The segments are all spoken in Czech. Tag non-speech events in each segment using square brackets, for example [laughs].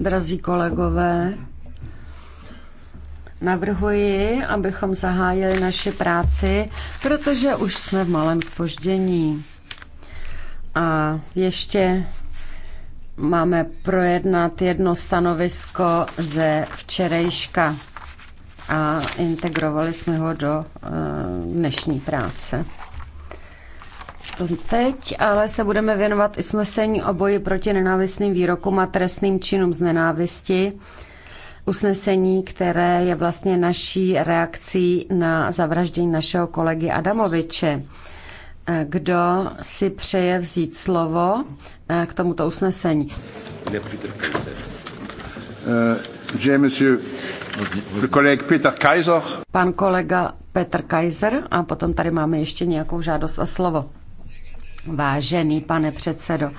Drazí kolegové, navrhuji, abychom zahájili naši práci, protože už jsme v malém spoždění. A ještě máme projednat jedno stanovisko ze včerejška a integrovali jsme ho do eh, dnešní práce to teď, ale se budeme věnovat i usnesení o boji proti nenávistným výrokům a trestným činům z nenávisti. Usnesení, které je vlastně naší reakcí na zavraždění našeho kolegy Adamoviče. Kdo si přeje vzít slovo eh, k tomuto usnesení? koleg eh, Kaiser. Pan kolega Petr Kaiser a potom tady máme ještě nějakou žádost o slovo. Vážený pane předsedo,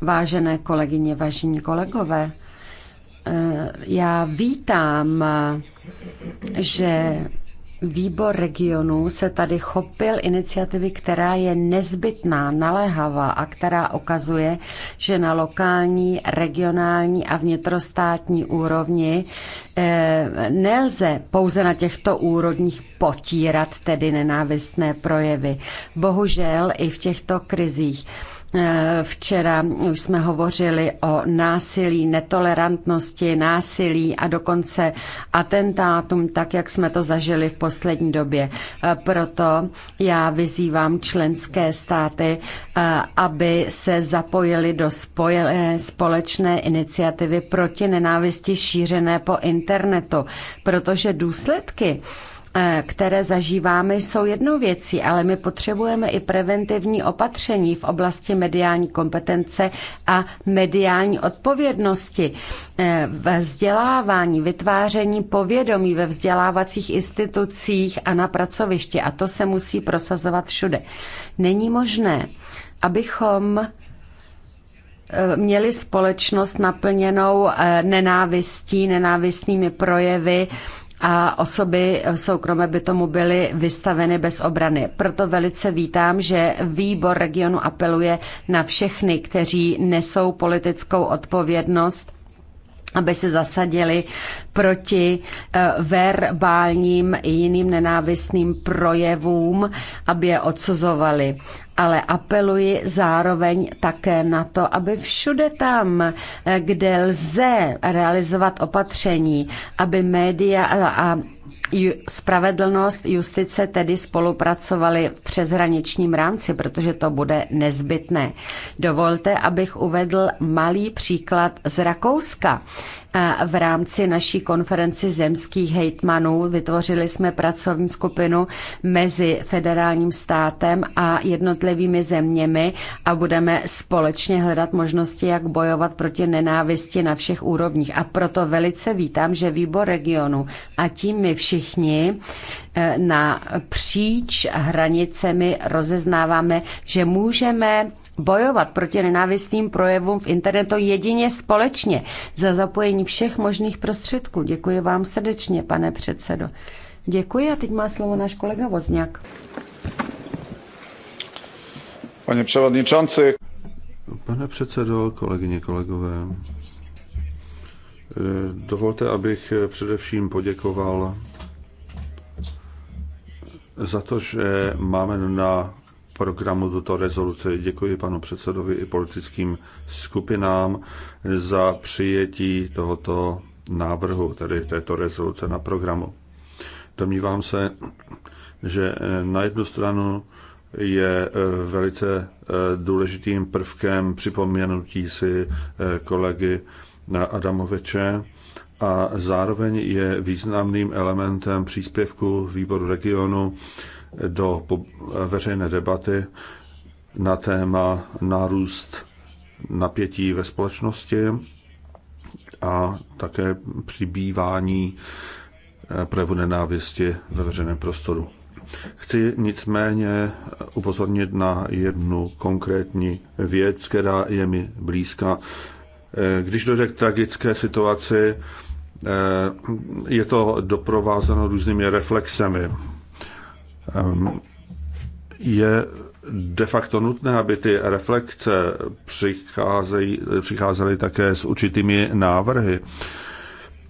vážené kolegyně, vážení kolegové, eh, já vítám, eh, že Výbor regionů se tady chopil iniciativy, která je nezbytná, naléhavá a která okazuje, že na lokální, regionální a vnitrostátní úrovni e, nelze pouze na těchto úrovních potírat tedy nenávistné projevy. Bohužel i v těchto krizích Eh, včera už jsme hovořili o násilí, netolerantnosti, násilí a dokonce atentátům, tak jak jsme to zažili v poslední době. Eh, proto já vyzývám členské státy, eh, aby se zapojili do spojené, společné iniciativy proti nenávisti šířené po internetu, protože důsledky Eh, které zažíváme, jsou jednou věcí, ale my potřebujeme i preventivní opatření v oblasti mediální kompetence a mediální odpovědnosti. Eh, ve vzdělávání, vytváření povědomí ve vzdělávacích institucích a na pracovišti. A to se musí prosazovat všude. Není možné, abychom eh, měli společnost naplněnou nenávistí, nenávistnými projevy, a osoby eh, soukromé by tomu byly vystaveny bez obrany. Proto velice vítám, že výbor regionu apeluje na všechny, kteří nesou politickou odpovědnost aby se zasadili proti eh, verbálním i jiným nenávistným projevům, aby je odsuzovali ale apeluji zároveň také na to, aby všude tam, eh, kde lze realizovat opatření, aby média a spravedlnost, justice tedy spolupracovali v přeshraničním rámci, protože to bude nezbytné. Dovolte, abych uvedl malý příklad z Rakouska v rámci naší konferenci zemských hejtmanů. Vytvořili jsme pracovní skupinu mezi federálním státem a jednotlivými zeměmi a budeme společně hledat možnosti, jak bojovat proti nenávisti na všech úrovních. A proto velice vítám, že výbor regionu a tím my všichni eh, na příč hranicemi rozeznáváme, že můžeme Bojovat proti nenávistným projevům v internetu jedině společně za zapojení všech možných prostředků. Děkuji vám srdečně, pane předsedo. Děkuji a teď má slovo náš kolega Vozňák. Pane předsedající. Pane předsedo, kolegyně, kolegové, dovolte, abych především poděkoval za to, že máme na programu tuto rezoluci. Děkuji panu předsedovi i politickým skupinám za přijetí tohoto návrhu, tedy této rezoluce na programu. Domnívám se, že na jednu stranu je eh, velice eh, důležitým prvkem připomenutí si eh, kolegy Adamoveče a zároveň je významným elementem příspěvku výboru regionu do veřejné debaty na téma nárůst napětí ve společnosti a také přibývání eh, projevu nenávisti ve veřejném prostoru. Chci nicméně upozornit na jednu konkrétní věc, která je mi blízká. Eh, když dojde k tragické situaci, eh, je to doprovázeno různými reflexemi. Ehm, je de facto nutné, aby ty reflekce přicházely také s určitými návrhy.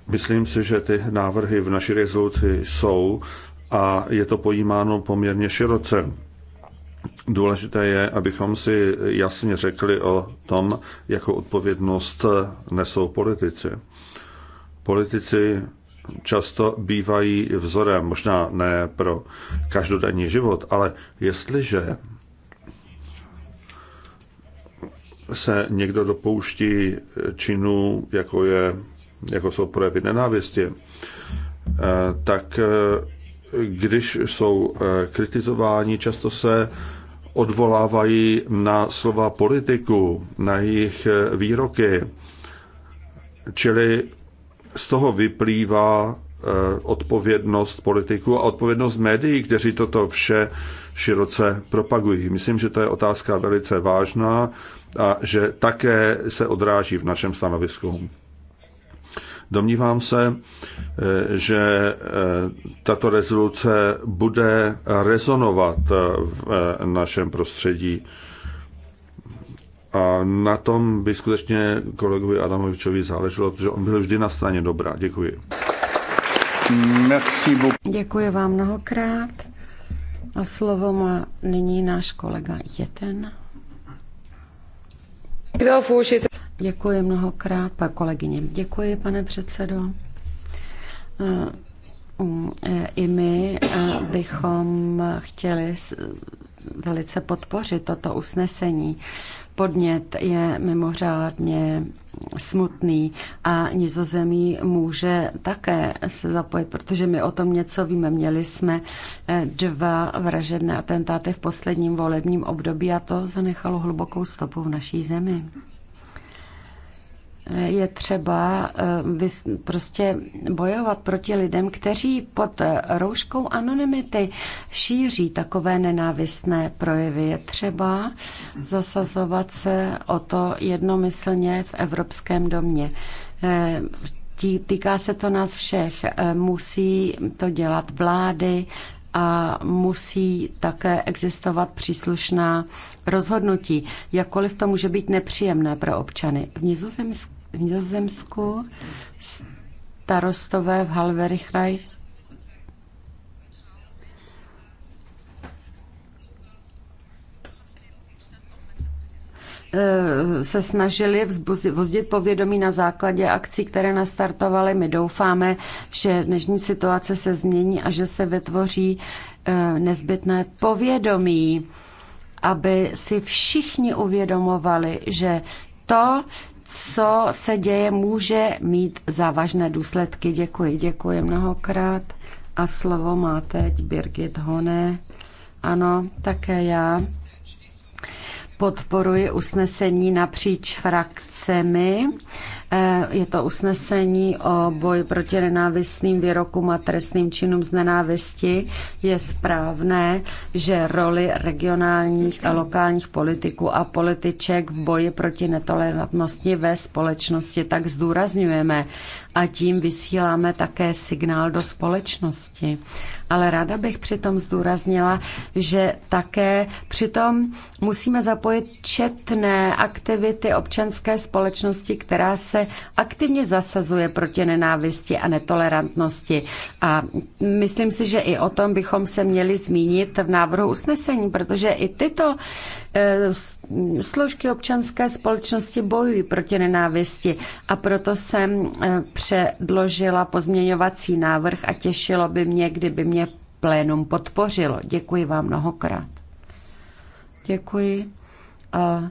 Myslím si, že ty návrhy v naší rezoluci jsou a je to pojímáno poměrně široce. Důležité je, abychom si jasně řekli o tom, jakou odpovědnost nesou politici. Politici často bývají vzorem, možná ne pro každodenní život, ale jestliže se někdo dopouští činů, jako, je, jako jsou projevy nenávisti, eh, tak eh, když jsou eh, kritizováni, často se odvolávají na slova politiku, na jejich výroky, čili z toho vyplývá eh, odpovědnost politiků a odpovědnost médií, kteří toto vše široce propagují. Myslím, že to je otázka velice vážná a že také se odráží v našem stanovisku. Domnívám se, eh, že eh, tato rezoluce bude rezonovat v našem prostředí a na tom by skutečně kolegovi Adamovičovi záleželo, protože on byl vždy na straně dobrá. Děkuji. Merci Děkuji vám mnohokrát. A slovo má nyní náš kolega Jeten. Děkuji mnohokrát, pa kolegyně. Děkuji, pane předsedo. Um, e, I my bychom chtěli velice podpořit toto usnesení podnět je mimořádně smutný a nizozemí může také se zapojit, protože my o tom něco víme. Měli jsme eh, dva vražedné atentáty v posledním volebním období a to zanechalo hlubokou stopu v naší zemi je třeba eh, prostě bojovat proti lidem, kteří pod rouškou anonymity šíří takové nenávistné projevy. Je třeba zasazovat se o to jednomyslně v Evropském domě. Eh, týká se to nás všech. Eh, musí to dělat vlády, a musí také existovat příslušná rozhodnutí. Jakkoliv to může být nepříjemné pro občany. V Nizozemsku, v Nizozemsku starostové v Halverichreich Eh, se snažili vzbudit povědomí na základě akcí, které nastartovaly. My doufáme, že dnešní situace se změní a že se vytvoří eh, nezbytné povědomí, aby si všichni uvědomovali, že to, co se děje, může mít závažné důsledky. Děkuji, děkuji mnohokrát. A slovo má teď Birgit Hone. Ano, také já podporuji usnesení napříč frakcemi. Eh, je to usnesení o boji proti nenávistným výrokům a trestným činům z nenávisti. Je správné, že roli regionálních a lokálních politiků a političek v boji proti netolerantnosti ve společnosti tak zdůrazňujeme a tím vysíláme také signál do společnosti. Ale ráda bych přitom zdůraznila, že také přitom musíme zapojit četné aktivity občanské společnosti, která se se aktivně zasazuje proti nenávisti a netolerantnosti. A myslím si, že i o tom bychom se měli zmínit v návrhu usnesení, protože i tyto eh, složky občanské společnosti bojují proti nenávisti a proto jsem eh, předložila pozměňovací návrh a těšilo by mě, kdyby mě plénum podpořilo. Děkuji vám mnohokrát. Děkuji. A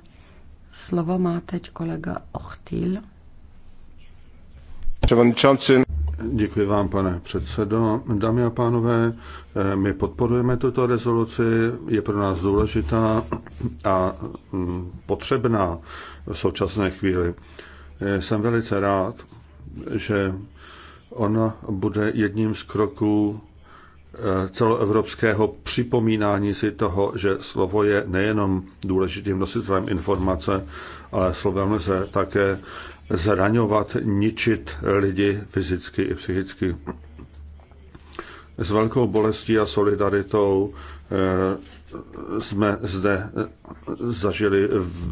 slovo má teď kolega Ochtýl. Převodničanci. Děkuji vám, pane předsedo. Dámy a pánové, eh, my podporujeme tuto rezoluci, je pro nás důležitá a mm, potřebná v současné chvíli. Eh, jsem velice rád, že ona bude jedním z kroků eh, celoevropského připomínání si toho, že slovo je nejenom důležitým nositelem informace, ale slovem lze také zraňovat, ničit lidi fyzicky i psychicky. S velkou bolestí a solidaritou eh, jsme zde eh, zažili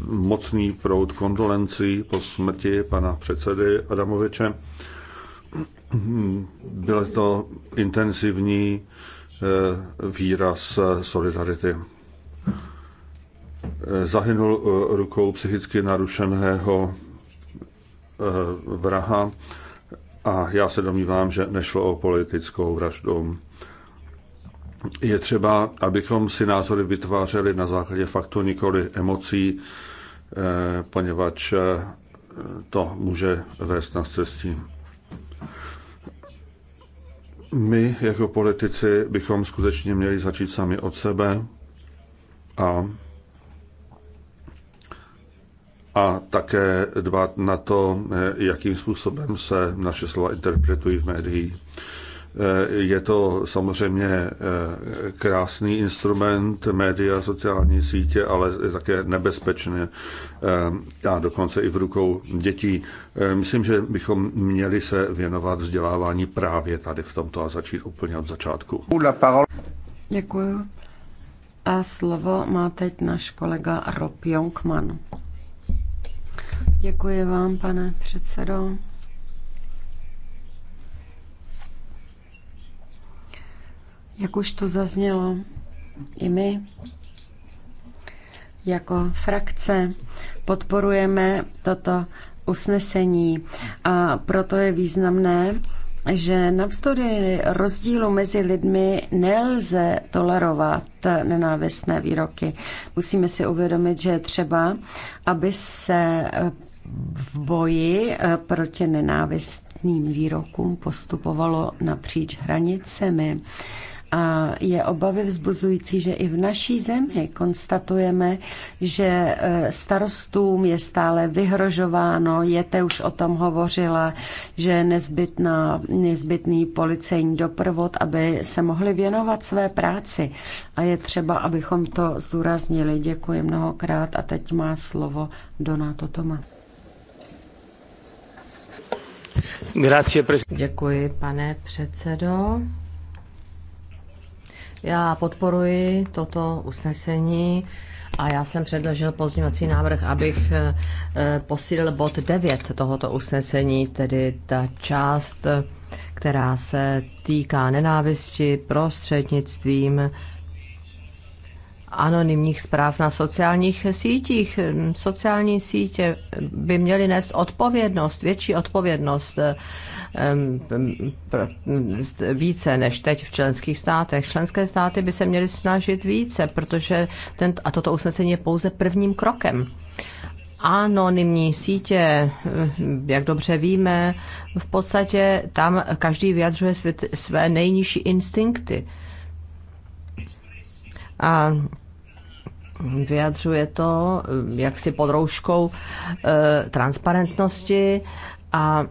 mocný proud kondolencí po smrti pana předsedy Adamoviče. Byl to intenzivní eh, výraz solidarity. Zahynul rukou psychicky narušeného Eh, vraha a já se domnívám, že nešlo o politickou vraždu. Je třeba, abychom si názory vytvářeli na základě faktu, nikoli emocí, eh, poněvadž eh, to může vést na cestí. My jako politici bychom skutečně měli začít sami od sebe a a také dbát na to, eh, jakým způsobem se naše slova interpretují v médiích. Eh, je to samozřejmě eh, krásný instrument, média, sociální sítě, ale je také nebezpečné a dokonce i v rukou dětí. Myslím, že bychom měli se věnovat vzdělávání právě tady v tomto a začít úplně od začátku. Děkuji. A slovo má teď náš kolega Rob Jongman. Děkuji vám, pane předsedo. Jak už to zaznělo, i my jako frakce podporujeme toto usnesení a proto je významné, že navzdory rozdílu mezi lidmi nelze tolerovat nenávistné výroky. Musíme si uvědomit, že třeba, aby se v boji eh, proti nenávistným výrokům postupovalo napříč hranicemi. A je obavy vzbuzující, že i v naší zemi konstatujeme, že e, starostům je stále vyhrožováno, Jete už o tom hovořila, že je nezbytná, nezbytný policejní doprovod, aby se mohli věnovat své práci. A je třeba, abychom to zdůraznili. Děkuji mnohokrát a teď má slovo Donato Toma. Děkuji, pane předsedo. Já podporuji toto usnesení a já jsem předložil pozměňovací návrh, abych eh, posílil bod 9 tohoto usnesení, tedy ta část, která se týká nenávisti prostřednictvím anonymních zpráv na sociálních sítích. Sociální sítě by měly nést odpovědnost, větší odpovědnost více než teď v členských státech. Členské státy by se měly snažit více, protože ten, a toto usnesení je pouze prvním krokem anonymní sítě, jak dobře víme, v podstatě tam každý vyjadřuje své nejnižší instinkty. A vyjadřuje to eh, jaksi pod rouškou eh, transparentnosti a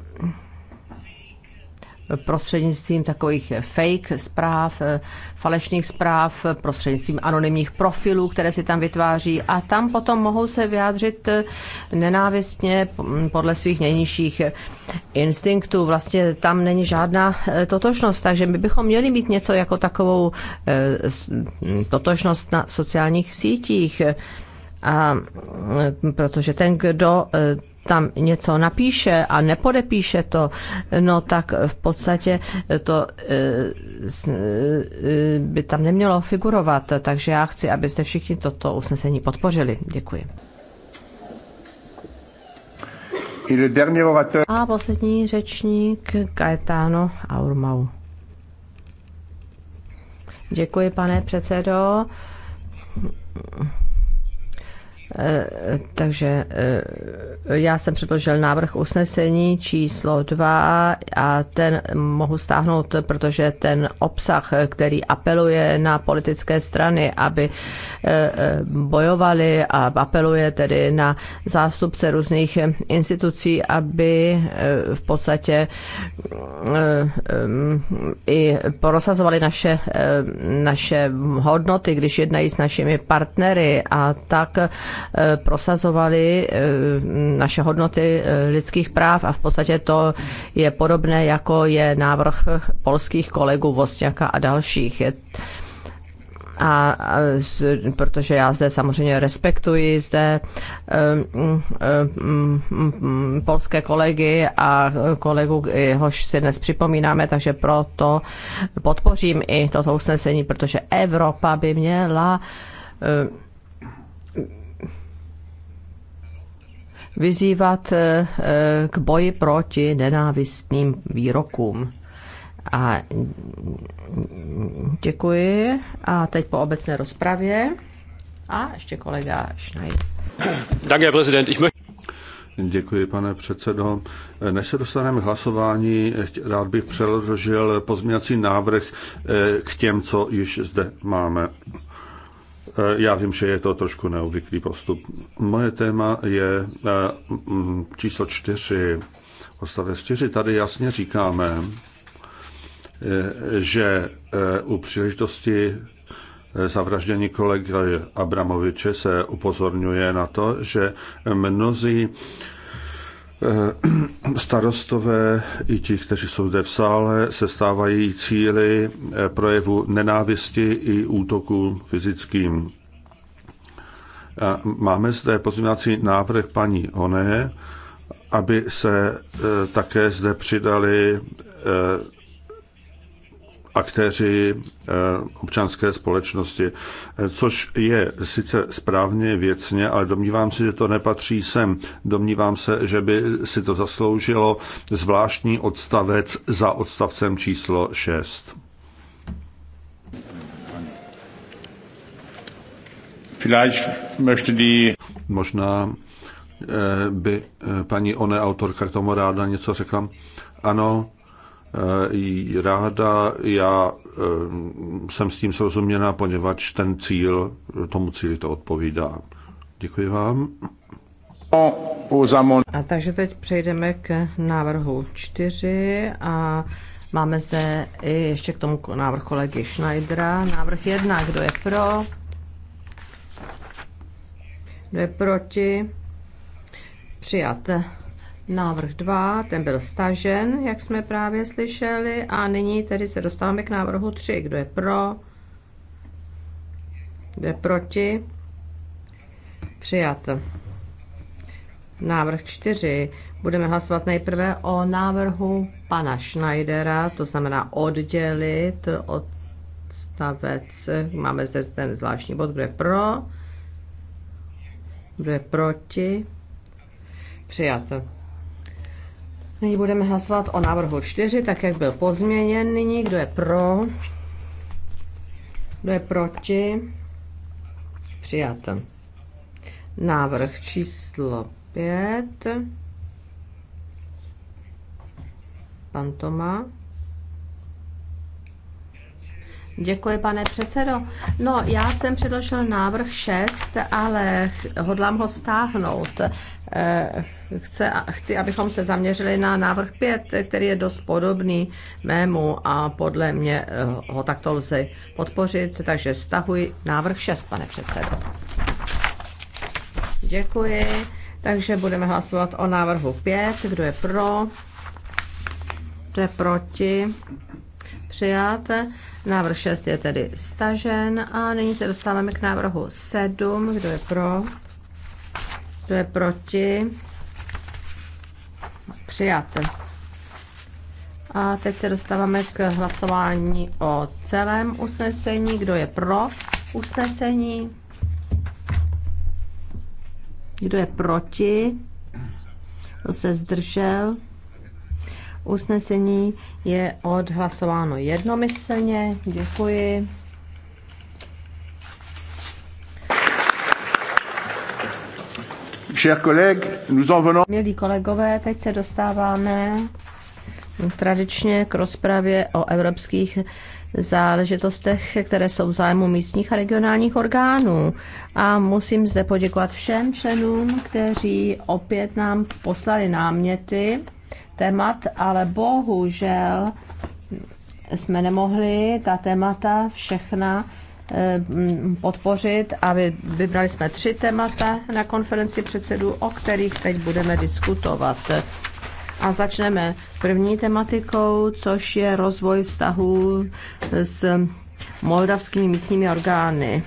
prostřednictvím takových fake zpráv, eh, falešných zpráv, prostřednictvím anonymních profilů, které si tam vytváří a tam potom mohou se vyjádřit eh, nenávistně podle svých nejnižších eh, instinktů. Vlastně tam není žádná totožnost, takže my bychom měli mít něco jako takovou totožnost na sociálních sítích. A protože ten, kdo tam něco napíše a nepodepíše to, no tak v podstatě to e, e, by tam nemělo figurovat. Takže já chci, abyste všichni toto usnesení podpořili. Děkuji. A poslední řečník Gaetano Aurmau. Děkuji, pane předsedo. Eh, takže eh, já jsem předložil návrh usnesení číslo 2 a ten mohu stáhnout, protože ten obsah, který apeluje na politické strany, aby eh, bojovali a apeluje tedy na zástupce různých institucí, aby v podstatě i prosazovali naše, naše hodnoty, když jednají s našimi partnery a tak Eh, prosazovali eh, naše hodnoty eh, lidských práv a v podstatě to je podobné, jako je návrh polských kolegů Vosňaka a dalších. a, z, protože já zde samozřejmě respektuji zde um, um, um, polské kolegy a kolegu, jehož si dnes připomínáme, takže proto podpořím i toto usnesení, protože Evropa by měla um, vyzývat eh, eh, k boji proti nenávistným výrokům. A děkuji. A teď po obecné rozpravě. A ještě kolega Schneid. Danke, Herr Děkuji, pane předsedo. Než se dostaneme k hlasování, rád bych přeložil pozměňovací návrh eh, k těm, co již zde máme. Eh, já vím, že je to trošku neobvyklý postup. Moje téma je eh, mm, číslo čtyři, odstavec čtyři. Tady jasně říkáme, eh, že u příležitosti zavraždění kolegy Abramoviče se upozorňuje na to, že mnozí Eh, [clears throat] starostové i ti, kteří jsou zde v sále, se stávají cíly eh, projevu nenávisti i útoku fyzickým. Máme zde pozměňovací návrh paní Oné, aby se eh, také zde přidali aktéři eh, občanské společnosti, eh, což je sice správně věcně, ale domnívám se, že to nepatří sem. Domnívám se, že by si to zasloužilo zvláštní odstavec za odstavcem číslo 6. Možná eh, by paní One, autorka, k tomu ráda něco řekla. Ano, Eh, ráda, já eh, jsem s tím srozuměná, poněvadž ten cíl, eh, tomu cíli to odpovídá. Děkuji vám. A takže teď přejdeme k návrhu 4 a máme zde i ještě k tomu návrh kolegy Schneidera. Návrh 1, kdo je pro? Kdo je proti? Přijat. Návrh 2, ten byl stažen, jak jsme právě slyšeli, a nyní tedy se dostáváme k návrhu 3. Kdo je pro? Kdo je proti? Přijat. Návrh 4. Budeme hlasovat nejprve o návrhu pana Schneidera, to znamená oddělit odstavec. Máme zde ten zvláštní bod, kdo je pro, kdo je proti. Přijat. Nyní budeme hlasovat o návrhu 4, tak jak byl pozměněn. Nyní kdo je pro? Kdo je proti? Přijat. Návrh číslo 5. Pan Toma. Děkuji, pane předsedo. No, já jsem předložil návrh 6, ale hodlám ho stáhnout. Eh, chce, chci, abychom se zaměřili na návrh 5, který je dost podobný mému a podle mě eh, ho takto lze podpořit, takže stahuji návrh 6, pane předsedo. Děkuji. Takže budeme hlasovat o návrhu 5. Kdo je pro? Kdo je proti? přijat. Návrh 6 je tedy stažen a nyní se dostáváme k návrhu 7. Kdo je pro? Kdo je proti? Přijat. A teď se dostáváme k hlasování o celém usnesení. Kdo je pro usnesení? Kdo je proti? Kdo se zdržel? Usnesení je odhlasováno jednomyslně. Děkuji. Milí kolegové, teď se dostáváme tradičně k rozpravě o evropských záležitostech, které jsou v zájmu místních a regionálních orgánů. A musím zde poděkovat všem členům, kteří opět nám poslali náměty témat, ale bohužel jsme nemohli ta témata všechna eh, podpořit a vybrali jsme tři témata na konferenci předsedů, o kterých teď budeme diskutovat. A začneme první tematikou, což je rozvoj vztahů s moldavskými místními orgány.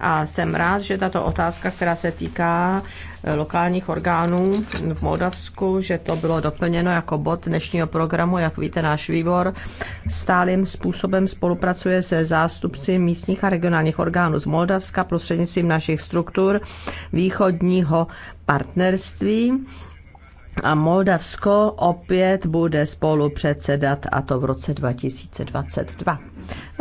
A jsem rád, že tato otázka, která se týká eh, lokálních orgánů v Moldavsku, že to bylo doplněno jako bod dnešního programu. Jak víte, náš výbor stálým způsobem spolupracuje se zástupci místních a regionálních orgánů z Moldavska prostřednictvím našich struktur východního partnerství. A Moldavsko opět bude spolu předsedat, a to v roce 2022.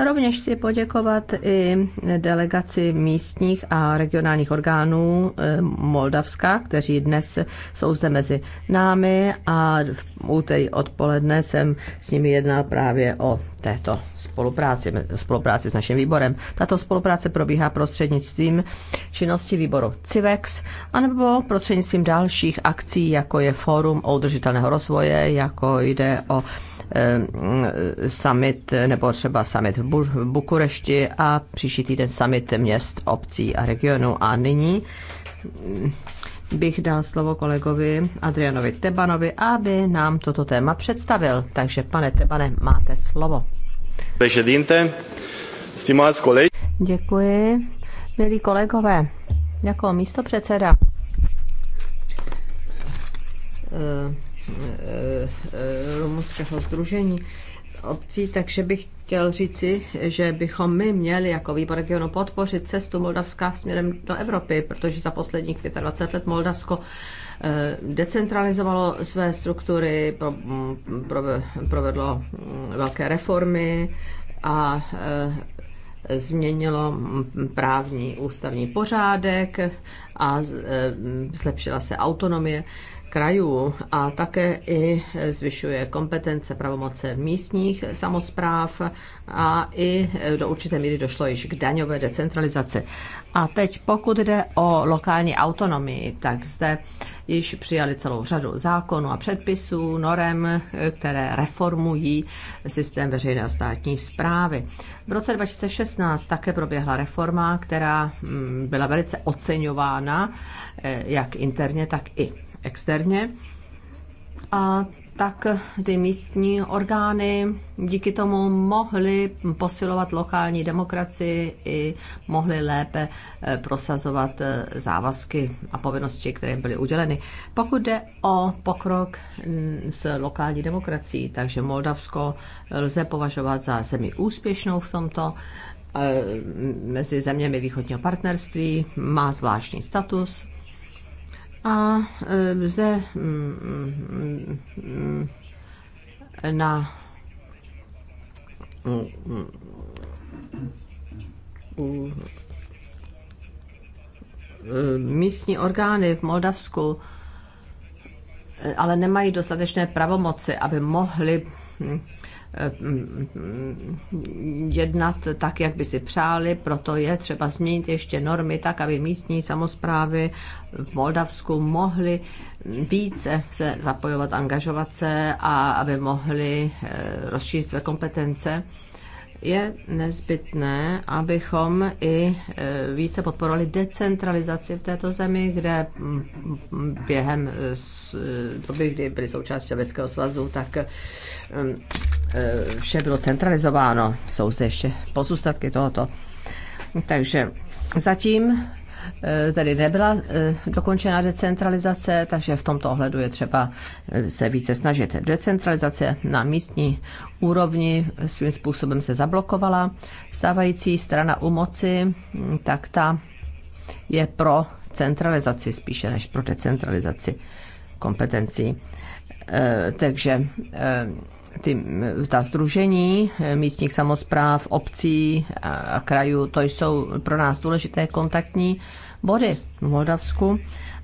Rovněž si poděkovat i delegaci místních a regionálních orgánů eh, Moldavska, kteří dnes jsou zde mezi námi a v úterý odpoledne jsem s nimi jednal právě o této spolupráci, spolupráci s naším výborem. Tato spolupráce probíhá prostřednictvím činnosti výboru CIVEX anebo prostřednictvím dalších akcí, jako je Fórum o udržitelného rozvoje, jako jde o Eh, summit, nebo třeba summit v Bukurešti a příští týden summit měst, obcí a regionu. A nyní bych dal slovo kolegovi Adrianovi Tebanovi, aby nám toto téma představil. Takže pane Tebane, máte slovo. Děkuji. Milí kolegové, jako místo předseda eh, Eh, eh, rumunského združení obcí, takže bych chtěl říci, že bychom my měli jako výbor regionu podpořit cestu Moldavska směrem do Evropy, protože za posledních 25 let Moldavsko eh, decentralizovalo své struktury, mm, provedlo mm, velké reformy a změnilo mm, právní ústavní pořádek a zlepšila se autonomie krajů a také i zvyšuje kompetence pravomoce místních samozpráv a i do určité míry došlo již k daňové decentralizaci. A teď pokud jde o lokální autonomii, tak zde již přijali celou řadu zákonů a předpisů, norem, které reformují systém veřejné a státní zprávy. V roce 2016 také proběhla reforma, která mm, byla velice oceňována eh, jak interně, tak i externě. A tak ty místní orgány díky tomu mohly posilovat lokální demokracii i mohly lépe eh, prosazovat eh, závazky a povinnosti, které jim byly uděleny. Pokud jde o pokrok mm, s lokální demokracií, takže Moldavsko lze považovat za zemi úspěšnou v tomto eh, mezi zeměmi východního partnerství, má zvláštní status a e, zde mm, mm, mm, na místní orgány v Moldavsku e, ale nemají dostatečné pravomoci, aby mohli Eh, jednat tak, jak by si přáli, proto je třeba změnit ještě normy tak, aby místní samozprávy v Moldavsku mohly více se zapojovat, angažovat se a aby mohly eh, rozšířit své kompetence je nezbytné, abychom i e, více podporovali decentralizaci v této zemi, kde během e, e, doby, kdy byly součástí Sovětského svazu, tak vše bylo centralizováno. Jsou zde ještě pozůstatky tohoto. Takže zatím Eh, tady nebyla eh, dokončena decentralizace, takže v tomto ohledu je třeba eh, se více snažit. Decentralizace na místní úrovni svým způsobem se zablokovala. Stávající strana u moci, hm, tak ta je pro centralizaci spíše než pro decentralizaci kompetencí. Takže ty, ta združení eh, místních samozpráv, obcí a krajů, to jsou pro nás důležité kontaktní body v Moldavsku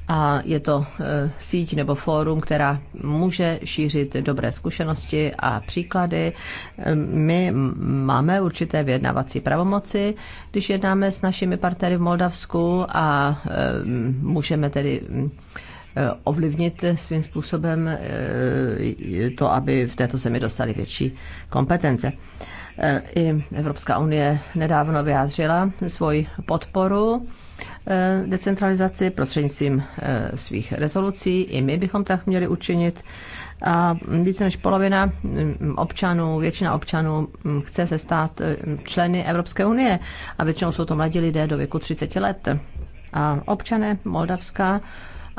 a je to eh, síť nebo fórum, která může šířit dobré zkušenosti a příklady. Eh, my máme určité vyjednávací pravomoci, když jednáme s našimi partnery v Moldavsku a můžeme tedy mm, ovlivnit svým způsobem eh, to, aby v této zemi dostali větší kompetence. Eh, I Evropská unie nedávno vyjádřila svoji podporu eh, decentralizaci prostřednictvím svých rezolucí. I my bychom tak měli učinit. A více než polovina mm, občanů, většina občanů mm, chce se stát členy Evropské unie. A většinou jsou to mladí lidé do věku 30 let. A občané Moldavska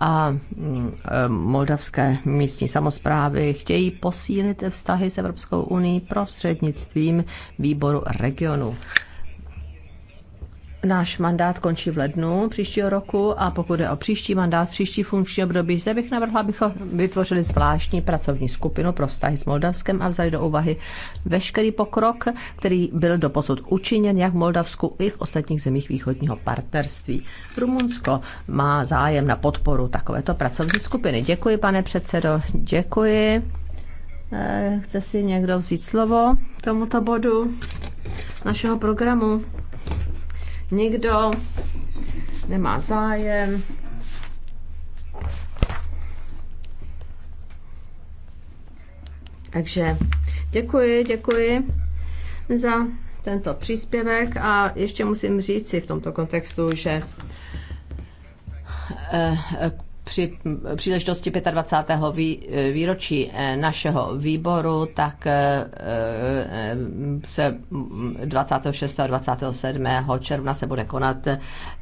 a mm, eh, moldavské místní samozprávy chtějí posílit vztahy s Evropskou unii prostřednictvím výboru regionu. Náš mandát končí v lednu příštího roku a pokud je o příští mandát, příští funkční období, zde bych navrhla, abychom vytvořili zvláštní pracovní skupinu pro vztahy s Moldavskem a vzali do úvahy veškerý pokrok, který byl doposud učiněn jak v Moldavsku, i v ostatních zemích východního partnerství. Rumunsko má zájem na podporu takovéto pracovní skupiny. Děkuji, pane předsedo, děkuji. Eh, chce si někdo vzít slovo k tomuto bodu našeho programu? Nikdo nemá zájem. Takže děkuji, děkuji za tento příspěvek a ještě musím říct si v tomto kontextu, že eh, při příležitosti 25. Eh, výročí eh, našeho výboru, tak eh, se 26. Mm, a 27. června se bude konat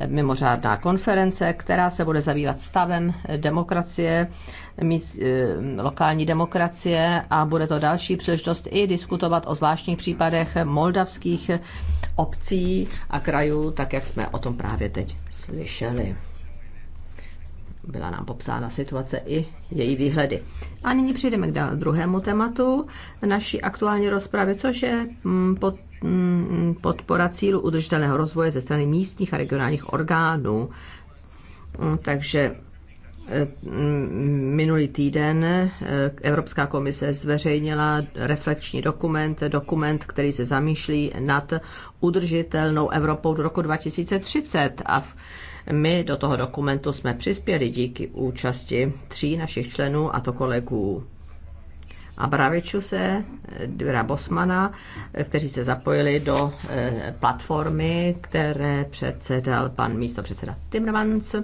mimořádná konference, která se bude zabývat stavem demokracie, lokální demokracie a bude to další příležitost i diskutovat o zvláštních případech moldavských obcí a krajů, tak jak jsme o tom právě teď slyšeli byla nám popsána situace i její výhledy. A nyní přejdeme k druhému tématu naší aktuální rozpravy, což je mm, pod, mm, podpora cílu udržitelného rozvoje ze strany místních a regionálních orgánů. Mm, takže e, Minulý týden e, Evropská komise zveřejnila reflekční dokument, dokument, který se zamýšlí nad udržitelnou Evropou do roku 2030 a v my do toho dokumentu jsme přispěli díky účasti tří našich členů, a to kolegů Abravičuse, Dvira Bosmana, kteří se zapojili do eh, platformy, které předsedal pan místopředseda Timmermans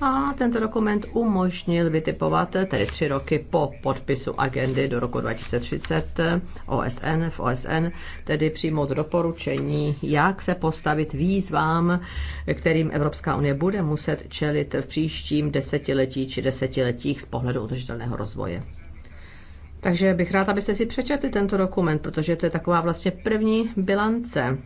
a tento dokument umožnil vytipovat tedy tři roky po podpisu agendy do roku 2030 OSN v OSN, tedy přijmout doporučení, jak se postavit výzvám, kterým Evropská unie bude muset čelit v příštím desetiletí či desetiletích z pohledu udržitelného rozvoje. Takže bych rád, abyste si přečetli tento dokument, protože to je taková vlastně první bilance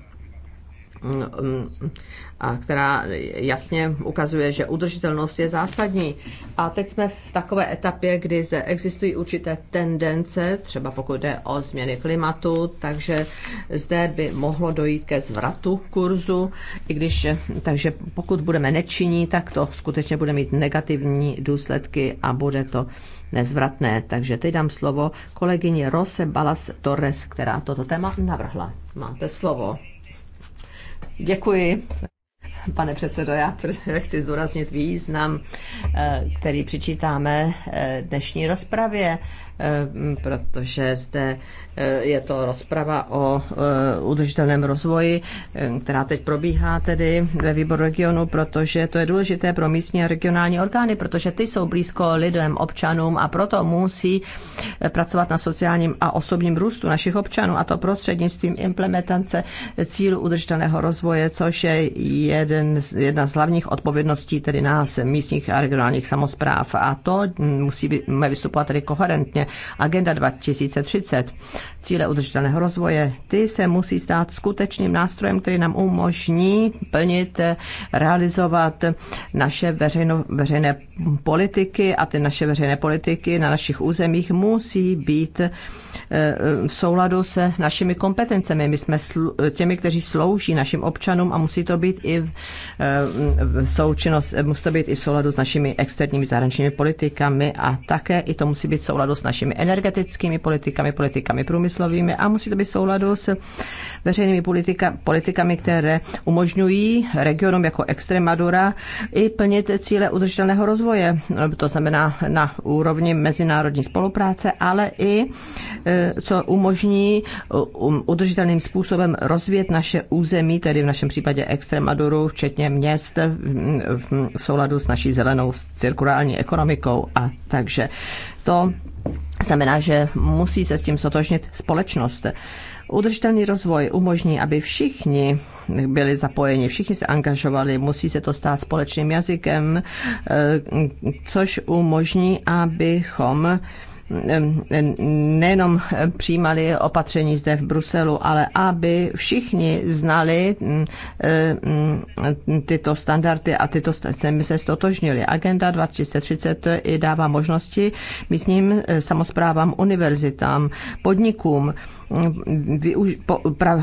a která jasně ukazuje, že udržitelnost je zásadní. A teď jsme v takové etapě, kdy zde existují určité tendence, třeba pokud jde o změny klimatu, takže zde by mohlo dojít ke zvratu kurzu, i když, takže pokud budeme nečinní, tak to skutečně bude mít negativní důsledky a bude to nezvratné. Takže teď dám slovo kolegyni Rose Balas Torres, která toto téma navrhla. Máte slovo. Děkuji. Pane předsedo, já [laughs] chci zdůraznit význam, eh, který přičítáme eh, dnešní rozpravě Ehm, protože zde eh, je to rozprava o eh, udržitelném rozvoji, ehm, která teď probíhá tedy ve výboru regionu, protože to je důležité pro místní a regionální orgány, protože ty jsou blízko lidem, občanům a proto musí eh, pracovat na sociálním a osobním růstu našich občanů a to prostřednictvím implementace cílu udržitelného rozvoje, což je jeden, jedna z hlavních odpovědností tedy nás, místních a regionálních samozpráv. A to mm, musí být, vystupovat tedy koherentně Agenda 2030, cíle udržitelného rozvoje, ty se musí stát skutečným nástrojem, který nám umožní plnit, realizovat naše veřejno, veřejné politiky a ty naše veřejné politiky na našich územích musí být eh, v souladu se našimi kompetencemi. My jsme těmi, kteří slouží našim občanům a musí to být i eh, v součinnost, musí to být i v souladu s našimi externími zahraničními politikami a také i to musí být v souladu s našimi energetickými politikami, politikami průmyslovými a musí to být v souladu s veřejnými politika, politikami, které umožňují regionům jako Extremadura i plnit cíle udržitelného rozvoje rozvoje, to znamená na úrovni mezinárodní spolupráce, ale i e, co umožní e, um, udržitelným způsobem rozvíjet naše území, tedy v našem případě Extremaduru, včetně měst v souladu s naší zelenou cirkulární ekonomikou. A takže to znamená, že musí se s tím sotožnit společnost. Udržitelný rozvoj umožní, aby všichni byli zapojeni, všichni se angažovali, musí se to stát společným jazykem, eh, což umožní, abychom eh, nejenom přijímali opatření zde v Bruselu, ale aby všichni znali mm, eh, mm, tyto standardy a tyto standardy se stotožnili. Agenda 2030 i dává možnosti místním samozprávám, univerzitám, podnikům,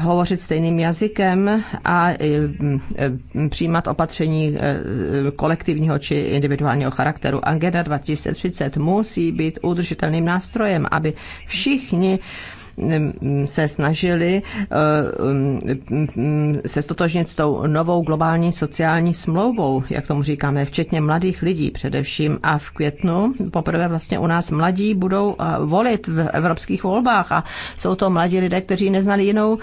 hovořit stejným jazykem a e, e, přijímat opatření e, kolektivního či individuálního charakteru. Agenda 2030 musí být udržitelným nástrojem, aby všichni se snažili eh, se stotožnit s tou novou globální sociální smlouvou, jak tomu říkáme, včetně mladých lidí především. A v květnu poprvé vlastně u nás mladí budou eh, volit v evropských volbách a jsou to mladí lidé, kteří neznali jinou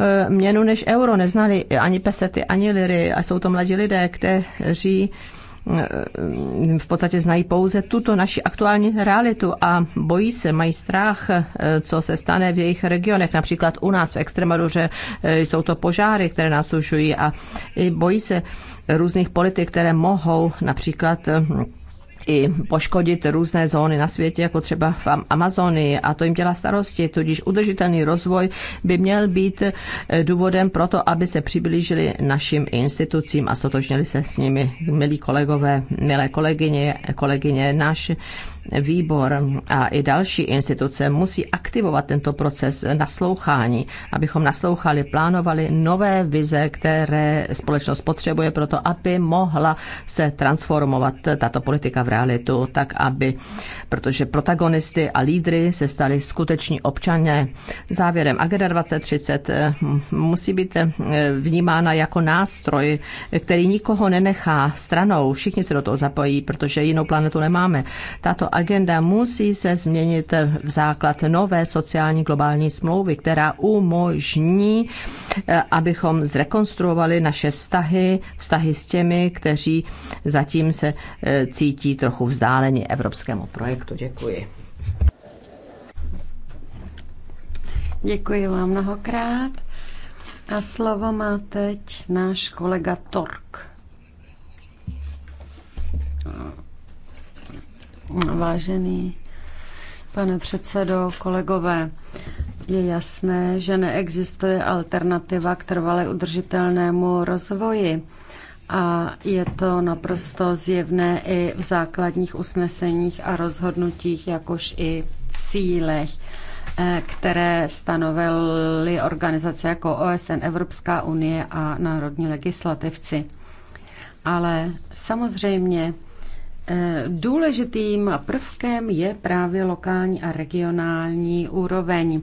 eh, měnu než euro, neznali ani pesety, ani liry a jsou to mladí lidé, kteří Eh, v podstatě znají pouze tuto naši aktuální realitu a bojí se, mají strach, eh, co se stane v jejich regionech. Například u nás v Extremaduře eh, jsou to požáry, které nás sužují a bojí se různých politik, které mohou například i poškodit různé zóny na světě, jako třeba v Amazonii, a to jim dělá starosti. Tudíž udržitelný rozvoj by měl být eh, důvodem pro to, aby se přiblížili našim institucím a stotožnili se s nimi, milí kolegové, milé kolegyně, kolegyně, náš výbor a i další instituce musí aktivovat tento proces naslouchání, abychom naslouchali, plánovali nové vize, které společnost potřebuje pro to, aby mohla se transformovat tato politika v realitu, tak aby, protože protagonisty a lídry se stali skuteční občané. Závěrem Agenda 2030 hm, musí být eh, vnímána jako nástroj, který nikoho nenechá stranou. Všichni se do toho zapojí, protože jinou planetu nemáme. Tato agenda musí se změnit v základ nové sociální globální smlouvy, která umožní, eh, abychom zrekonstruovali naše vztahy, vztahy s těmi, kteří zatím se eh, cítí trochu vzdáleni evropskému projektu. Děkuji. Děkuji vám mnohokrát. A slovo má teď náš kolega Tork. Vážený pane předsedo, kolegové, je jasné, že neexistuje alternativa k trvale udržitelnému rozvoji a je to naprosto zjevné i v základních usneseních a rozhodnutích, jakož i cílech, eh, které stanovily organizace jako OSN, Evropská unie a národní legislativci. Ale samozřejmě Eh, důležitým prvkem je právě lokální a regionální úroveň,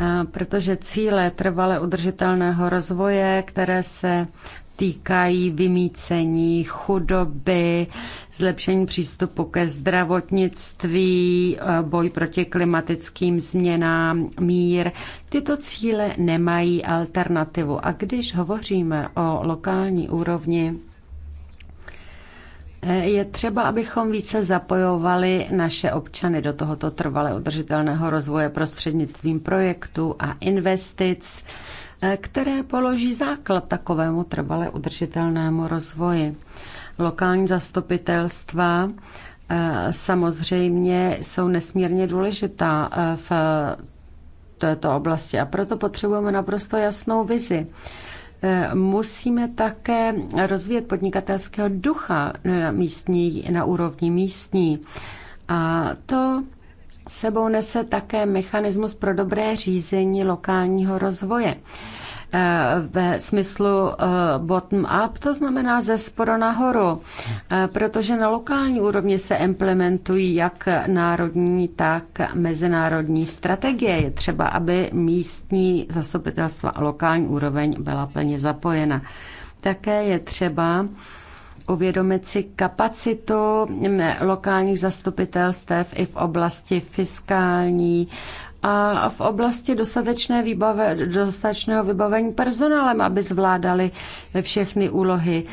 eh, protože cíle trvale udržitelného rozvoje, které se týkají vymícení, chudoby, zlepšení přístupu ke zdravotnictví, eh, boj proti klimatickým změnám, mír. Tyto cíle nemají alternativu. A když hovoříme o lokální úrovni, je třeba, abychom více zapojovali naše občany do tohoto trvale udržitelného rozvoje prostřednictvím projektů a investic, eh, které položí základ takovému trvale udržitelnému rozvoji. Lokální zastupitelstva eh, samozřejmě jsou nesmírně důležitá eh, v této oblasti a proto potřebujeme naprosto jasnou vizi. Eh, musíme také rozvíjet podnikatelského ducha na, místní, na úrovni místní. A to sebou nese také mechanismus pro dobré řízení lokálního rozvoje. Eh, ve smyslu eh, bottom-up, to znamená ze spora nahoru, eh, protože na lokální úrovni se implementují jak národní, tak mezinárodní strategie. Je třeba, aby místní zastupitelstva a lokální úroveň byla plně zapojena. Také je třeba uvědomit si kapacitu mm, lokálních zastupitelstev i v oblasti fiskální, a v oblasti dostatečné výbave, dostatečného vybavení personálem, aby zvládali všechny úlohy.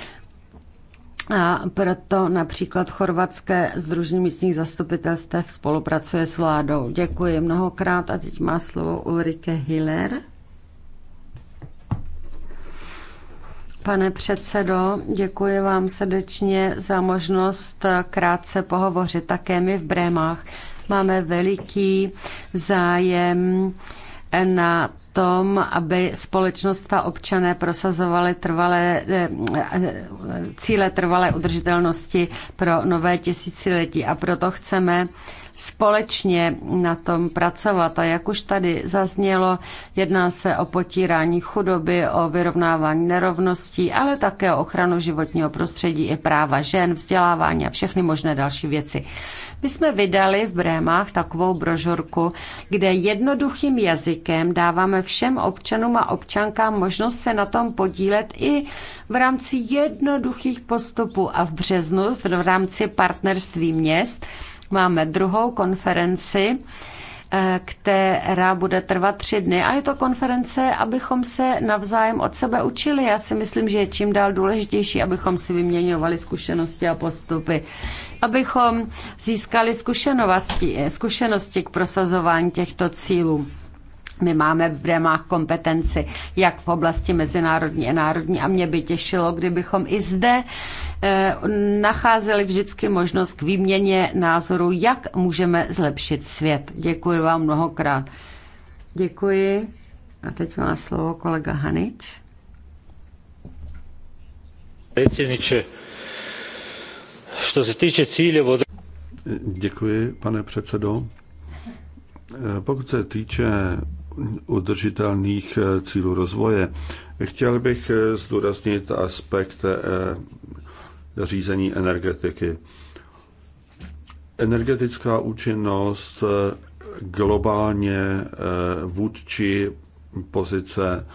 A proto například Chorvatské združení místních zastupitelstev spolupracuje s vládou. Děkuji mnohokrát a teď má slovo Ulrike Hiller. Pane předsedo, děkuji vám srdečně za možnost krátce pohovořit také my v Brémách Máme veliký zájem na tom, aby společnost a občané prosazovali trvalé, eh, eh, cíle trvalé udržitelnosti pro nové tisíciletí. A proto chceme společně na tom pracovat. A jak už tady zaznělo, jedná se o potírání chudoby, o vyrovnávání nerovností, ale také o ochranu životního prostředí i práva žen, vzdělávání a všechny možné další věci. My jsme vydali v Brémách takovou brožurku, kde jednoduchým jazykem dáváme všem občanům a občankám možnost se na tom podílet i v rámci jednoduchých postupů a v březnu v rámci partnerství měst máme druhou konferenci, eh, která bude trvat tři dny. A je to konference, abychom se navzájem od sebe učili. Já si myslím, že je čím dál důležitější, abychom si vyměňovali zkušenosti a postupy. Abychom získali zkušenosti, zkušenosti k prosazování těchto cílů. My máme v Brémách kompetenci jak v oblasti mezinárodní a národní a mě by těšilo, kdybychom i zde eh, nacházeli vždycky možnost k výměně názoru, jak můžeme zlepšit svět. Děkuji vám mnohokrát. Děkuji. A teď má slovo kolega Hanič. co, co se týče cíle, cíljev... Děkuji, pane předsedo. Eh, pokud se týče udržitelných eh, cílů rozvoje. Chtěl bych eh, zdůraznit aspekt eh, řízení energetiky. Energetická účinnost globálně vůdčí pozice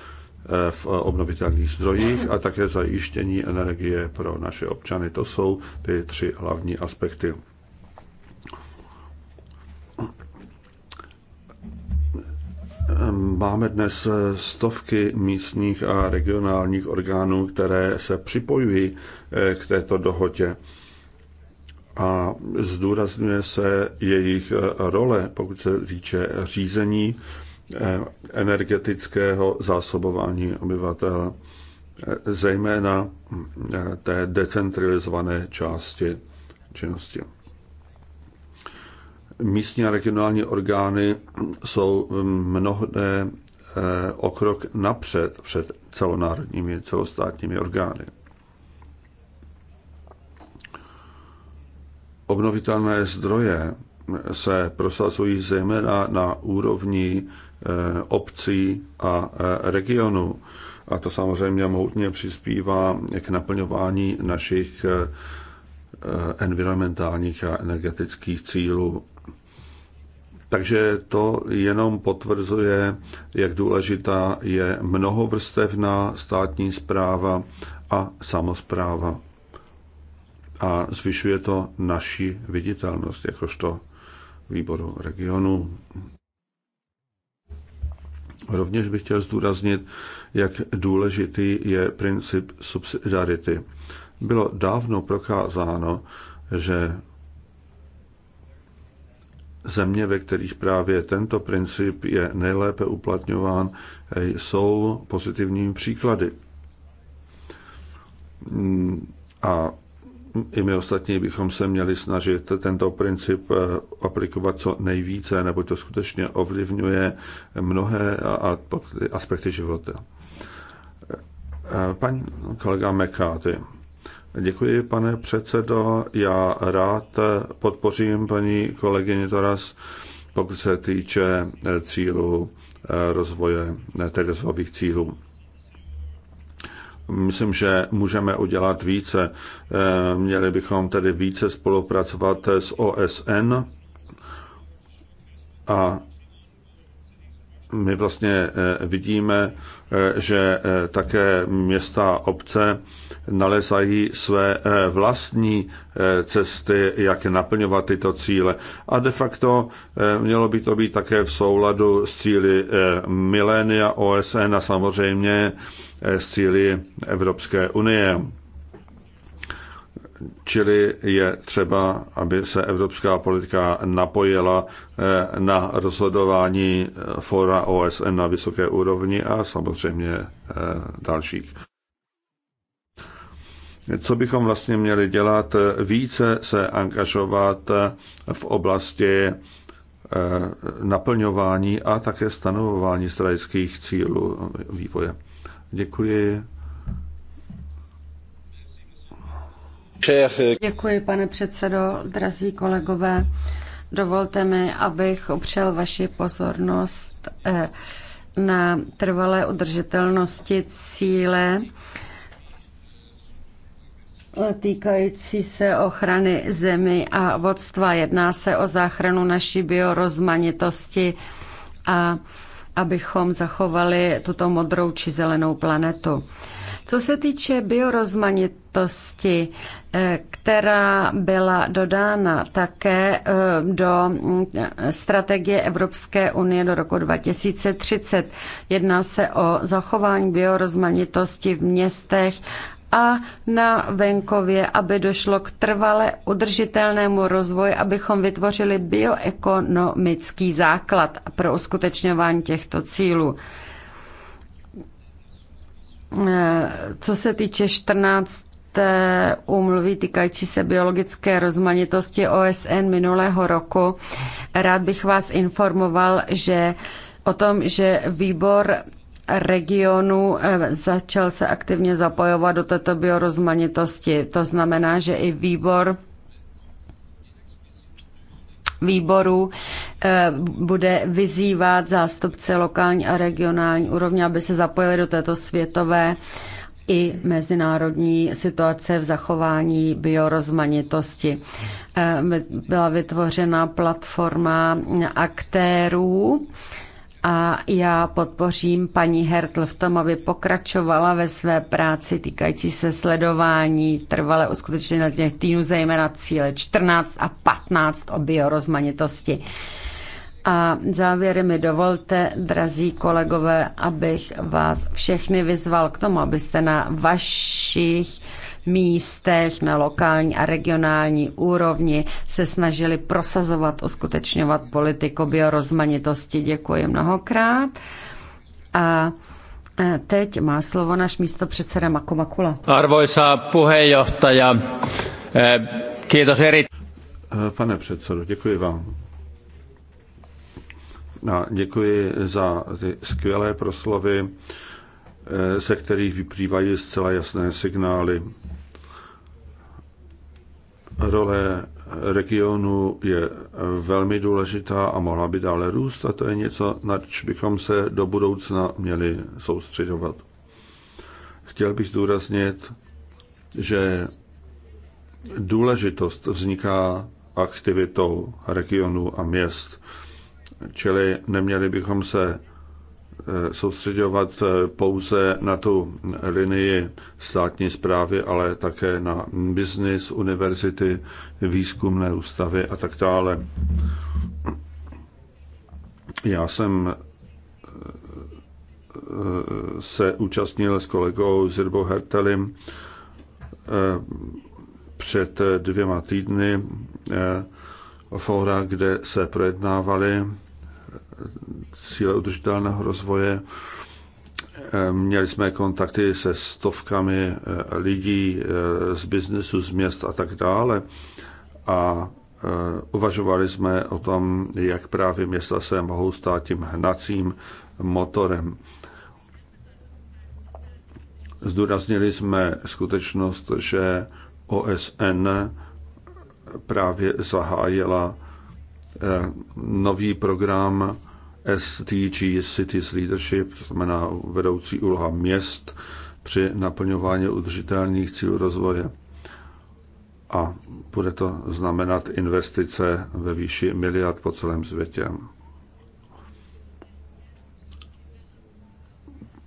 v obnovitelných zdrojích a také zajištění energie pro naše občany. To jsou ty tři hlavní aspekty. Máme dnes stovky místních a regionálních orgánů, které se připojují eh, k této dohodě a zdůrazňuje se jejich eh, role, pokud se týče řízení eh, energetického zásobování obyvatel, zejména té decentralizované části činnosti místní a regionální orgány jsou mnohde eh, o krok napřed před celonárodními, celostátními orgány. Obnovitelné zdroje eh, se prosazují zejména na úrovni eh, obcí a regionu A to samozřejmě mohutně přispívá k naplňování našich environmentálních a energetických cílů. Takže to jenom potvrzuje, jak důležitá je mnohovrstevná státní zpráva a samozpráva. A zvyšuje to naši viditelnost, jakožto výboru regionu. Rovněž bych chtěl zdůraznit, jak důležitý je princip subsidiarity. Bylo dávno prokázáno, že Země, ve kterých právě tento princip je nejlépe uplatňován, jsou pozitivními příklady. Mm, a i my ostatní bychom se měli snažit tento princip eh, aplikovat co nejvíce, nebo to skutečně ovlivňuje mnohé aspekty života. Eh, Paní kolega McCarthy. Děkuji, pane předsedo. Já rád podpořím paní kolegyni Toras, pokud se týče eh, cílu eh, rozvoje, eh, tedy cílů. Myslím, že můžeme udělat více. Měli bychom tedy více spolupracovat s OSN a my vlastně eh, vidíme, eh, že eh, také města, obce nalezají své vlastní cesty, jak naplňovat tyto cíle. A de facto mělo by to být také v souladu s cíly milénia OSN a samozřejmě s cíly Evropské unie. Čili je třeba, aby se evropská politika napojila eh, na rozhodování eh, fora OSN na vysoké úrovni a samozřejmě eh, dalších. Co bychom vlastně měli dělat? Více se angažovat v oblasti naplňování a také stanovování strategických cílů vývoje. Děkuji. Eh, Děkuji, pane předsedo, drazí kolegové. Dovolte mi, abych upřel vaši pozornost eh, na trvalé udržitelnosti cíle eh, týkající se ochrany zemi a vodstva. Jedná se o záchranu naší biorozmanitosti a abychom zachovali tuto modrou či zelenou planetu. Co se týče biorozmanitosti, eh, která byla dodána také eh, do eh, strategie Evropské unie do roku 2030, jedná se o zachování biorozmanitosti v městech a na venkově, aby došlo k trvale udržitelnému rozvoji, abychom vytvořili bioekonomický základ pro uskutečňování těchto cílů. Co se týče 14 úmluvy týkající se biologické rozmanitosti OSN minulého roku. Rád bych vás informoval, že o tom, že výbor regionu eh, začal se aktivně zapojovat do této biorozmanitosti. To znamená, že i výbor výboru eh, bude vyzývat zástupce lokální a regionální úrovně, aby se zapojili do této světové i mezinárodní situace v zachování biorozmanitosti. Eh, byla vytvořena platforma aktérů, a já podpořím paní Hertl v tom, aby pokračovala ve své práci týkající se sledování trvale těch týdnů, zejména cíle 14 a 15 o biorozmanitosti. A závěry mi dovolte, drazí kolegové, abych vás všechny vyzval k tomu, abyste na vašich místech, na lokální a regionální úrovni se snažili prosazovat, uskutečňovat politiku biorozmanitosti. Děkuji mnohokrát. A e, teď má slovo náš místo předseda Makomakula. Arvoisa puheenjohtaja, e, kiitos eri... E, pane předsedo, děkuji vám. A děkuji za ty skvělé proslovy Eh, ze kterých vyplývají zcela jasné signály. Role regionu je velmi důležitá a mohla by dále růst a to je něco, na čem bychom se do budoucna měli soustředovat. Chtěl bych zdůraznit, že důležitost vzniká aktivitou regionu a měst. Čili neměli bychom se Eh, soustředovat eh, pouze na tu linii státní zprávy, ale také na biznis, univerzity, výzkumné ústavy a tak dále. Já jsem eh, se účastnil s kolegou Zirbo Hertelem před dvěma týdny fóra, kde se projednávaly cíle udržitelného rozvoje. Měli jsme kontakty se stovkami eh, lidí eh, z biznesu, z měst a tak dále. A eh, uvažovali jsme o tom, jak právě města se mohou stát tím hnacím motorem. Zdůraznili jsme skutečnost, že OSN právě zahájila nový program SDG Cities Leadership, znamená vedoucí úloha měst při naplňování udržitelných cílů rozvoje. A bude to znamenat investice ve výši miliard po celém světě.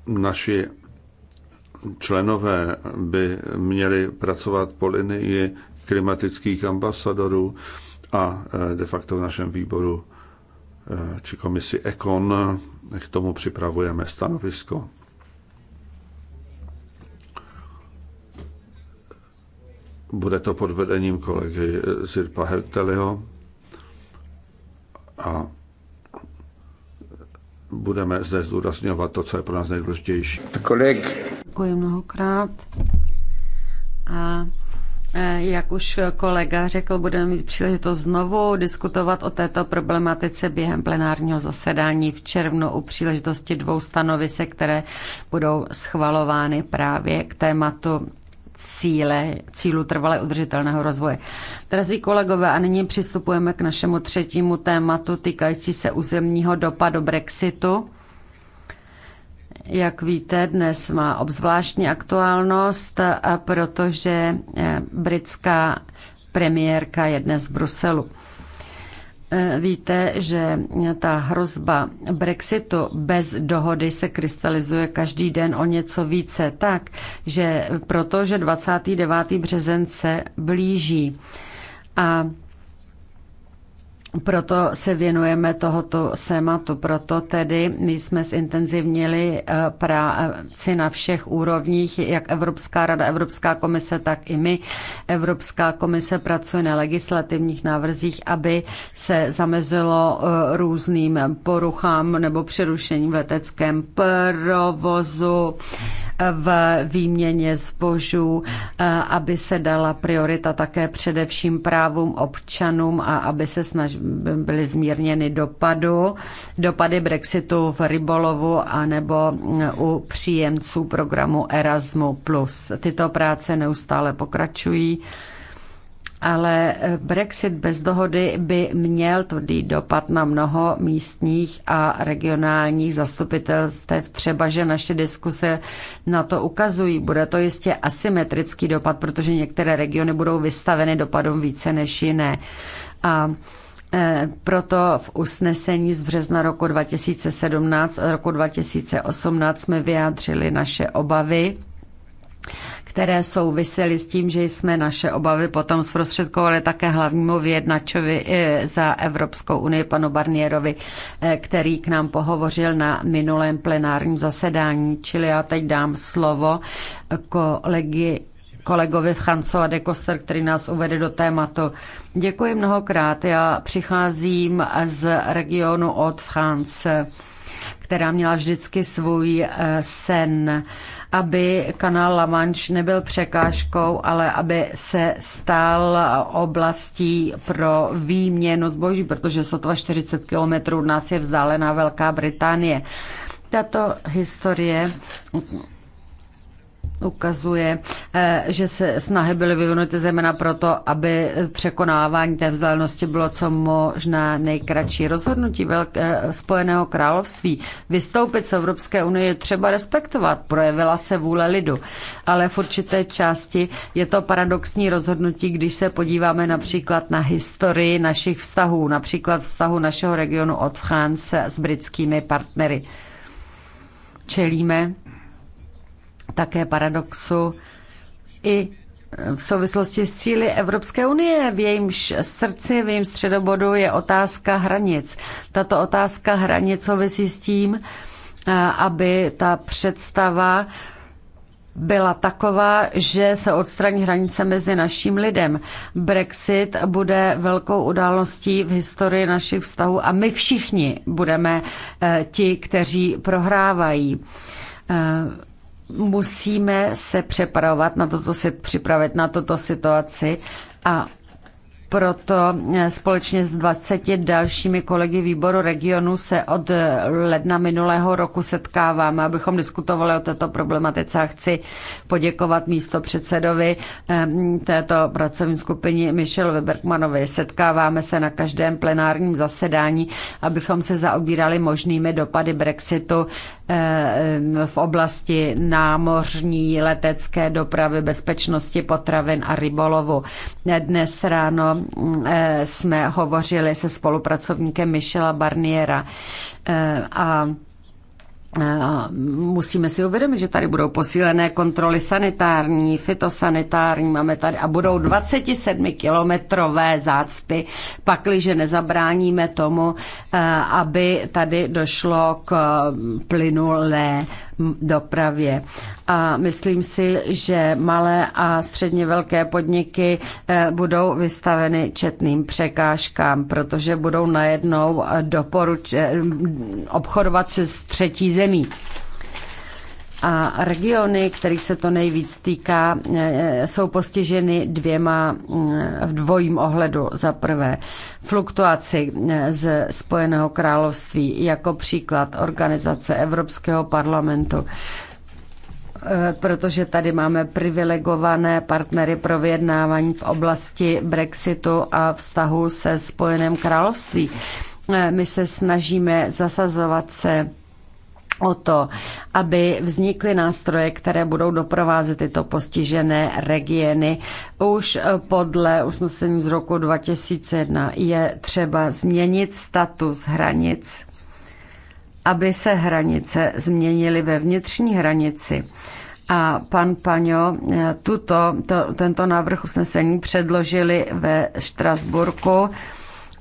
Naši členové by měli pracovat po linii klimatických ambasadorů a de facto v našem výboru či komisi Econ, k tomu připravujeme stanovisko. Bude to pod vedením kolegy Zirpa Hertelio a budeme zde zdůrazňovat to, co je pro nás nejdůležitější. Kolik? Děkuji mnohokrát. A Eh, jak už kolega řekl, budeme mít příležitost znovu diskutovat o této problematice během plenárního zasedání v červnu u příležitosti dvou stanovisek, které budou schvalovány právě k tématu cíle, cílu trvale udržitelného rozvoje. Drazí kolegové, a nyní přistupujeme k našemu třetímu tématu týkající se územního dopadu Brexitu jak víte, dnes má obzvláštní aktuálnost, protože eh, britská premiérka je dnes v Bruselu. Eh, víte, že ta hrozba Brexitu bez dohody se krystalizuje každý den o něco více tak, že protože 29. březen se blíží a proto se věnujeme tohoto sématu, proto tedy my jsme zintenzivnili eh, práci na všech úrovních, jak Evropská rada, Evropská komise, tak i my. Evropská komise pracuje na legislativních návrzích, aby se zamezilo eh, různým poruchám nebo přerušením v leteckém provozu v výměně zbožů, eh, aby se dala priorita také především právům občanům a aby se snaž, byly zmírněny dopadu, dopady Brexitu v rybolovu a nebo eh, u příjemců programu Erasmus+. Tyto práce neustále pokračují ale eh, Brexit bez dohody by měl tvrdý dopad na mnoho místních a regionálních zastupitelstv. Třeba, že naše diskuse na to ukazují. Bude to jistě asymetrický dopad, protože některé regiony budou vystaveny dopadům více než jiné. A eh, proto v usnesení z března roku 2017 a roku 2018 jsme vyjádřili naše obavy které souvisely s tím, že jsme naše obavy potom zprostředkovali také hlavnímu vyjednačovi eh, za Evropskou unii, panu Barnierovi, eh, který k nám pohovořil na minulém plenárním zasedání. Čili já teď dám slovo eh, kolegy kolegovi a de Koster, který nás uvede do tématu. Děkuji mnohokrát. Já přicházím z regionu od France, která měla vždycky svůj sen aby kanál La Manche nebyl překážkou, ale aby se stal oblastí pro výměnu zboží, protože sotva 40 kilometrů od nás je vzdálená Velká Británie. Tato historie ukazuje, eh, že se snahy byly vyvinuty zejména proto, aby překonávání té vzdálenosti bylo co možná nejkratší. Rozhodnutí Velké, eh, Spojeného království vystoupit z Evropské unie je třeba respektovat. Projevila se vůle lidu. Ale v určité části je to paradoxní rozhodnutí, když se podíváme například na historii našich vztahů, například vztahu našeho regionu od France s britskými partnery. Čelíme také paradoxu i v souvislosti s cíly Evropské unie. V jejímž srdci, v jejím středobodu je otázka hranic. Tato otázka hranic souvisí s tím, eh, aby ta představa byla taková, že se odstraní hranice mezi naším lidem. Brexit bude velkou událostí v historii našich vztahů a my všichni budeme eh, ti, kteří prohrávají. Eh, musíme se připravovat na toto, připravit na toto situaci a proto eh, společně s 20 dalšími kolegy výboru regionu se od eh, ledna minulého roku setkáváme, abychom diskutovali o této problematice a chci poděkovat místo předsedovi ehm, této pracovní skupiny Michel Bergmanovi. Setkáváme se na každém plenárním zasedání, abychom se zaobírali možnými dopady Brexitu Eh, v oblasti námořní, letecké dopravy, bezpečnosti potravin a rybolovu. Dnes ráno mm, eh, jsme hovořili se spolupracovníkem Michela Barniera eh, a Eh, musíme si uvědomit, že tady budou posílené kontroly sanitární, fitosanitární, máme tady a budou 27 kilometrové zácpy, pakliže nezabráníme tomu, eh, aby tady došlo k eh, plynulé dopravě. A myslím si, že malé a středně velké podniky eh, budou vystaveny četným překážkám, protože budou najednou eh, doporuč- eh, obchodovat se s třetí zemí. A regiony, kterých se to nejvíc týká, eh, jsou postiženy dvěma eh, v dvojím ohledu. Za prvé fluktuaci eh, z Spojeného království jako příklad organizace Evropského parlamentu protože tady máme privilegované partnery pro vyjednávání v oblasti Brexitu a vztahu se Spojeném království. My se snažíme zasazovat se o to, aby vznikly nástroje, které budou doprovázet tyto postižené regiony. Už podle usnesení z roku 2001 je třeba změnit status hranic, aby se hranice změnily ve vnitřní hranici. A pan Paňo tuto, to, tento návrh usnesení předložili ve Štrasburku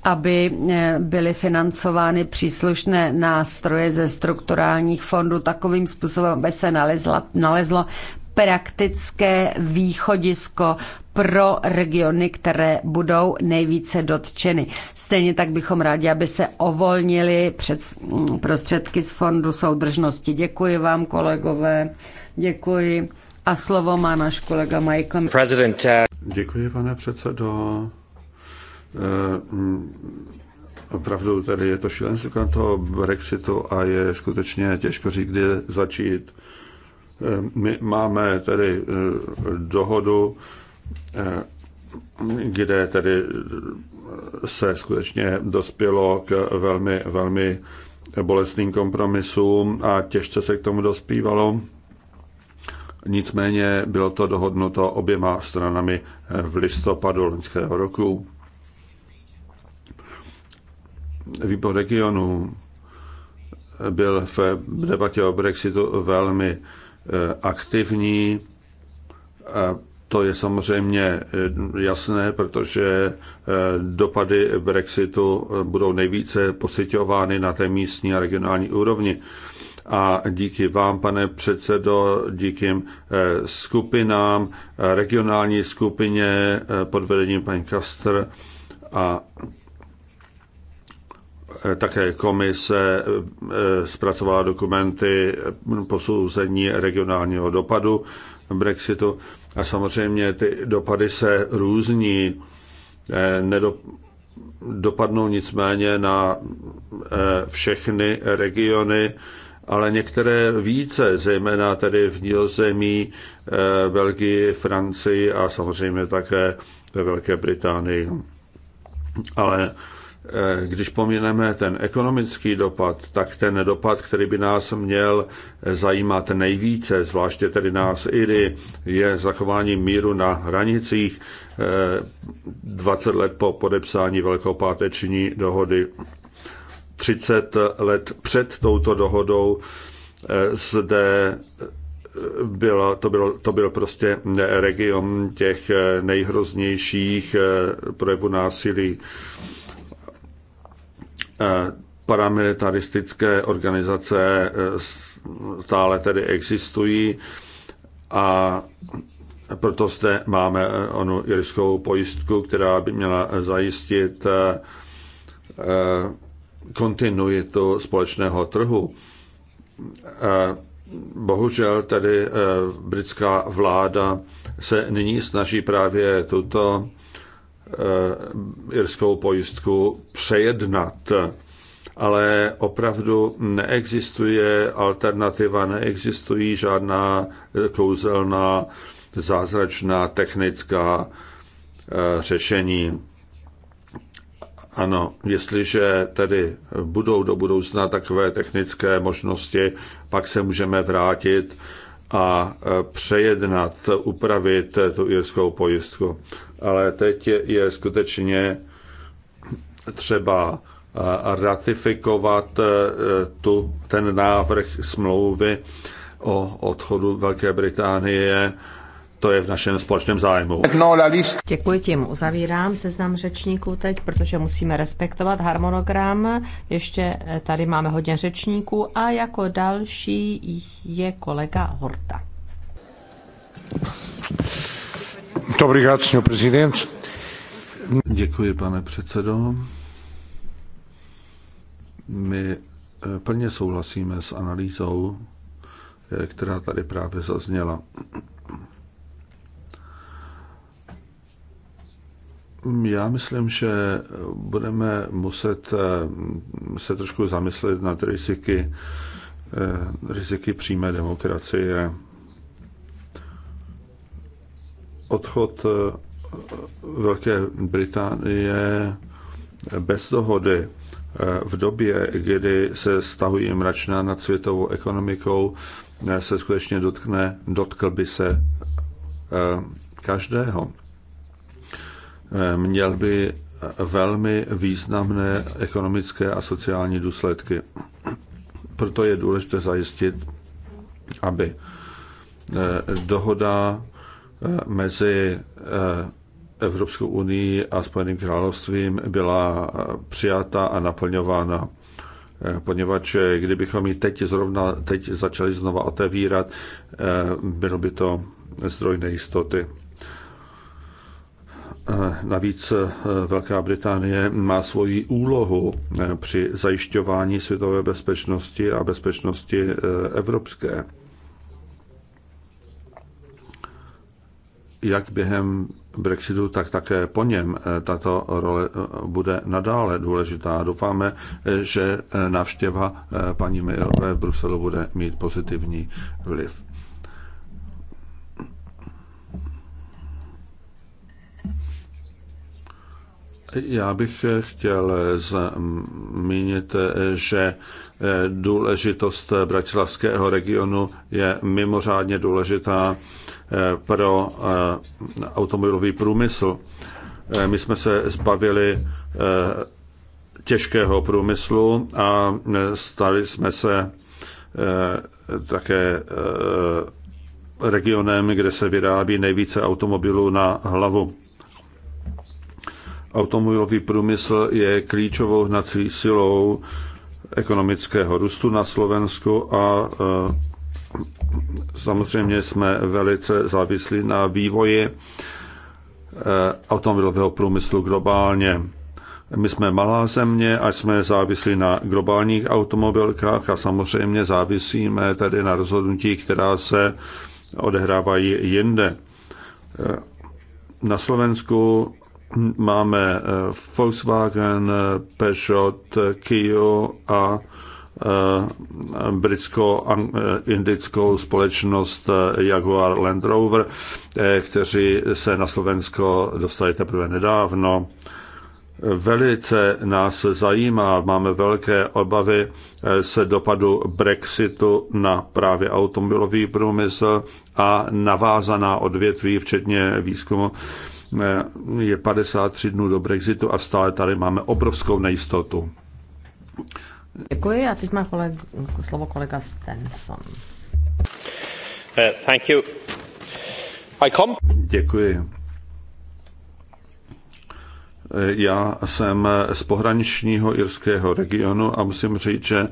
aby eh, byly financovány příslušné nástroje ze strukturálních fondů takovým způsobem, aby se nalezla, nalezlo praktické východisko pro regiony, které budou nejvíce dotčeny. Stejně tak bychom rádi, aby se ovolnili před, mm, prostředky z Fondu soudržnosti. Děkuji vám, kolegové. Děkuji. A slovo má náš kolega Michael. President, uh... Děkuji, pane předsedo. Eh, mm, opravdu tedy je to šílenství kolem toho Brexitu a je skutečně těžko říct, kdy začít. Eh, my máme tedy eh, dohodu, kde tedy se skutečně dospělo k velmi, velmi bolestným kompromisům a těžce se k tomu dospívalo. Nicméně bylo to dohodnuto oběma stranami v listopadu loňského roku výbor regionu byl v debatě o Brexitu velmi eh, aktivní. A to je samozřejmě eh, jasné, protože eh, dopady Brexitu budou nejvíce pocitovány na té místní a regionální úrovni. A díky vám, pane předsedo, díky skupinám, regionální skupině pod vedením paní Kastr a Eh, také komise eh, eh, zpracovala dokumenty posouzení regionálního dopadu Brexitu a samozřejmě ty dopady se různí. Nedop dopadnou nicméně na všechny regiony, ale některé více, zejména tedy v Nílzemí, Belgii, Francii a samozřejmě také ve Velké Británii. Ale Eh, když pomineme ten ekonomický dopad, tak ten dopad, který by nás měl zajímat nejvíce, zvláště tedy nás Iry, je zachování míru na hranicích 20 eh, let po podepsání velkopáteční dohody. 30 let před touto dohodou eh, zde byla, to, byl, to byl prostě region těch nejhroznějších projevů násilí. Eh, paramilitaristické organizace eh, stále tedy existují a proto zde máme eh, onu irskou pojistku, která by měla zajistit kontinuitu společného trhu. Bohužel tedy britská vláda se nyní snaží právě tuto Eh, irskou pojistku přejednat. Ale opravdu neexistuje alternativa, neexistují žádná eh, kouzelná, zázračná technická eh, řešení. Ano, jestliže tedy budou do budoucna takové technické možnosti, pak se můžeme vrátit a e, přejednat, upravit tu irskou pojistku. Ale teď je skutečně třeba e, ratifikovat e, tu, ten návrh smlouvy o odchodu Velké Británie to je v našem společném zájmu. Děkuji tím. Uzavírám seznam řečníků teď, protože musíme respektovat harmonogram. Ještě eh, tady máme hodně řečníků a jako další je kolega Horta. Děkuji, pane předsedo. My eh, plně souhlasíme s analýzou, eh, která tady právě zazněla. Já myslím, že budeme muset eh, se trošku zamyslet nad riziky, eh, riziky přímé demokracie. Odchod eh, Velké Británie bez dohody v době, kdy se stahují mračna nad světovou ekonomikou, se skutečně dotkne, dotkl by se každého měl by velmi významné ekonomické a sociální důsledky. Proto je důležité zajistit, aby eh, dohoda eh, mezi eh, Evropskou unii a Spojeným královstvím byla přijata a naplňována. Poněvadž kdybychom ji teď zrovna teď začali znova otevírat, bylo by to zdroj nejistoty. Eh, navíc eh, Velká Británie má svoji úlohu eh, při zajišťování světové bezpečnosti a bezpečnosti evropské. Jak během Brexitu, tak také po něm tato role bude nadále důležitá. Doufáme, že návštěva paní Mayerové v Bruselu bude mít pozitivní vliv. Já bych chtěl zmínit, že důležitost bratislavského regionu je mimořádně důležitá pro automobilový průmysl. My jsme se zbavili těžkého průmyslu a stali jsme se také regionem, kde se vyrábí nejvíce automobilů na hlavu. Automobilový průmysl je klíčovou hnací silou ekonomického růstu na Slovensku a e, samozřejmě jsme velice závislí na vývoji e, automobilového průmyslu globálně. My jsme malá země a jsme závislí na globálních automobilkách a samozřejmě závisíme tedy na rozhodnutí, která se odehrávají jinde. E, na Slovensku máme eh, Volkswagen, eh, Peugeot, eh, Kia a britsko-indickou společnost Jaguar Land Rover, kteří se na Slovensko dostali teprve nedávno. Velice nás zajímá, máme velké obavy se dopadu Brexitu na právě automobilový průmysl a navázaná odvětví, včetně výzkumu Eh, je 53 dnů do Brexitu a stále tady máme obrovskou nejistotu. Děkuji a teď má koleg, slovo kolega Stenson. Uh, thank you. I come... Děkuji. Eh, já jsem z pohraničního irského regionu a musím říct, že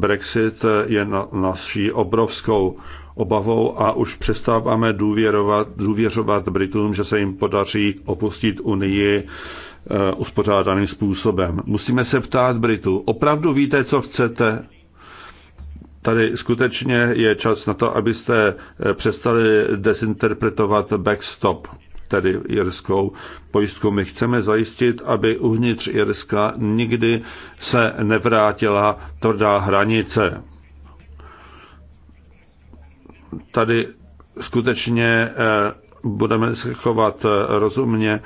Brexit je naší obrovskou obavou a už přestáváme důvěrovat, důvěřovat Britům, že se jim podaří opustit Unii eh, uspořádaným způsobem. Musíme se ptát Britů, opravdu víte, co chcete? Tady skutečně je čas na to, abyste eh, přestali desinterpretovat backstop, tedy irskou pojistku. My chceme zajistit, aby uvnitř Irska nikdy se nevrátila tvrdá hranice tady skutečně eh, budeme se chovat eh, rozumně,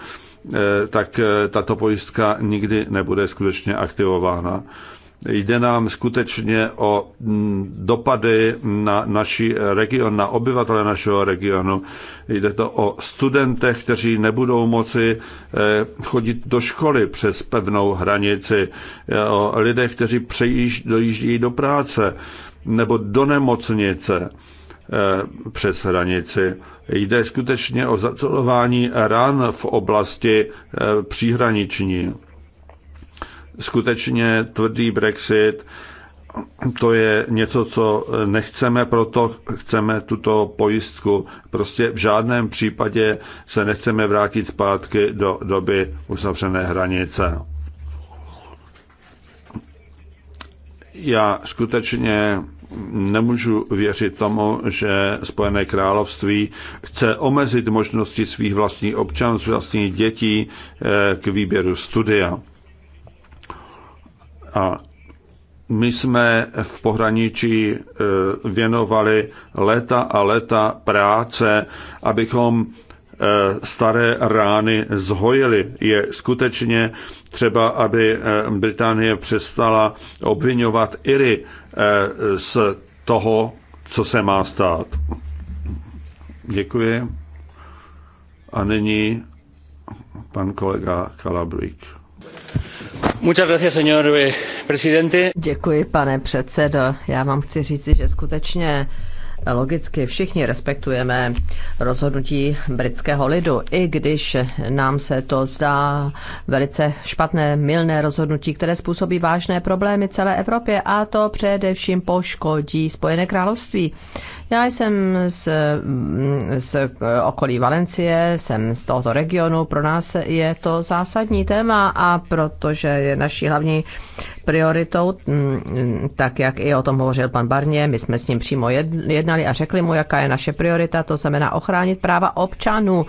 eh, tak tato pojistka nikdy nebude skutečně aktivována. Jde nám skutečně o mm, dopady na naši region, na obyvatele našeho regionu. Jde to o studentech, kteří nebudou moci chodit do školy přes pevnou hranici, o lidech, kteří dojíždějí do práce nebo do nemocnice Eh, přes hranici. Jde skutečně o zacelování ran v oblasti eh, příhraniční. Skutečně tvrdý Brexit, to je něco, co nechceme, proto chceme tuto pojistku. Prostě v žádném případě se nechceme vrátit zpátky do doby uzavřené hranice. Já skutečně nemůžu věřit tomu, že Spojené království chce omezit možnosti svých vlastních občanů, svých vlastních dětí eh, k výběru studia. A my jsme v pohraničí eh, věnovali léta a léta práce, abychom eh, staré rány zhojili. Je skutečně třeba, aby Británie přestala obvinovat Iry Eh, z toho, co se má stát. Děkuji. A nyní pan kolega Kalabrík. Eh, Děkuji, pane předsedo. Já vám chci říci, že skutečně logicky všichni respektujeme rozhodnutí britského lidu, i když nám se to zdá velice špatné, milné rozhodnutí, které způsobí vážné problémy celé Evropě a to především poškodí Spojené království. Já jsem z, z okolí Valencie, jsem z tohoto regionu, pro nás je to zásadní téma a protože je naší hlavní prioritou, mm, tak jak i o tom hovořil pan Barně, my jsme s ním přímo jednali a řekli mu, jaká je naše priorita, to znamená ochránit práva občanů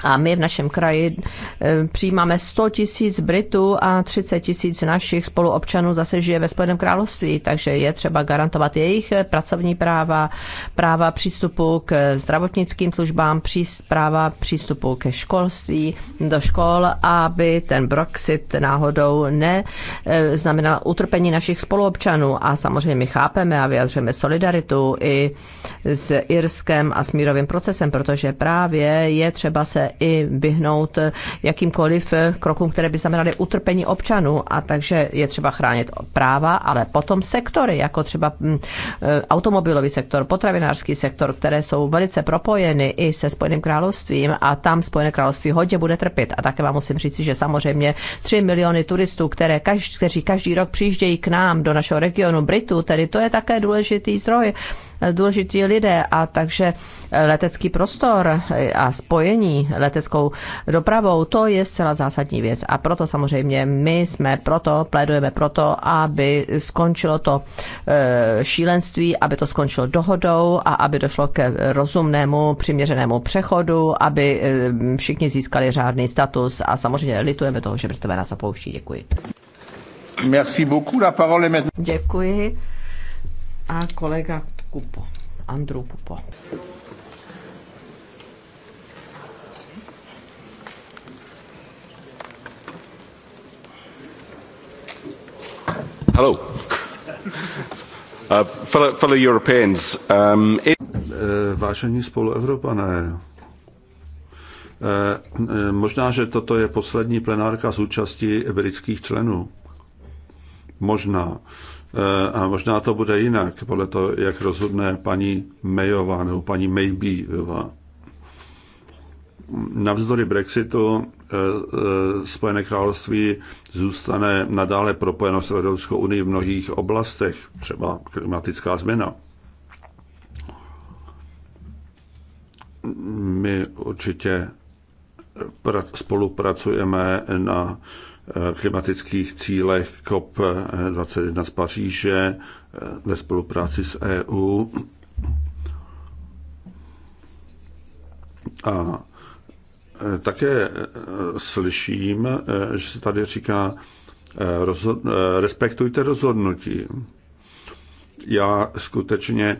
a my v našem kraji eh, přijímáme 100 tisíc Britů a 30 tisíc našich spoluobčanů zase žije ve Spojeném království, takže je třeba garantovat jejich eh, pracovní práva, práva přístupu k zdravotnickým službám, práva přístupu ke školství, do škol, aby ten Brexit náhodou ne eh, znamenal utrpení našich spoluobčanů. A samozřejmě my chápeme a vyjadřujeme solidaritu i s Irskem a s mírovým procesem, protože právě je třeba se i vyhnout jakýmkoliv krokům, které by znamenaly utrpení občanů. A takže je třeba chránit práva, ale potom sektory, jako třeba mm, eh, automobilový sektor, potravinářský sektor, které jsou velice propojeny i se Spojeným královstvím a tam Spojené království hodně bude trpět. A také vám musím říct, že samozřejmě 3 miliony turistů, které každý, kteří každý rok přijíždějí k nám do našeho regionu Britu, tedy to je také důležitý zdroj důležití lidé a takže letecký prostor a spojení leteckou dopravou, to je zcela zásadní věc. A proto samozřejmě my jsme proto, plédujeme proto, aby skončilo to e, šílenství, aby to skončilo dohodou a aby došlo ke rozumnému, přiměřenému přechodu, aby e, všichni získali řádný status a samozřejmě litujeme toho, že Britové nás opouští. Děkuji. Merci beaucoup. La parole est maintenant... Děkuji. A kolega Kupo, Andrew Kupo. Hello. Uh, fellow, fellow Europeans, um, it... uh, Vážení spoluevropané, eh, eh, Možná, že toto je poslední plenárka s účastí britských členů. Možná. Eh, a možná to bude jinak, podle toho, jak rozhodne paní Mayová nebo paní Maybeová. Navzdory Brexitu eh, eh, Spojené království zůstane nadále propojeno s Evropskou unii v mnohých oblastech, třeba klimatická změna. My určitě spolupracujeme na Eh, klimatických cílech COP21 z Paříže eh, ve spolupráci s EU. A eh, také slyším, že se tady říká, rozhod, respektujte rozhodnutí. Já skutečně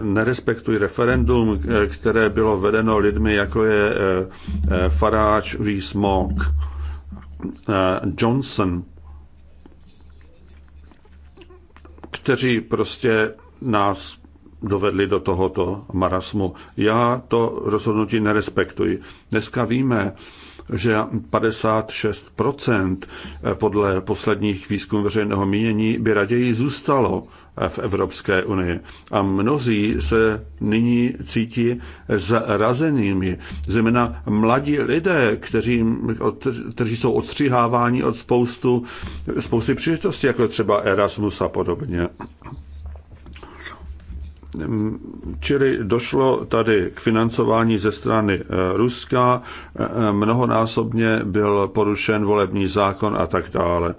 nerespektuji referendum, které bylo vedeno lidmi, jako je Faráč, Vísmok. smog Eh, Johnson, kteří prostě nás dovedli do tohoto marasmu. Já to rozhodnutí nerespektuji. Dneska víme, že 56 eh, podle posledních výzkumů veřejného mínění by raději zůstalo eh, v Evropské unii. A mnozí se nyní cítí zrazenými, zejména mladí lidé, kteří, kteří jsou odstřiháváni od spoustu, spousty příležitostí, jako třeba Erasmus a podobně. Čili došlo tady k financování ze strany eh, Ruska, eh, eh, mnohonásobně byl porušen volební zákon a tak dále.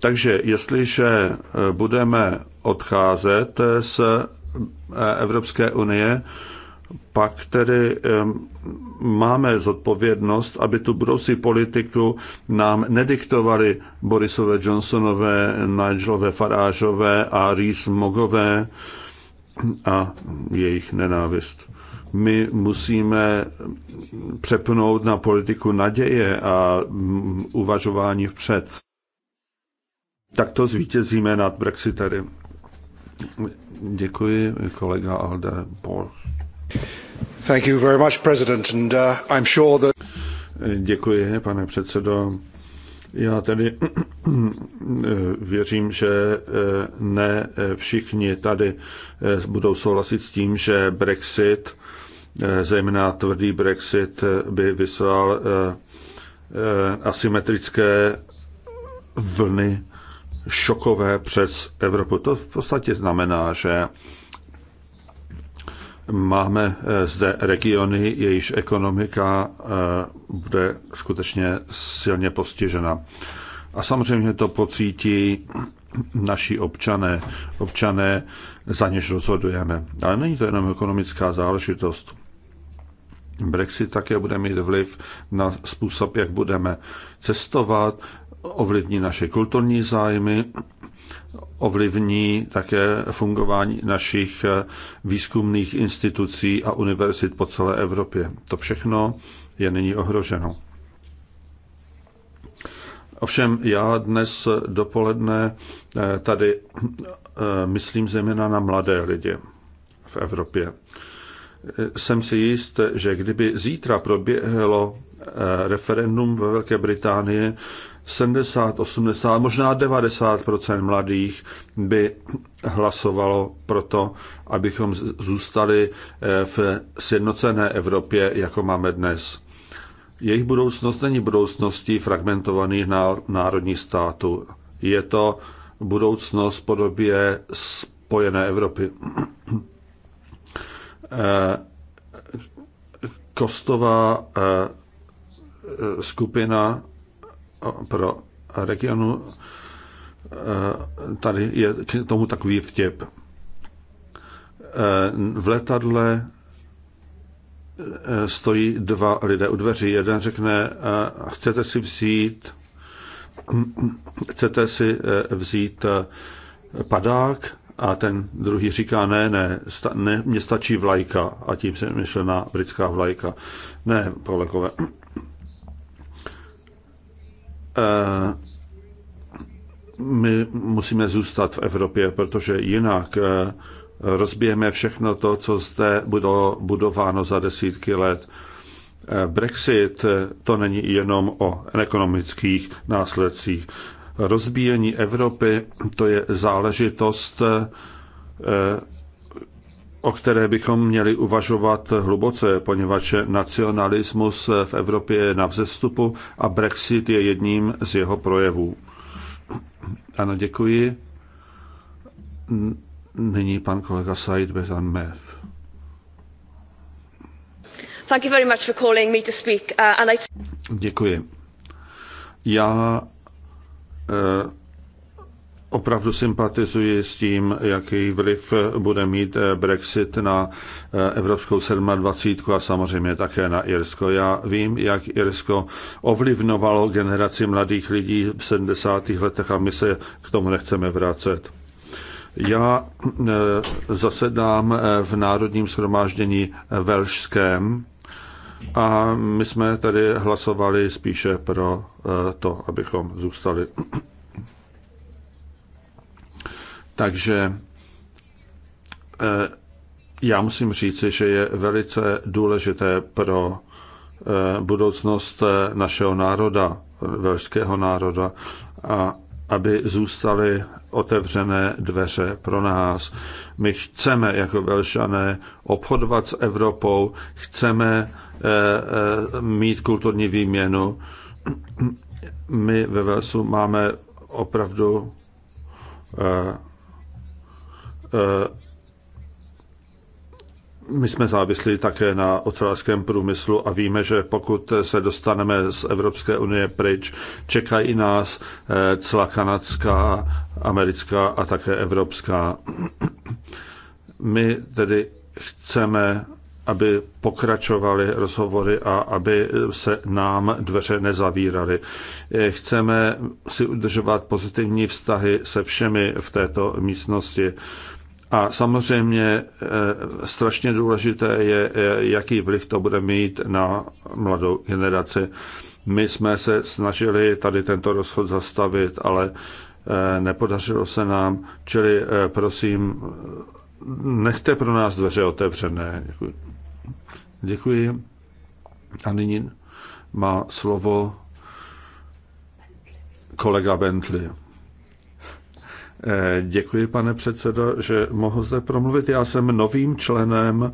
Takže jestliže budeme odcházet z Evropské unie, pak tedy máme zodpovědnost, aby tu budoucí politiku nám nediktovali Borisové Johnsonové, Nigelové Farážové a Rees Mogové, a jejich nenávist. My musíme přepnout na politiku naděje a uvažování vpřed. Tak to zvítězíme nad Brexitery. Děkuji, kolega Alde Borch. Thank you very much, President, and uh, I'm sure that... Děkuji, pane předsedo. Já tedy [clears throat] věřím, že eh, ne eh, všichni tady eh, budou souhlasit s tím, že Brexit, zejména tvrdý Brexit, by vyslal asymetrické vlny šokové přes Evropu. To v podstatě znamená, že Máme eh, zde regiony, jejichž ekonomika eh, bude skutečně silně postižena. A samozřejmě to pocítí naši občané, občané, za něž rozhodujeme. Ale není to jenom ekonomická záležitost. Brexit také bude mít vliv na způsob, jak budeme cestovat, ovlivní naše kulturní zájmy, ovlivní také fungování našich eh, výzkumných institucí a univerzit po celé Evropě. To všechno je nyní ohroženo. Ovšem já dnes dopoledne eh, tady eh, myslím zejména na mladé lidi v Evropě. Jsem si jist, že kdyby zítra proběhlo referendum ve Velké Británii, 70, 80, možná 90 mladých by hlasovalo pro to, abychom zůstali eh, v sjednocené Evropě, jako máme dnes. Jejich budoucnost není budoucností fragmentovaných národních států. Je to budoucnost v podobě spojené Evropy. Eh, kostová eh, skupina pro regionu. Eh, tady je k tomu takový vtip. Eh, v letadle eh, stojí dva lidé u dveří. Jeden řekne, chcete si vzít [clears throat] chcete si vzít padák a ten druhý říká, ne, ne, sta, ne mě stačí vlajka a tím se myšlená britská vlajka. Ne, kolegové, [clears throat] Eh, my musíme zůstat v Evropě, protože jinak eh, rozbijeme všechno to, co zde bylo budováno za desítky let. Eh, Brexit to není jenom o ekonomických následcích. Rozbíjení Evropy to je záležitost o které bychom měli uvažovat hluboce, poněvadž nacionalismus v Evropě je na vzestupu a Brexit je jedním z jeho projevů. Ano, děkuji. Nyní pan kolega Said Bezan Mev. Uh, děkuji. Já uh, opravdu sympatizuji s tím, jaký vliv bude mít eh, Brexit na eh, Evropskou 27 a samozřejmě také na Irsko. Já vím, jak Irsko ovlivňovalo generaci mladých lidí v 70. letech a my se k tomu nechceme vracet. Já eh, zasedám v Národním shromáždění Velšském a my jsme tady hlasovali spíše pro to, abychom zůstali takže eh, já musím říci, že je velice důležité pro eh, budoucnost eh, našeho národa, velšského národa, a aby zůstaly otevřené dveře pro nás. My chceme jako Velšané obchodovat s Evropou, chceme mít kulturní výměnu. My ve Velsu máme opravdu Eh, my jsme závislí také na ocelářském průmyslu a víme, že pokud se dostaneme z Evropské unie pryč, čekají nás eh, celá kanadská, americká a také evropská. My tedy chceme, aby pokračovaly rozhovory a aby se nám dveře nezavíraly. Eh, chceme si udržovat pozitivní vztahy se všemi v této místnosti a samozřejmě eh, strašně důležité je, eh, jaký vliv to bude mít na mladou generaci. My jsme se snažili tady tento rozchod zastavit, ale eh, nepodařilo se nám, čili prosím, nechte pro nás dveře otevřené. Děkuji. Děkuji. A nyní má slovo kolega Bentley. Eh, děkuji, pane předsedo, že mohu zde promluvit. Já jsem novým členem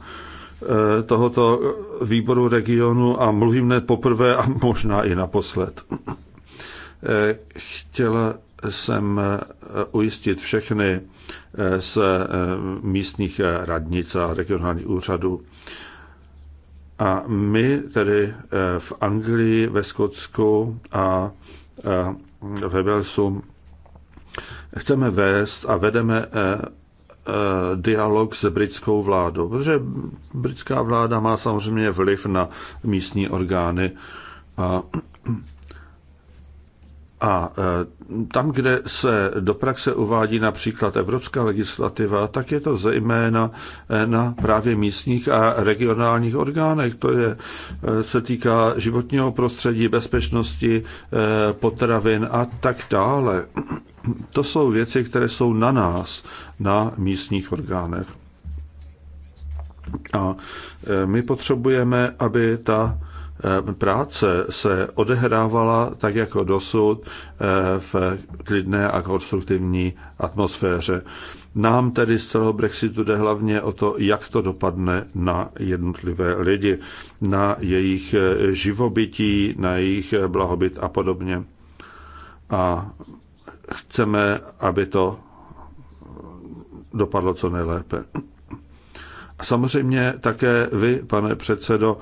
eh, tohoto výboru regionu a mluvím ne poprvé a možná i naposled. Eh, chtěla jsem ujistit všechny z místních radnic a regionálních úřadů. A my tedy v Anglii, ve Skotsku a ve Velsu Chceme vést a vedeme eh, eh, dialog s britskou vládou, protože britská vláda má samozřejmě vliv na místní orgány a a e, tam, kde se do praxe uvádí například evropská legislativa, tak je to zejména e, na právě místních a regionálních orgánech. To je, e, se týká životního prostředí, bezpečnosti, potravin a tak dále. To jsou věci, které jsou na nás, na místních orgánech. A my potřebujeme, aby ta Eh, práce se odehrávala tak jako dosud eh, v klidné a konstruktivní atmosféře. Nám tedy z celého Brexitu jde hlavně o to, jak to dopadne na jednotlivé lidi, na jejich eh, živobytí, na jejich blahobyt a podobně. A chceme, aby to dopadlo co nejlépe. Samozřejmě také vy, pane předsedo,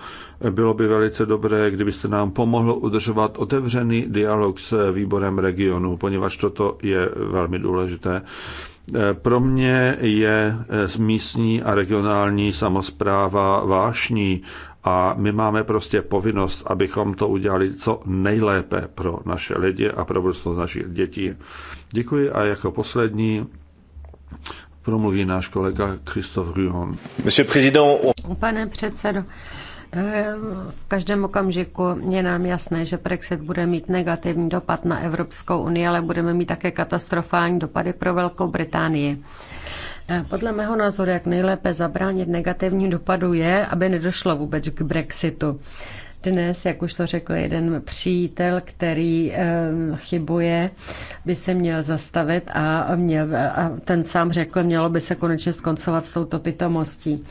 bylo by velice dobré, kdybyste nám pomohl udržovat otevřený dialog s výborem regionu, poněvadž toto je velmi důležité. Pro mě je místní a regionální samozpráva vášní a my máme prostě povinnost, abychom to udělali co nejlépe pro naše lidi a pro budoucnost našich dětí. Děkuji a jako poslední promluví náš kolega Christophe Ruhon. Pane předsedo, v každém okamžiku je nám jasné, že Brexit bude mít negativní dopad na Evropskou unii, ale budeme mít také katastrofální dopady pro Velkou Británii. Podle mého názoru, jak nejlépe zabránit negativním dopadu je, aby nedošlo vůbec k Brexitu. Dnes, jak už to řekl jeden přítel, který ehm, chybuje, by se měl zastavit a, měl, a ten sám řekl, mělo by se konečně skoncovat s touto pitomostí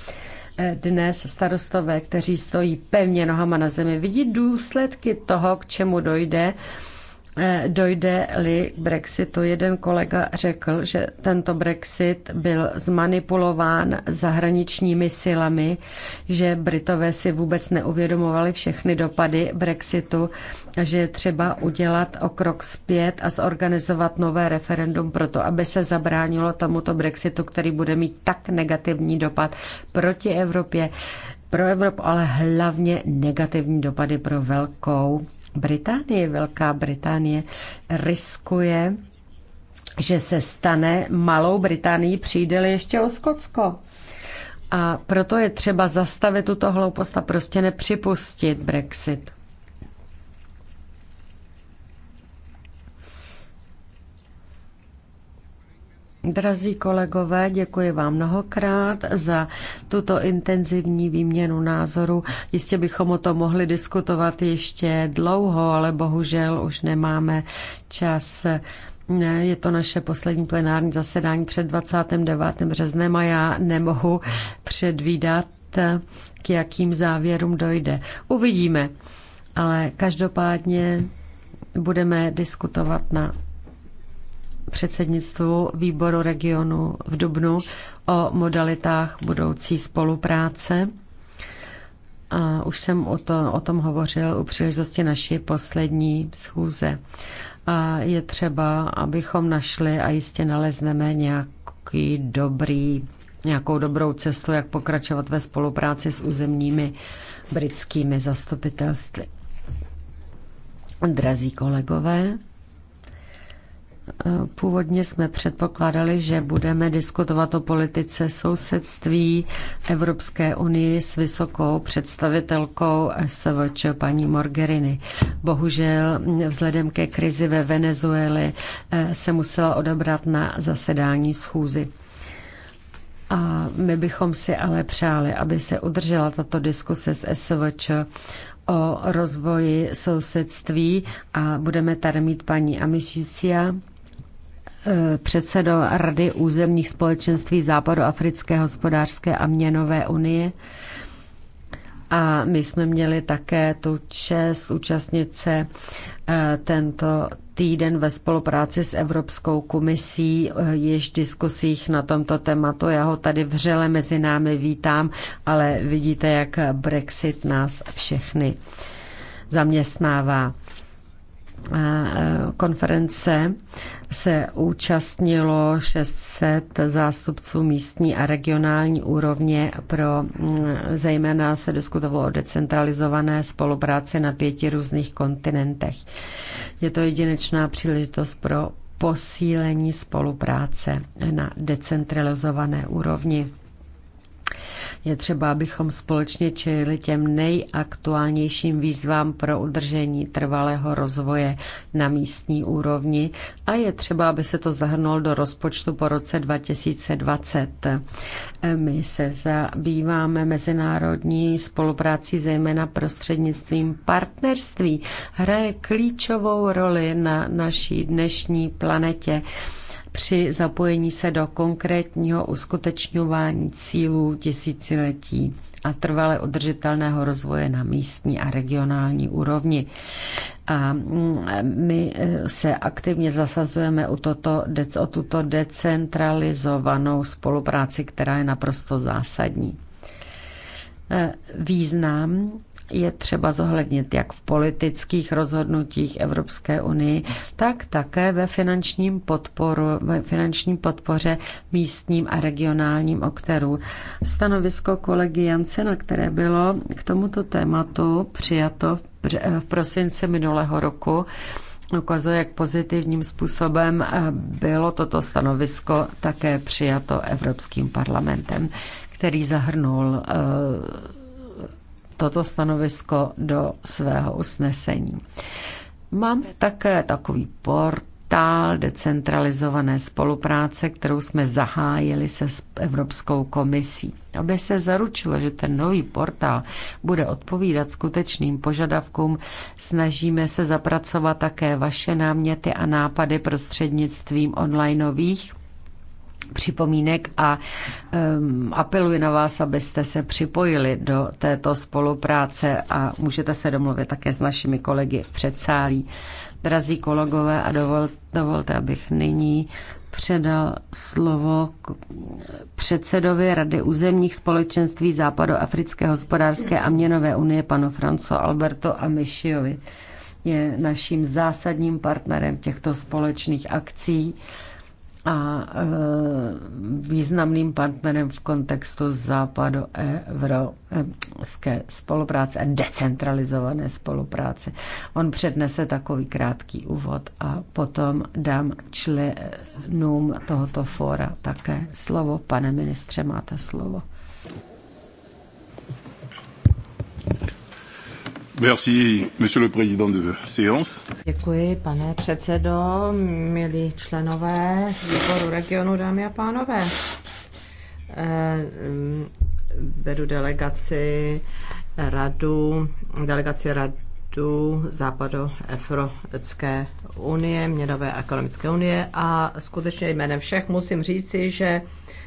eh, dnes starostové, kteří stojí pevně nohama na zemi, vidí důsledky toho, k čemu dojde Eh, dojde-li k Brexitu. Jeden kolega řekl, že tento Brexit byl zmanipulován zahraničními silami, že Britové si vůbec neuvědomovali všechny dopady Brexitu a že je třeba udělat o krok zpět a zorganizovat nové referendum proto, aby se zabránilo tomuto Brexitu, který bude mít tak negativní dopad proti Evropě, pro Evropu, ale hlavně negativní dopady pro velkou Británie, Velká Británie, riskuje, že se stane malou Británií, přijde ještě o Skotsko. A proto je třeba zastavit tuto hloupost a prostě nepřipustit Brexit. Drazí kolegové, děkuji vám mnohokrát za tuto intenzivní výměnu názoru. Jistě bychom o tom mohli diskutovat ještě dlouho, ale bohužel už nemáme čas. Je to naše poslední plenární zasedání před 29. březnem a já nemohu předvídat, k jakým závěrům dojde. Uvidíme, ale každopádně budeme diskutovat na předsednictvu výboru regionu v Dubnu o modalitách budoucí spolupráce. A už jsem o, to, o tom hovořil u příležitosti naší poslední schůze. A je třeba, abychom našli a jistě nalezneme nějaký dobrý, nějakou dobrou cestu, jak pokračovat ve spolupráci s územními britskými zastupitelstvy. Drazí kolegové, Původně jsme předpokládali, že budeme diskutovat o politice sousedství Evropské unii s vysokou představitelkou SVČ paní Morgerini. Bohužel vzhledem ke krizi ve Venezuele eh, se musela odebrat na zasedání schůzy. A my bychom si ale přáli, aby se udržela tato diskuse s SVČ o rozvoji sousedství a budeme tady mít paní Amisícia. Eh, předsedo Rady územních společenství Africké hospodářské a měnové unie. A my jsme měli také tu čest účastnit se eh, tento týden ve spolupráci s Evropskou komisí eh, již diskusích na tomto tématu. Já ho tady vřele mezi námi vítám, ale vidíte, jak Brexit nás všechny zaměstnává. E, konference se účastnilo 600 zástupců místní a regionální úrovně pro zejména se diskutovalo o decentralizované spolupráci na pěti různých kontinentech. Je to jedinečná příležitost pro posílení spolupráce na decentralizované úrovni. Je třeba, abychom společně čelili těm nejaktuálnějším výzvám pro udržení trvalého rozvoje na místní úrovni a je třeba, aby se to zahrnulo do rozpočtu po roce 2020. My se zabýváme mezinárodní spoluprácí zejména prostřednictvím partnerství. Hraje klíčovou roli na naší dnešní planetě při zapojení se do konkrétního uskutečňování cílů tisíciletí a trvale udržitelného rozvoje na místní a regionální úrovni. A mm, my eh, se aktivně zasazujeme u toto, o tuto decentralizovanou spolupráci, která je naprosto zásadní. Eh, význam je třeba zohlednit jak v politických rozhodnutích Evropské unii, tak také ve finančním podporu, ve finanční podpoře místním a regionálním okterů. Stanovisko kolegy na které bylo k tomuto tématu přijato v prosinci minulého roku, ukazuje, jak pozitivním způsobem eh, bylo toto stanovisko také přijato Evropským parlamentem, který zahrnul eh, toto stanovisko do svého usnesení. Máme také takový port decentralizované spolupráce, kterou jsme zahájili se s Evropskou komisí. Aby se zaručilo, že ten nový portál bude odpovídat skutečným požadavkům, snažíme se zapracovat také vaše náměty a nápady prostřednictvím onlineových připomínek a um, apeluji na vás, abyste se připojili do této spolupráce a můžete se domluvit také s našimi kolegy v předsálí. Drazí kolegové, a dovol, dovolte, abych nyní předal slovo k předsedovi Rady územních společenství Západoafrické hospodářské a měnové unie panu Franco Alberto Amishiovi. Je naším zásadním partnerem těchto společných akcí. Uh, a e, významným partnerem v kontextu západoevropské spolupráce a decentralizované spolupráce. On přednese takový krátký úvod a potom dám členům tohoto fóra také slovo. Pane ministře, máte slovo. Merci, monsieur le président de séance. Děkuji, pane předsedo, milí členové výboru regionu, dámy a pánové. Eh, vedu delegaci radu, delegaci rad, západo západoafrické unie, měnové a ekonomické unie a skutečně jménem všech musím říci, že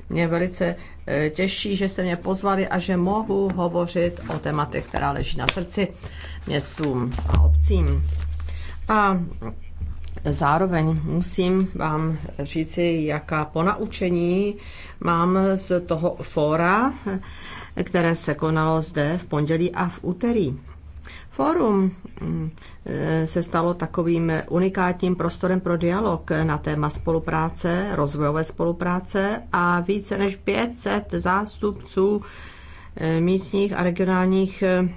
mě velice eh, těší, že jste mě pozvali a že mohu hovořit o tématech, která leží na srdci městům a obcím. A Zároveň musím vám říci, jaká ponaučení mám z toho fóra, které se konalo zde v pondělí a v úterý. Fórum mm, eh, se stalo takovým unikátním prostorem pro dialog na téma spolupráce, rozvojové spolupráce a více než 500 zástupců eh, místních a regionálních mm,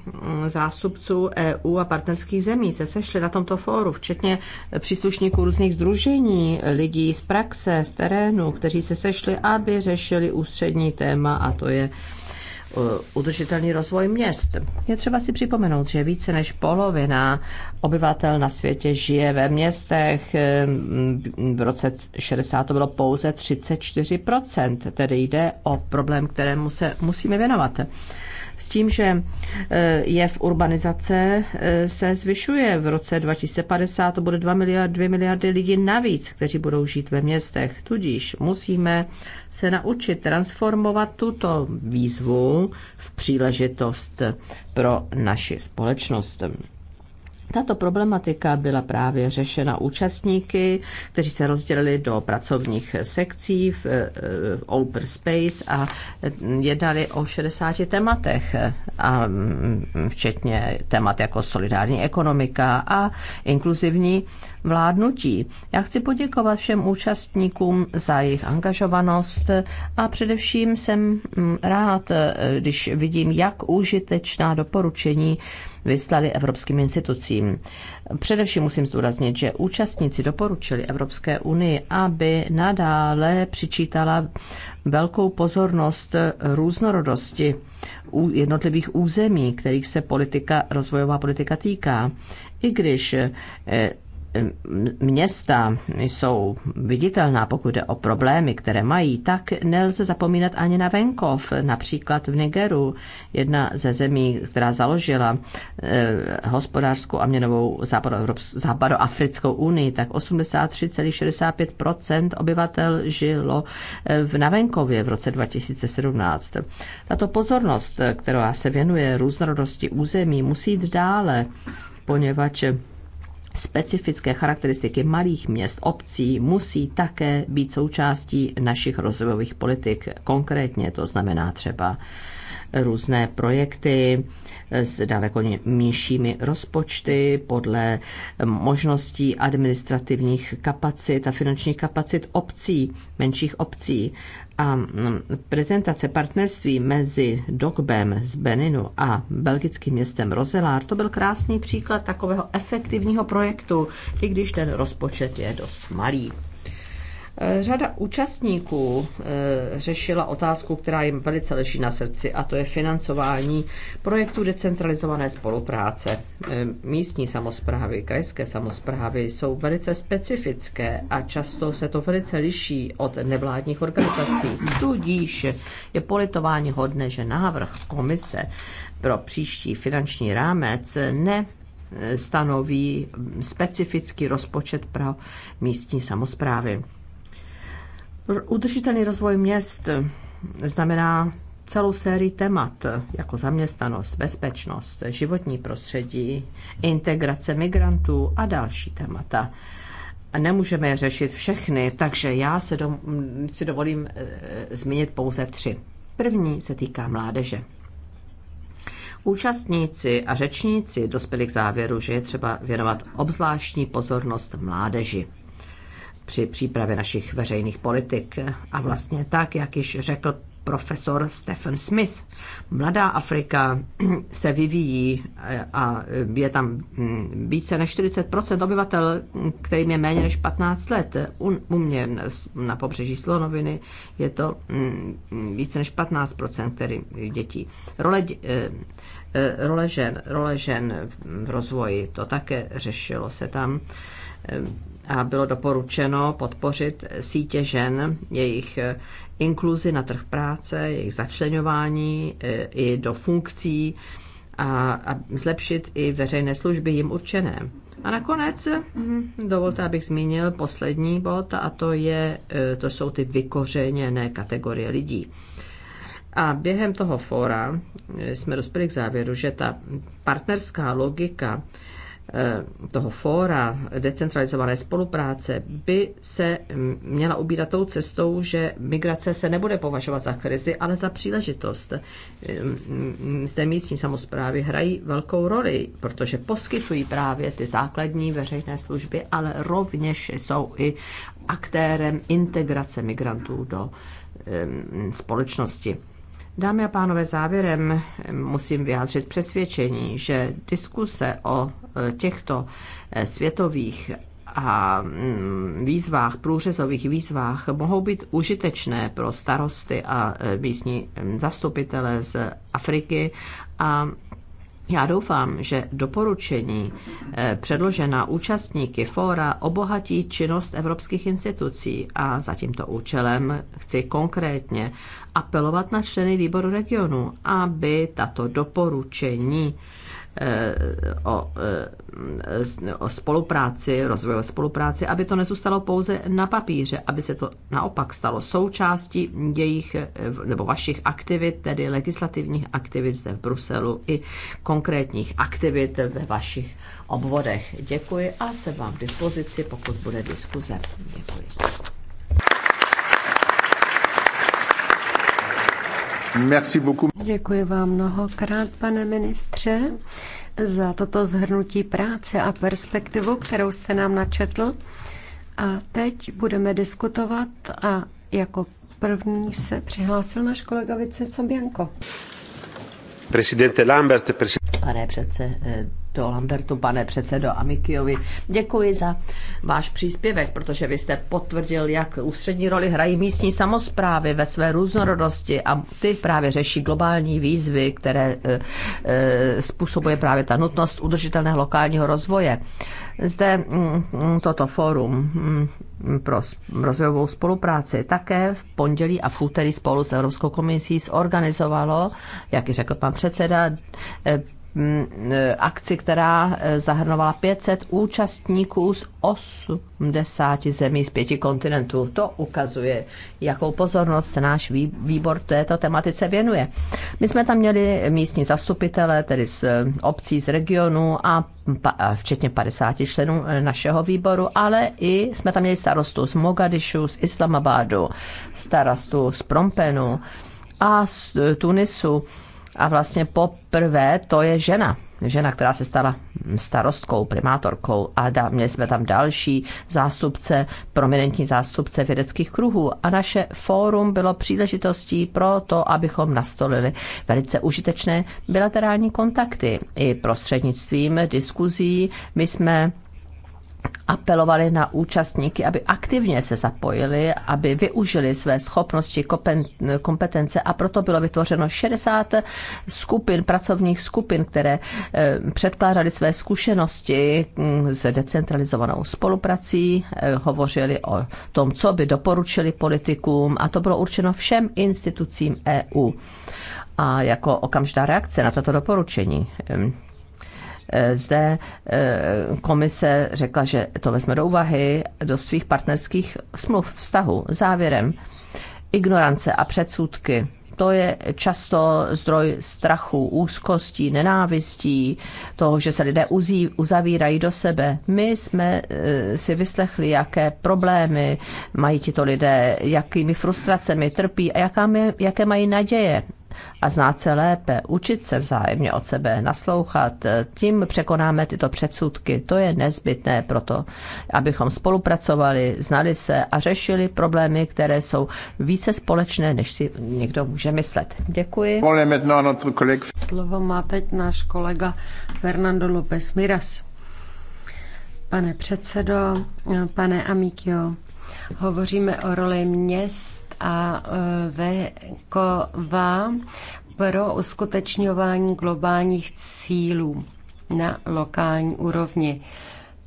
zástupců EU a partnerských zemí se sešli na tomto fóru, včetně příslušníků různých združení, lidí z praxe, z terénu, kteří se sešli, aby řešili ústřední téma a to je Eh, udržitelný rozvoj měst. Je třeba si připomenout, že více než polovina obyvatel na světě žije ve městech. Eh, v roce 60 to bylo pouze 34%, tedy jde o problém, kterému se musíme věnovat s tím, že e, je v urbanizace e, se zvyšuje. V roce 2050 to bude 2 miliardy, 2 miliardy lidí navíc, kteří budou žít ve městech. Tudíž musíme se naučit transformovat tuto výzvu v příležitost pro naši společnost. Tato problematika byla právě řešena účastníky, kteří se rozdělili do pracovních sekcí v eh, Open Space a jednali o 60 tématech, eh, a mm, včetně témat jako solidární ekonomika a inkluzivní vládnutí. Já chci poděkovat všem účastníkům za jejich angažovanost a především jsem mm, rád, eh, když vidím, jak užitečná doporučení vyslali evropským institucím. Především musím zdůraznit, že účastníci doporučili Evropské unii, aby nadále přičítala velkou pozornost různorodosti jednotlivých území, kterých se politika, rozvojová politika týká. I když eh, města jsou viditelná, pokud jde o problémy, které mají, tak nelze zapomínat ani na venkov. Například v Nigeru, jedna ze zemí, která založila e, hospodářskou a měnovou západoafrickou unii, tak 83,65 obyvatel žilo e, v, na venkově v roce 2017. Tato pozornost, která se věnuje různorodosti území, musí jít dále, poněvadž specifické charakteristiky malých měst, obcí musí také být součástí našich rozvojových politik. Konkrétně to znamená třeba různé projekty s daleko nižšími rozpočty podle možností administrativních kapacit a finančních kapacit obcí, menších obcí a mm, prezentace partnerství mezi Dogbem z Beninu a belgickým městem Roselár, to byl krásný příklad takového efektivního projektu, i když ten rozpočet je dost malý. Eh, řada účastníků eh, řešila otázku, která jim velice leží na srdci, a to je financování projektů decentralizované spolupráce. Eh, místní samozprávy, krajské samozprávy jsou velice specifické a často se to velice liší od nevládních organizací. Tudíž je politování hodné, že návrh komise pro příští finanční rámec ne stanoví specifický rozpočet pro místní samozprávy. Udržitelný rozvoj měst znamená celou sérii temat, jako zaměstnanost, bezpečnost, životní prostředí, integrace migrantů a další témata. Nemůžeme je řešit všechny, takže já se do, si dovolím e, zmínit pouze tři. První se týká mládeže. Účastníci a řečníci dospěli k závěru, že je třeba věnovat obzvláštní pozornost mládeži při přípravě našich veřejných politik. A vlastně tak, jak již řekl profesor Stephen Smith. Mladá Afrika [clears throat] se vyvíjí eh, a je tam mm, více než 40 obyvatel, kterým je méně než 15 let. U, mě na pobřeží Slonoviny je to mm, více než 15 který dětí. Role eh, Eh, role žen, role žen v rozvoji, to také řešilo se tam eh, a bylo doporučeno podpořit sítě žen, jejich eh, inkluzi na trh práce, jejich začlenování i do funkcí a, a zlepšit i veřejné služby jim určené. A nakonec dovolte, abych zmínil poslední bod, a to, je, to jsou ty vykořeněné kategorie lidí. A během toho fóra eh, jsme dospěli k závěru, že ta partnerská logika eh, toho fóra decentralizované spolupráce by se mm, měla ubírat tou cestou, že migrace se nebude považovat za krizi, ale za příležitost. Eh, mm, mm, zde místní samozprávy hrají velkou roli, protože poskytují právě ty základní veřejné služby, ale rovněž jsou i aktérem integrace migrantů do společnosti. Dámy a pánové, závěrem musím vyjádřit přesvědčení, že diskuse o e, těchto e, světových a mm, výzvách, průřezových výzvách mohou být užitečné pro starosty a e, místní zastupitele z Afriky a já doufám, že doporučení eh, předložená účastníky fóra obohatí činnost evropských institucí a za tímto účelem chci konkrétně apelovat na členy výboru regionu, aby tato doporučení Eh, o, eh, o spolupráci, rozvojové spolupráci, aby to nezůstalo pouze na papíře, aby se to naopak stalo součástí jejich eh, nebo vašich aktivit, tedy legislativních aktivit zde v Bruselu i konkrétních aktivit ve vašich obvodech. Děkuji a jsem vám k dispozici, pokud bude diskuze. Děkuji. Merci beaucoup. Děkuji vám mnohokrát, pane ministře, za toto zhrnutí práce a perspektivu, kterou jste nám načetl. A teď budeme diskutovat a jako první se přihlásil náš kolega Vicenco Bianco. Presidente Lambert, presidente... Pane předsedo to Lambertu, pane předsedo Amikiovi. Děkuji za váš příspěvek, protože vy jste potvrdil, jak ústřední roli hrají místní samozprávy ve své různorodosti a ty právě řeší globální výzvy, které eh, eh, způsobuje právě ta nutnost udržitelného lokálního rozvoje. Zde mm, mm, toto fórum mm, pro rozvojovou spolupráci také v pondělí a v úterý spolu s Evropskou komisí zorganizovalo, jak řekl pan předseda, eh, Mm, e, akci, která e, zahrnovala 500 účastníků z 80 zemí z pěti kontinentů. To ukazuje, jakou pozornost náš výbor této tematice věnuje. My jsme tam měli místní zastupitele, tedy z e, obcí, z regionu a včetně 50 členů našeho výboru, ale i jsme tam měli starostu z Mogadišu, z Islamabadu, starostu z Prompenu a z Tunisu a vlastně poprvé to je žena. Žena, která se stala starostkou, primátorkou a dá, měli jsme tam další zástupce, prominentní zástupce vědeckých kruhů a naše fórum bylo příležitostí pro to, abychom nastolili velice užitečné bilaterální kontakty i prostřednictvím diskuzí. My jsme apelovali na účastníky, aby aktivně se zapojili, aby využili své schopnosti, kompetence a proto bylo vytvořeno 60 skupin, pracovních skupin, které eh, předkládali své zkušenosti hm, s decentralizovanou spoluprací, eh, hovořili o tom, co by doporučili politikům a to bylo určeno všem institucím EU. A jako okamžitá reakce na tato doporučení hm, Eh, zde eh, komise řekla, že to vezme do úvahy do svých partnerských smluv, vztahu. Závěrem, ignorance a předsudky to je často zdroj strachu, úzkostí, nenávistí, toho, že se lidé uzavírají do sebe. My jsme eh, si vyslechli, jaké problémy mají tito lidé, jakými frustracemi trpí a jaká, jaké mají naděje a znát se lépe, učit se vzájemně od sebe, naslouchat. Tím překonáme tyto předsudky. To je nezbytné pro to, abychom spolupracovali, znali se a řešili problémy, které jsou více společné, než si někdo může myslet. Děkuji. Slovo má teď náš kolega Fernando López Miras. Pane předsedo, pane Amikio, hovoříme o roli měst a e, venková pro uskutečňování globálních cílů na lokální úrovni.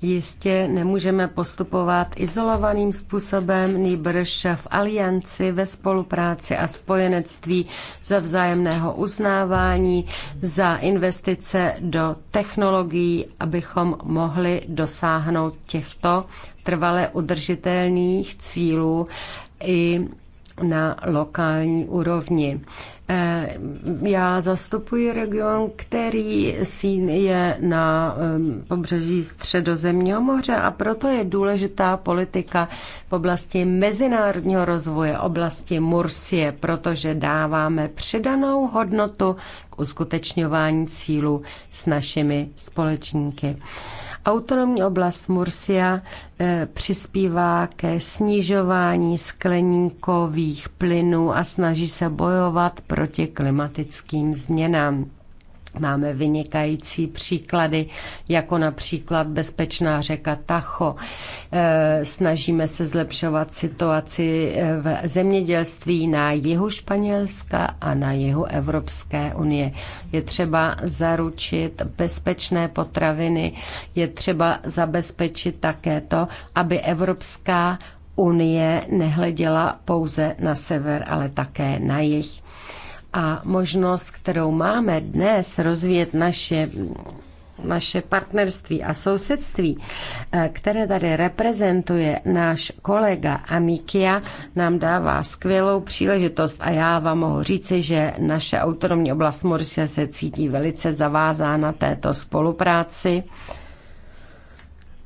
Jistě nemůžeme postupovat izolovaným způsobem, nýbrž v alianci, ve spolupráci a spojenectví za vzájemného uznávání, za investice do technologií, abychom mohli dosáhnout těchto trvale udržitelných cílů i na lokální úrovni. Eh, já zastupuji region, který je na ehm, pobřeží Středozemního moře a proto je důležitá politika v oblasti mezinárodního rozvoje, oblasti Mursie, protože dáváme přidanou hodnotu k uskutečňování cílu s našimi společníky. Autonomní oblast Mursia eh, přispívá ke snižování skleníkových plynů a snaží se bojovat proti klimatickým změnám. Máme vynikající příklady, jako například bezpečná řeka Tacho. E, snažíme se zlepšovat situaci e, v zemědělství na jihu Španělska a na jihu Evropské unie. Je třeba zaručit bezpečné potraviny, je třeba zabezpečit také to, aby Evropská unie nehleděla pouze na sever, ale také na jih. A možnost, kterou máme dnes rozvíjet naše naše partnerství a sousedství, eh, které tady reprezentuje náš kolega Amikia, nám dává skvělou příležitost a já vám mohu říci, že naše autonomní oblast Morsia se cítí velice zavázána této spolupráci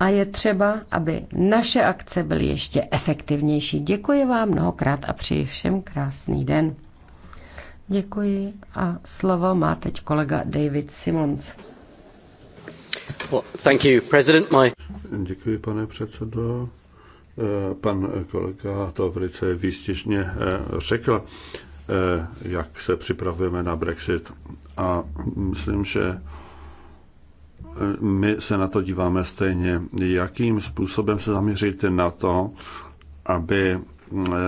a je třeba, aby naše akce byly ještě efektivnější. Děkuji vám mnohokrát a přeji všem krásný den. Děkuji a slovo má teď kolega David Simons. Well, thank you, President. My... Děkuji, pane předsedo. Eh, pan kolega to velice výstižně eh, řekl, eh, jak se připravujeme na Brexit. A myslím, že my se na to díváme stejně. Jakým způsobem se zaměřit na to, aby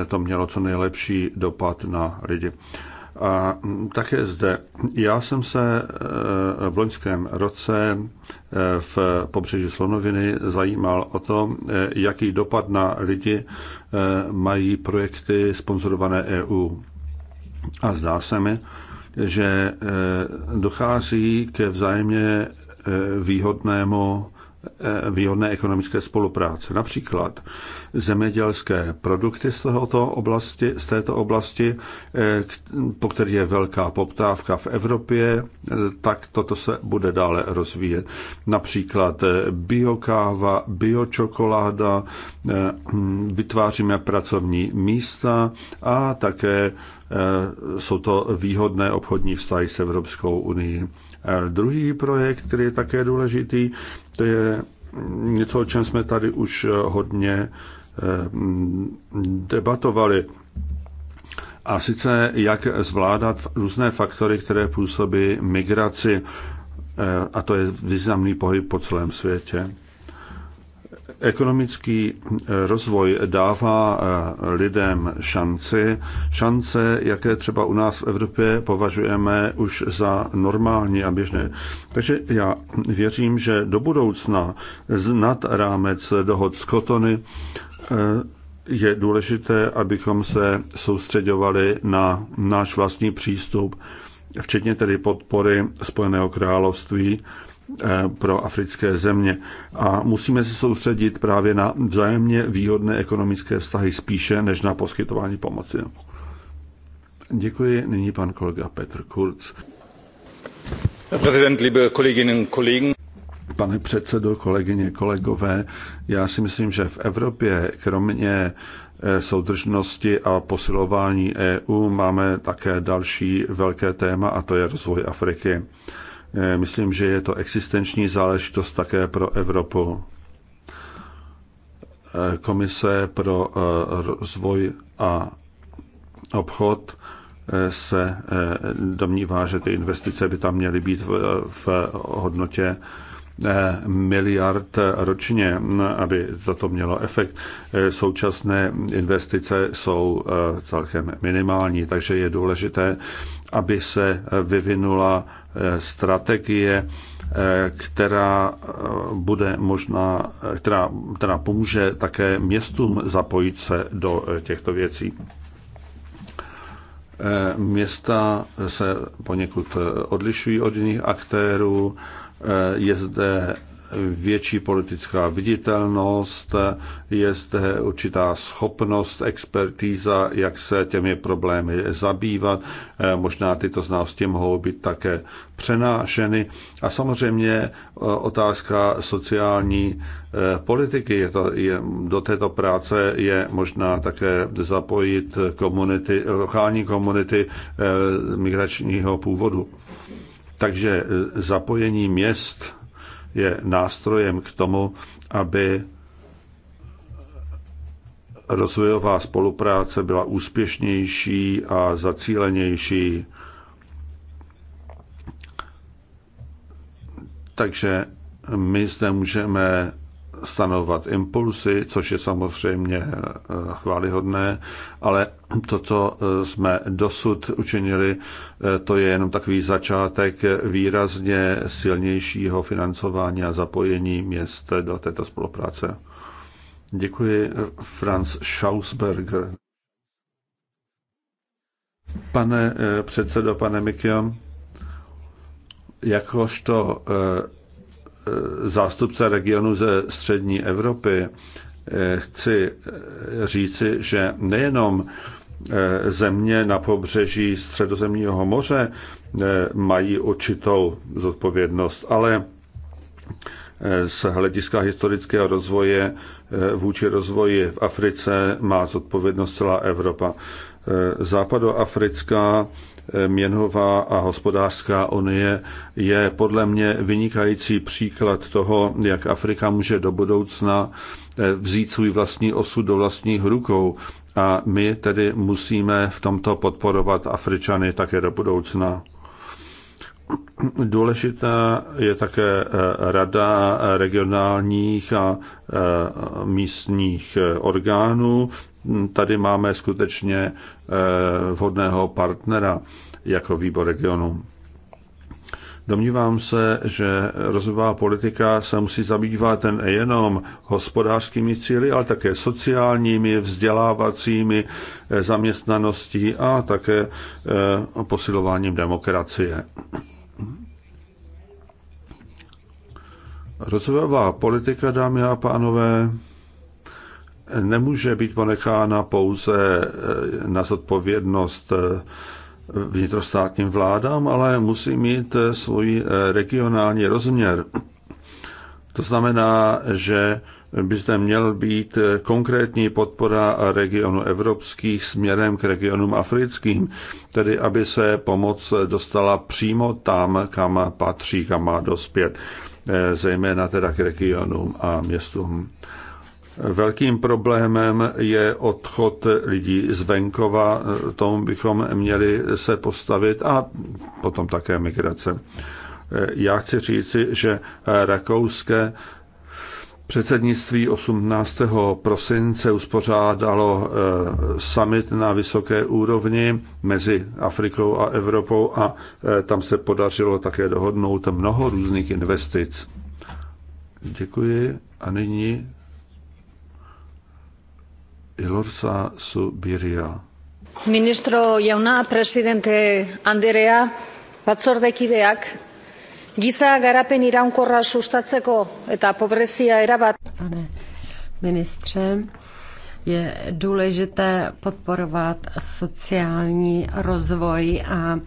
to mělo co nejlepší dopad na lidi. A také zde. Já jsem se eh, v loňském roce eh, v pobřeží Slonoviny zajímal o to, eh, jaký dopad na lidi mají projekty sponzorované EU. A zdá se mi, že dochází ke vzájemně výhodnému Eh, výhodné ekonomické spolupráce. Například zemědělské produkty z, tohoto oblasti, z této oblasti, eh, po které je velká poptávka v Evropě, eh, tak toto se bude dále rozvíjet. Například biokáva, biočokoláda, hm, vytváříme pracovní místa a také jsou to výhodné obchodní vztahy s Evropskou unii. Druhý projekt, který je také důležitý, to je něco, o čem jsme tady už eh, hodně eh, debatovali. A sice jak zvládat různé faktory, které působí migraci, eh, a to je významný pohyb po celém světě. Ekonomický eh, rozvoj dává eh, lidem šanci, šance, jaké třeba u nás v Evropě považujeme už za normální a běžné. Takže já věřím, že do budoucna nad rámec dohod z Kotony eh, je důležité, abychom se soustředovali na náš vlastní přístup, včetně tedy podpory Spojeného království Eh, pro africké země. A musíme se soustředit právě na vzájemně výhodné ekonomické vztahy spíše než na poskytování pomoci. Děkuji. Nyní pan kolega Petr Kurz. Prezident, liebe Kolleginnen Pane předsedo, kolegyně, kolegové, já si myslím, že v Evropě kromě eh, soudržnosti a posilování EU máme také další velké téma a to je rozvoj Afriky. Eh, myslím, že je to existenční záležitost také pro Evropu. Eh, komise pro eh, rozvoj a obchod se domnívá, že ty investice by tam měly být v, hodnotě miliard ročně, aby za to mělo efekt. Současné investice jsou celkem minimální, takže je důležité, aby se vyvinula eh, strategie, eh, která eh, bude možná, která, která pomůže také městům zapojit se do těchto věcí. Města se poněkud odlišují od jiných aktérů. Je zde větší politická viditelnost, je zde eh, určitá schopnost, expertíza, jak se těmi problémy zabývat. Eh, možná tyto znalosti mohou být také přenášeny. A samozřejmě eh, otázka sociální politiky. Je to, je, do této práce je možná také zapojit komunity, lokální komunity migračního původu. Takže zapojení měst je nástrojem k tomu, aby rozvojová spolupráce byla úspěšnější a zacílenější. Takže my zde můžeme stanovat impulsy, což je samozřejmě eh, chválihodné, ale to, co eh, jsme dosud učinili, eh, to je jenom takový začátek výrazně silnějšího financování a zapojení měst do této spolupráce. Děkuji, Franz Schausberger. Pane předsedo, pane Mikio, jakožto zástupce regionu ze střední Evropy eh, chci eh, říci, že nejenom eh, země na pobřeží Středozemního moře mají určitou zodpovědnost, ale z hlediska historického rozvoje vůči rozvoji v Africe má zodpovědnost celá Evropa. Západoafrická Eh, měnová a hospodářská unie je podle mě vynikající příklad toho, jak Afrika může do budoucna eh, vzít svůj vlastní osud do vlastních rukou. A my tedy musíme v tomto podporovat Afričany také do budoucna. Důležitá je také eh, rada regionálních a místních orgánů, tady máme skutečně eh, vhodného partnera jako výbor regionu. Domnívám se, že rozvojová politika se musí zabývat nejenom hospodářskými cíly, ale také sociálními, vzdělávacími, eh, zaměstnaností a také eh, posilováním demokracie. Rozvojová politika, dámy a pánové, nemůže být ponechána pouze eh, na zodpovědnost eh, vnitrostátním vládám, ale musí mít eh, svůj regionální rozměr. To znamená, že by zde měl být konkrétní podpora regionu evropských směrem k regionům africkým, tedy aby se pomoc dostala přímo tam, kam patří, kam má dospět, zejména teda k regionům a městům. Velkým problémem je odchod lidí z venkova, tomu bychom měli se postavit a potom také migrace. Já chci říci, že rakouské předsednictví 18. prosince uspořádalo eh, summit na vysoké úrovni mezi Afrikou a Evropou a eh, tam se podařilo také dohodnout mnoho různých investic. Děkuji a nyní Ilorsa Subiria. Ministro jauna, presidente Anderea, batzordekideak, giza garapen iraunkorra sustatzeko eta pobrezia erabat. Pane ministře, je důležité podporovat sociální rozvoj a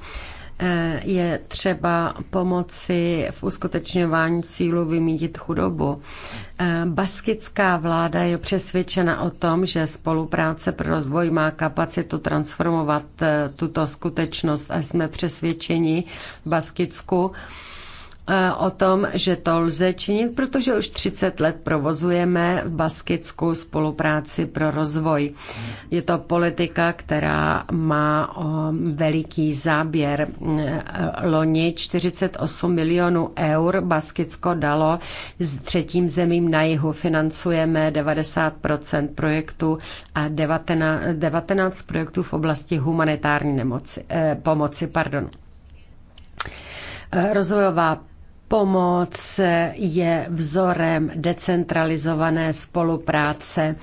Eh, je třeba pomoci v uskutečňování cílu vymítit chudobu. Eh, baskická vláda je přesvědčena o tom, že spolupráce pro rozvoj má kapacitu transformovat eh, tuto skutečnost a jsme přesvědčeni v Baskicku, E, o tom, že to lze činit, protože už 30 let provozujeme v Baskicku spolupráci pro rozvoj. Je to politika, která má veliký záběr. E, loni 48 milionů eur Baskicko dalo s třetím zemím na jihu. Financujeme 90 projektů a 19, 19 projektů v oblasti humanitární nemoci, eh, pomoci. Pardon. E, rozvojová Pomoc je vzorem decentralizované spolupráce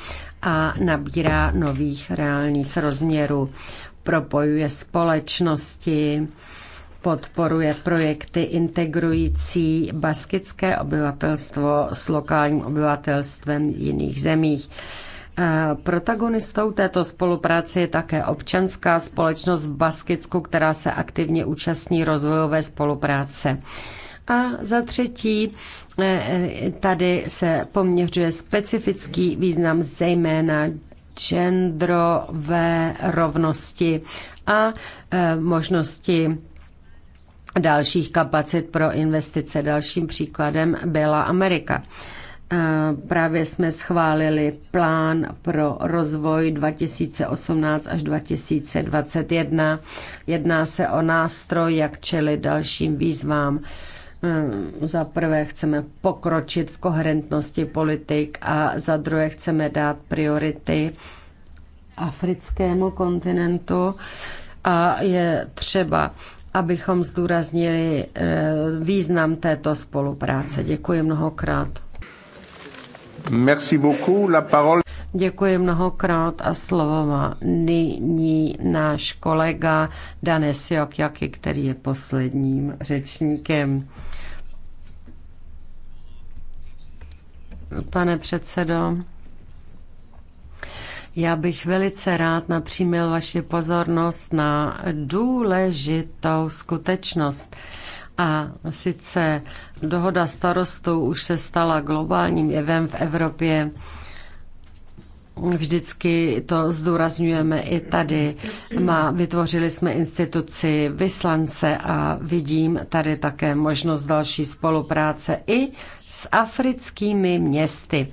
a nabírá nových reálných rozměrů. Propojuje společnosti, podporuje projekty integrující baskické obyvatelstvo s lokálním obyvatelstvem jiných zemích. Eh, protagonistou této spolupráce je také občanská společnost v Baskicku, která se aktivně účastní rozvojové spolupráce. A za třetí, eh, eh, tady se poměřuje specifický význam zejména genderové rovnosti a eh, možnosti dalších kapacit pro investice. Dalším příkladem byla Amerika. Právě jsme schválili plán pro rozvoj 2018 až 2021. Jedná se o nástroj, jak čelit dalším výzvám Mm, za prvé chceme pokročit v koherentnosti politik a za druhé chceme dát priority africkému kontinentu a je třeba, abychom zdůraznili eh, význam této spolupráce. Děkuji mnohokrát. Merci beaucoup. La parole... Děkuji mnohokrát a slovo má nyní náš kolega Danes Jokjaki, který je posledním řečníkem. pane předsedo. Já bych velice rád napřímil vaši pozornost na důležitou skutečnost. A sice dohoda starostů už se stala globálním jevem v Evropě. Vždycky to zdůrazňujeme i tady. Má, vytvořili jsme instituci vyslance a vidím tady také možnost další spolupráce i s africkými městy.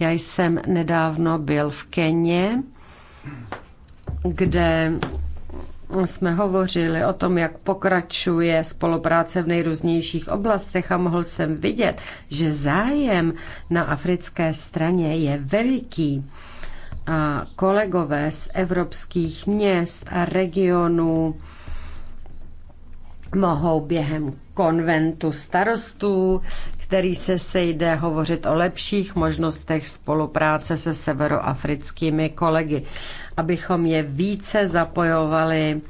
Já jsem nedávno byl v Keně, kde jsme hovořili o tom, jak pokračuje spolupráce v nejrůznějších oblastech a mohl jsem vidět, že zájem na africké straně je veliký a kolegové z evropských měst a regionů mohou během konventu starostů, který se sejde hovořit o lepších možnostech spolupráce se severoafrickými kolegy, abychom je více zapojovali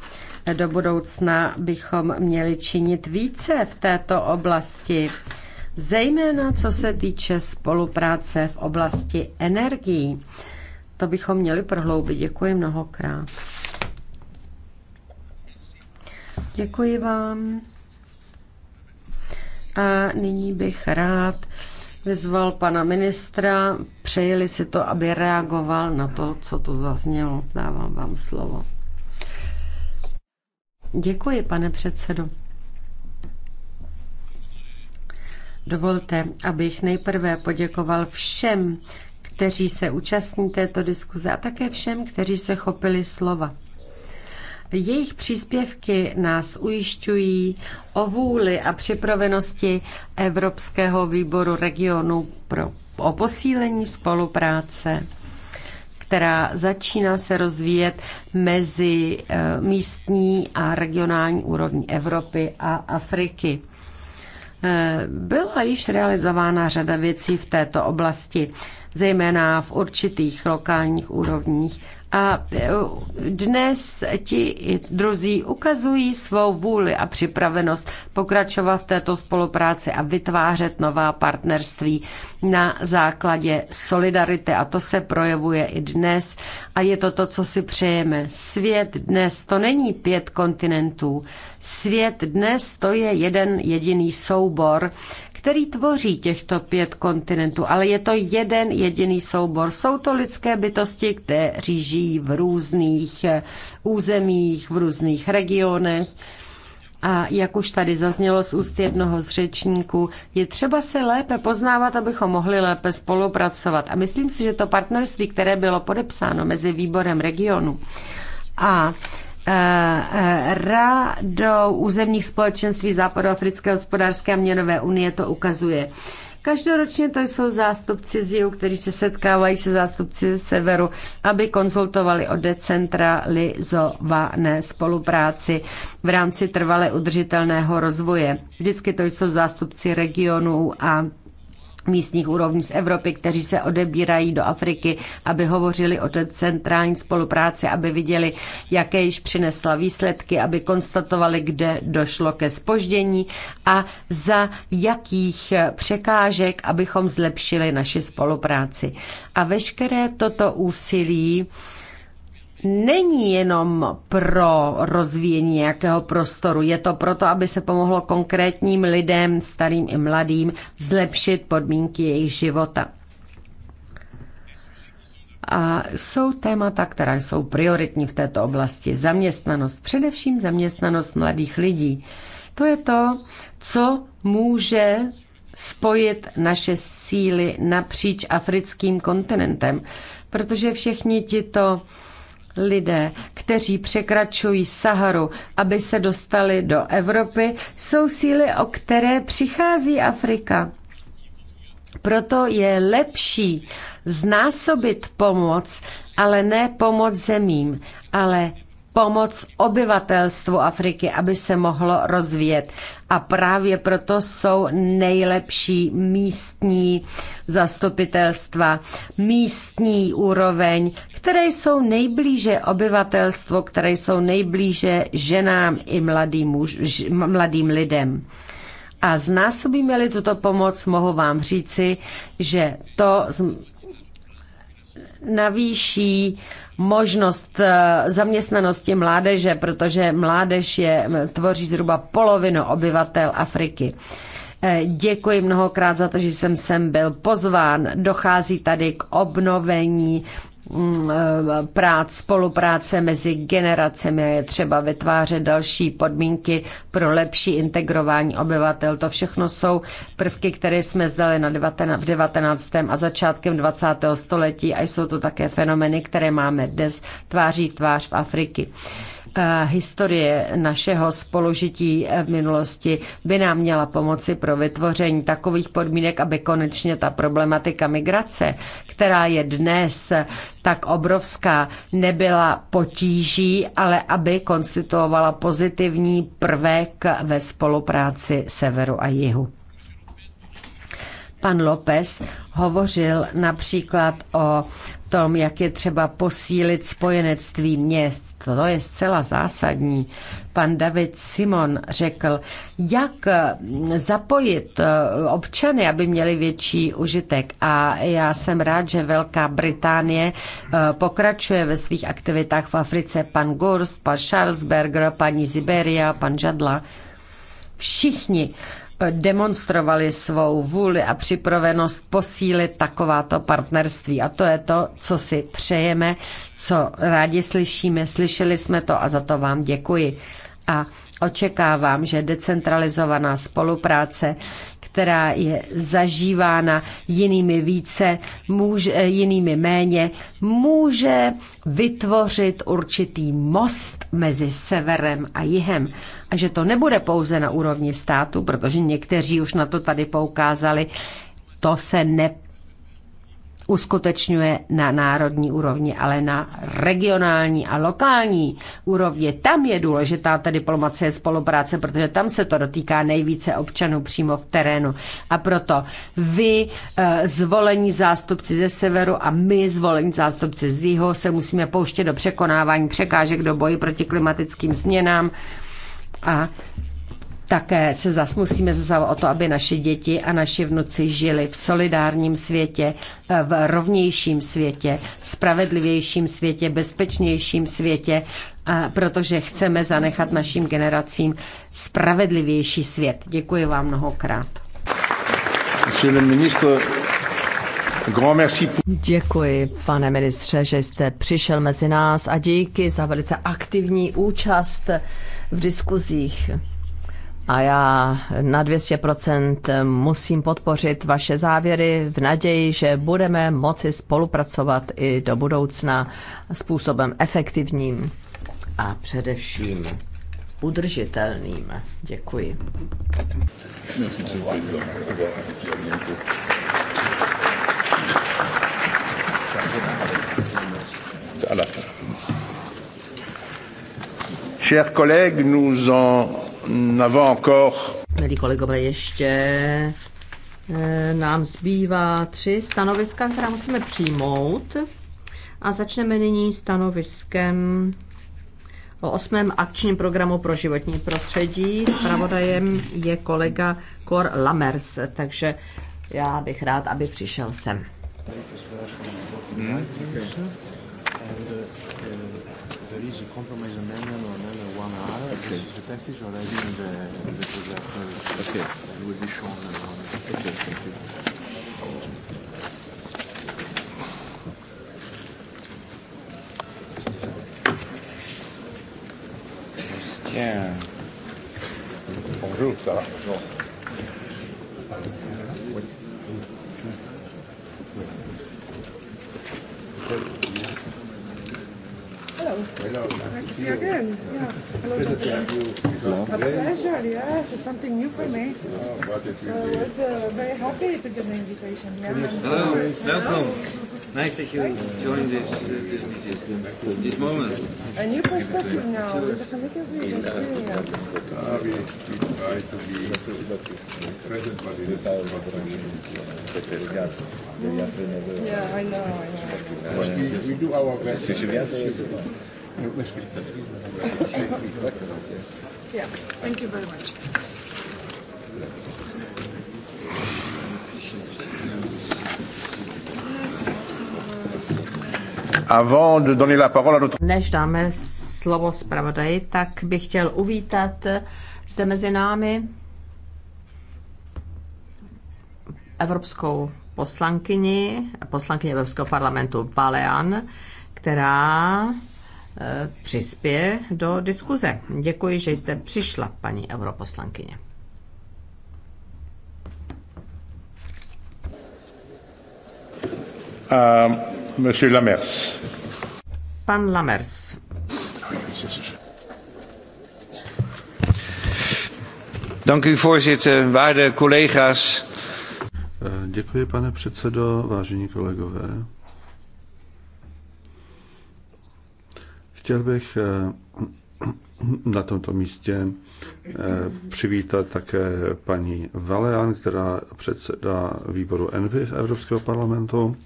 do budoucna bychom měli činit více v této oblasti, zejména co se týče spolupráce v oblasti energií. To bychom měli prohloubit. Děkuji mnohokrát. Děkuji vám. A nyní bych rád vyzval pana ministra. Přejeli si to, aby reagoval na to, co tu zaznělo. Dávám vám slovo. Děkuji, pane předsedo. Dovolte, abych nejprve poděkoval všem kteří se účastní této diskuze a také všem, kteří se chopili slova. Jejich příspěvky nás ujišťují o vůli a připravenosti Evropského výboru regionu pro o posílení spolupráce, která začíná se rozvíjet mezi eh, místní a regionální úrovní Evropy a Afriky. Eh, byla již realizována řada věcí v této oblasti, zejména v určitých lokálních úrovních a e, dnes ti druzí ukazují svou vůli a připravenost pokračovat v této spolupráci a vytvářet nová partnerství na základě solidarity. A to se projevuje i dnes. A je to to, co si přejeme. Svět dnes to není pět kontinentů. Svět dnes to je jeden jediný soubor který tvoří těchto pět kontinentů, ale je to jeden jediný soubor. Jsou to lidské bytosti, kteří žijí v různých eh, územích, v různých regionech. A jak už tady zaznělo z úst jednoho z řečníků, je třeba se lépe poznávat, abychom mohli lépe spolupracovat. A myslím si, že to partnerství, které bylo podepsáno mezi výborem regionu a Radou územních společenství Západoafrické hospodářské a měnové unie to ukazuje. Každoročně to jsou zástupci z jihu, kteří se setkávají se zástupci z severu, aby konzultovali o decentralizované spolupráci v rámci trvale udržitelného rozvoje. Vždycky to jsou zástupci regionů a místních úrovní z Evropy, kteří se odebírají do Afriky, aby hovořili o té centrální spolupráci, aby viděli, jaké již přinesla výsledky, aby konstatovali, kde došlo ke spoždění a za jakých překážek, abychom zlepšili naši spolupráci. A veškeré toto úsilí není jenom pro rozvíjení nějakého prostoru, je to proto, aby se pomohlo konkrétním lidem, starým i mladým, zlepšit podmínky jejich života. A jsou témata, která jsou prioritní v této oblasti. Zaměstnanost, především zaměstnanost mladých lidí. To je to, co může spojit naše síly napříč africkým kontinentem, protože všichni tito lidé, kteří překračují Saharu, aby se dostali do Evropy, jsou síly, o které přichází Afrika. Proto je lepší znásobit pomoc, ale ne pomoc zemím, ale pomoc obyvatelstvu Afriky, aby se mohlo rozvíjet. A právě proto jsou nejlepší místní zastupitelstva, místní úroveň, které jsou nejblíže obyvatelstvu, které jsou nejblíže ženám i mladým, muž, mladým lidem. A znásobíme-li tuto pomoc, mohu vám říci, že to navýší uh, možnost eh, zaměstnanosti mládeže, protože mládež je, tvoří zhruba polovinu obyvatel Afriky. Eh, děkuji mnohokrát za to, že jsem sem byl pozván. Dochází tady k obnovení Mm, eh, prác, spolupráce mezi generacemi, třeba vytvářet další podmínky pro lepší integrování obyvatel. To všechno jsou prvky, které jsme zdali na 19, v 19. a začátkem 20. století a jsou to také fenomény, které máme dnes tváří v tvář v Afriky. Eh, historie našeho spolužití eh, v minulosti by nám měla pomoci pro vytvoření takových podmínek, aby konečně ta problematika migrace, která je dnes tak obrovská, nebyla potíží, ale aby konstituovala pozitivní prvek ve spolupráci severu a jihu. Pan López hovořil například o tom, jak je třeba posílit spojenectví měst. To je zcela zásadní. Pan David Simon řekl, jak zapojit eh, občany, aby měli větší užitek. A já jsem rád, že Velká Británie eh, pokračuje ve svých aktivitách v Africe. Pan Gurs, pan Charlesberger, paní Ziberia, pan Žadla. Všichni demonstrovali svou vůli a připravenost posílit takováto partnerství. A to je to, co si přejeme, co rádi slyšíme. Slyšeli jsme to a za to vám děkuji. A očekávám, že decentralizovaná spolupráce která je zažívána jinými více, může, eh, jinými méně, může vytvořit určitý most mezi severem a jihem. A že to nebude pouze na úrovni státu, protože někteří už na to tady poukázali, to se ne uskutečňuje na národní úrovni, ale na regionální a lokální úrovni. Tam je důležitá ta diplomacie spolupráce, protože tam se to dotýká nejvíce občanů přímo v terénu. A proto vy, eh, zvolení zástupci ze severu a my, zvolení zástupci z jihu, se musíme pouštět do překonávání překážek do boji proti klimatickým změnám a také se zas musíme zasahovat o to, aby naše děti a naši vnuci žili v solidárním světě, eh, v rovnějším světě, spravedlivějším světě, bezpečnějším světě, protože chceme zanechat našim generacím spravedlivější svět. Děkuji vám mnohokrát. Děkuji, pane ministře, že jste přišel mezi nás a díky za velice aktivní účast v diskuzích a já na 200% musím podpořit vaše závěry v naději, že budeme moci spolupracovat i do budoucna způsobem efektivním a především udržitelným. Děkuji. Chers collègues, nous en Milí kolegové, ještě eh, nám zbývá tři stanoviska, která musíme přijmout. A začneme nyní stanoviskem o osmém akčním programu pro životní prostředí. Spravodajem je kolega Kor Lamers, takže já bych rád, aby přišel sem. Hmm? Okay. Okay. Okay. Euh, okay, thank you. Tiens. Bonjour, ça va Bonjour. Oui. Oui. Hello. Nice to see you again. Yeah. Hello, gentlemen. No. A pleasure, yes. It's something new for me. No, so I was uh, very happy to get the invitation. Yeah, Hello, welcome. Nice that you joined this, uh, this, this, this moment. A new perspective now with the committee of the experience. Uh, try to be present, but it is Avant de donner la parole à notre... Než dáme slovo zpravodaji, tak bych chtěl uvítat zde mezi námi Evropskou poslankyni, poslankyně Evropského parlamentu Balean, která eh, přispěje do diskuze. Děkuji, že jste přišla, paní europoslankyně. Uh, monsieur Lamers. Pan Lamers. Dank u, voorzitter. Waarde collega's. Eh, děkuji, pane předsedo, vážení kolegové. Chtěl bych eh, na tomto místě eh, přivítat také paní Valean, která předsedá výboru Envy Evropského parlamentu.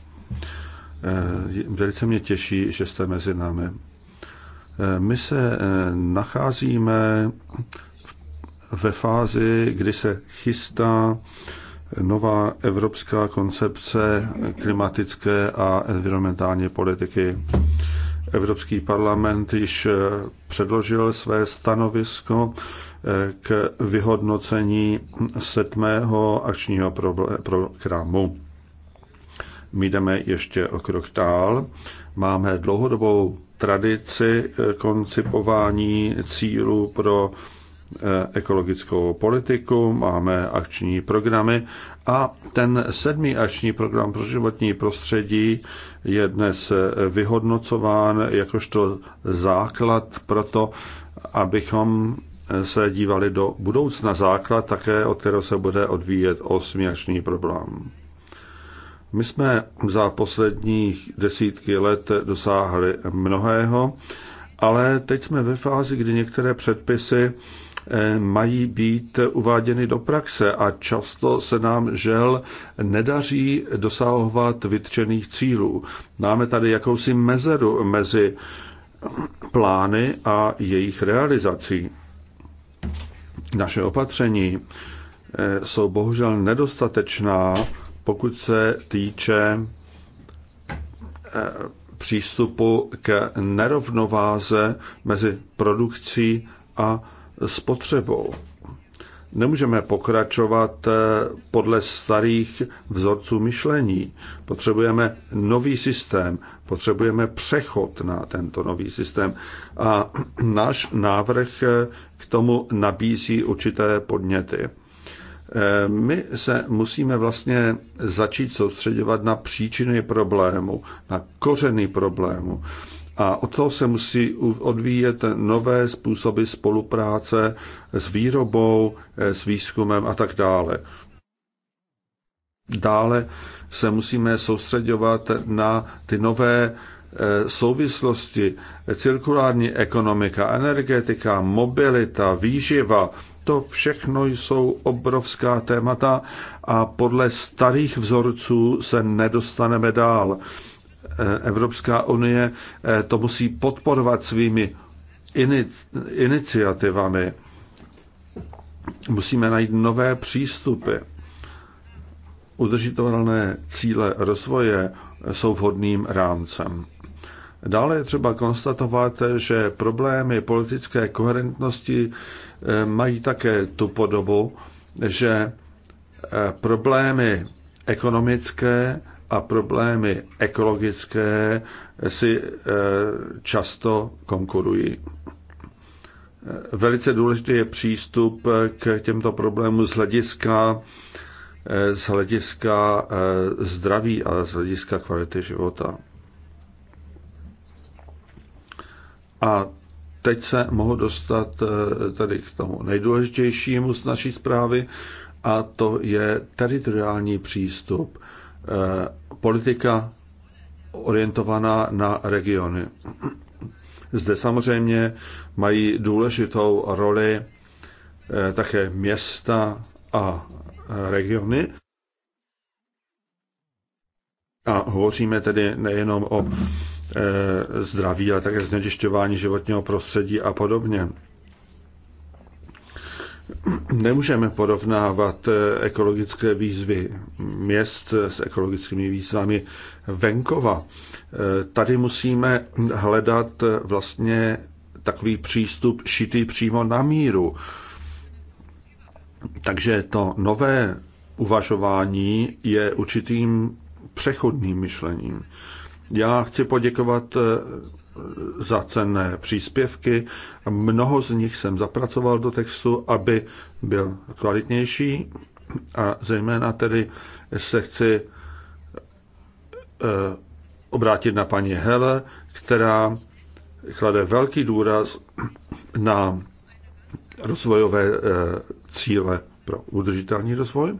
Velice mě těší, že jste mezi námi. My se nacházíme ve fázi, kdy se chystá nová evropská koncepce klimatické a environmentální politiky. Evropský parlament již předložil své stanovisko eh, k vyhodnocení sedmého akčního programu. My jdeme ještě o krok dál. Máme dlouhodobou tradici eh, koncipování cílů pro Eh, ekologickou politiku, máme akční programy a ten sedmý akční program pro životní prostředí je dnes eh, vyhodnocován jakožto základ pro to, abychom eh, se dívali do budoucna základ, také od kterého se bude odvíjet akční problém. My jsme za posledních desítky let dosáhli mnohého, ale teď jsme ve fázi, kdy některé předpisy Eh, mají být uváděny do praxe a často se nám žel nedaří dosahovat vytčených cílů. Máme tady jakousi mezeru mezi plány a jejich realizací. Naše opatření eh, jsou bohužel nedostatečná, pokud se týče eh, přístupu k nerovnováze mezi produkcí a spotřebou. Nemůžeme pokračovat eh, podle starých vzorců myšlení. Potřebujeme nový systém, potřebujeme přechod na tento nový systém. A [clears throat] náš návrh eh, k tomu nabízí určité podněty. Eh, my se musíme vlastně začít soustředovat na příčiny problému, na kořeny problému. A od toho se musí odvíjet nové způsoby spolupráce s výrobou, eh, s výzkumem a tak dále. Dále se musíme soustředovat na ty nové eh, souvislosti, cirkulární ekonomika, energetika, mobilita, výživa, to všechno jsou obrovská témata a podle starých vzorců se nedostaneme dál. Eh, Evropská unie eh, to musí podporovat svými iniciativami. Musíme najít nové přístupy. Udržitelné cíle rozvoje jsou vhodným rámcem. Dále je třeba konstatovat, že problémy politické koherentnosti eh, mají také tu podobu, že problémy ekonomické a problémy ekologické si eh, často konkurují. Eh, velice důležitý je přístup eh, k těmto problémům z hlediska, z hlediska zdraví a z hlediska kvality života. A teď se mohu dostat tady k tomu nejdůležitějšímu z naší zprávy, a to je teritoriální přístup Eh, politika orientovaná na regiony. Zde samozřejmě mají důležitou roli eh, také města a eh, regiony. A hovoříme tedy nejenom o zdraví, ale také znečišťování životního prostředí a podobně nemůžeme porovnávat eh, ekologické výzvy měst s ekologickými výzvami venkova. Eh, tady musíme hledat eh, vlastně takový přístup šitý přímo na míru. Takže to nové uvažování je určitým přechodným myšlením. Já chci poděkovat za cenné příspěvky. Mnoho z nich jsem zapracoval do textu, aby byl kvalitnější a zejména tedy se chci eh, obrátit na paní Hele, která klade velký důraz na rozvojové eh, cíle pro udržitelný rozvoj.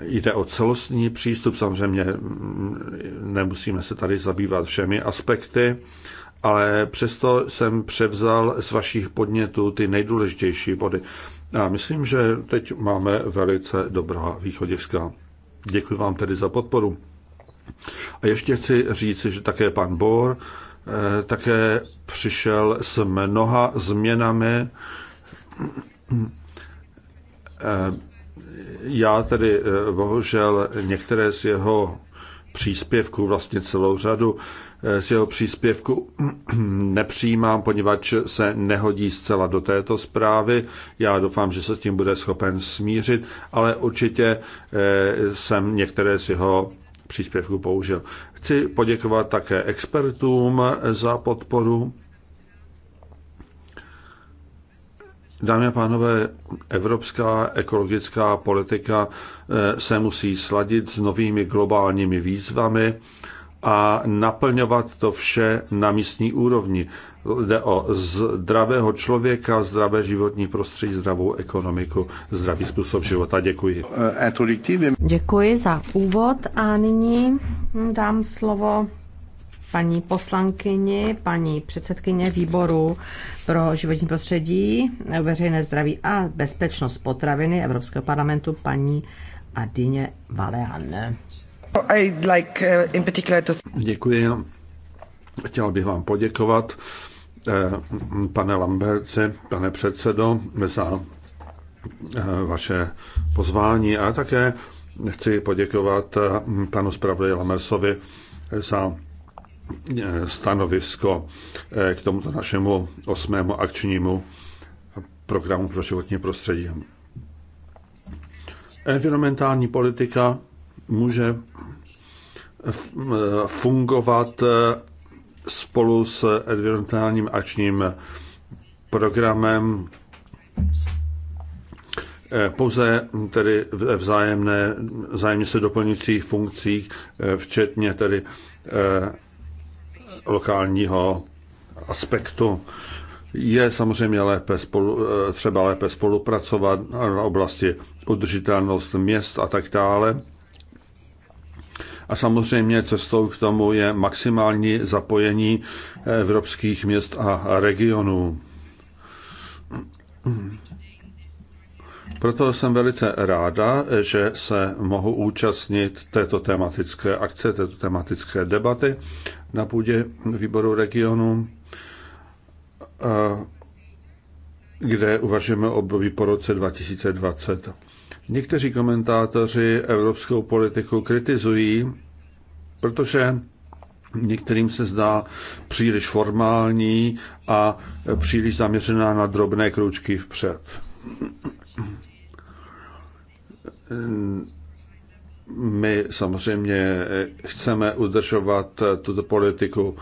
Jde o celostní přístup, samozřejmě mm, nemusíme se tady zabývat všemi aspekty, ale přesto jsem převzal z vašich podnětů ty nejdůležitější body. A myslím, že teď máme velice dobrá východiska. Děkuji vám tedy za podporu. A ještě chci říct, že také pan Bor eh, také přišel s mnoha změnami eh, já tedy eh, bohužel některé z jeho příspěvků, vlastně celou řadu eh, z jeho příspěvku [clears throat] nepřijímám, poněvadž se nehodí zcela do této zprávy. Já doufám, že se s tím bude schopen smířit, ale určitě eh, jsem některé z jeho příspěvků použil. Chci poděkovat také expertům za podporu Dámy a pánové, evropská ekologická politika eh, se musí sladit s novými globálními výzvami a naplňovat to vše na místní úrovni. Jde o zdravého člověka, zdravé životní prostředí, zdravou ekonomiku, zdravý způsob života. Děkuji. Eh, Děkuji za úvod a nyní dám slovo paní poslankyni, paní předsedkyně výboru pro životní prostředí, veřejné zdraví a bezpečnost potraviny Evropského parlamentu, paní Adině Valean. Uh, Děkuji. Chtěla bych vám poděkovat, eh, pane Lamberci, pane předsedo, za eh, vaše pozvání a také chci poděkovat eh, panu zpravodaji Lamersovi za E, stanovisko e, k tomuto našemu osmému akčnímu programu pro životní prostředí. Environmentální politika může e, fungovat spolu s environmentálním akčním programem pouze tedy vzájemné, vzájemně se doplňujících funkcích, včetně tedy lokálního aspektu. Je samozřejmě lépe spolu, eh, třeba lépe spolupracovat na oblasti udržitelnost měst a tak dále. A samozřejmě cestou k tomu je maximální zapojení evropských měst a regionů. Proto jsem velice ráda, že se mohu účastnit této tematické akce, této tematické debaty na půdě výboru regionu, eh, kde uvažujeme o období po roce 2020. Někteří komentátoři evropskou politiku kritizují, protože některým se zdá příliš formální a příliš zaměřená na drobné kručky vpřed my samozřejmě chceme udržovat tuto politiku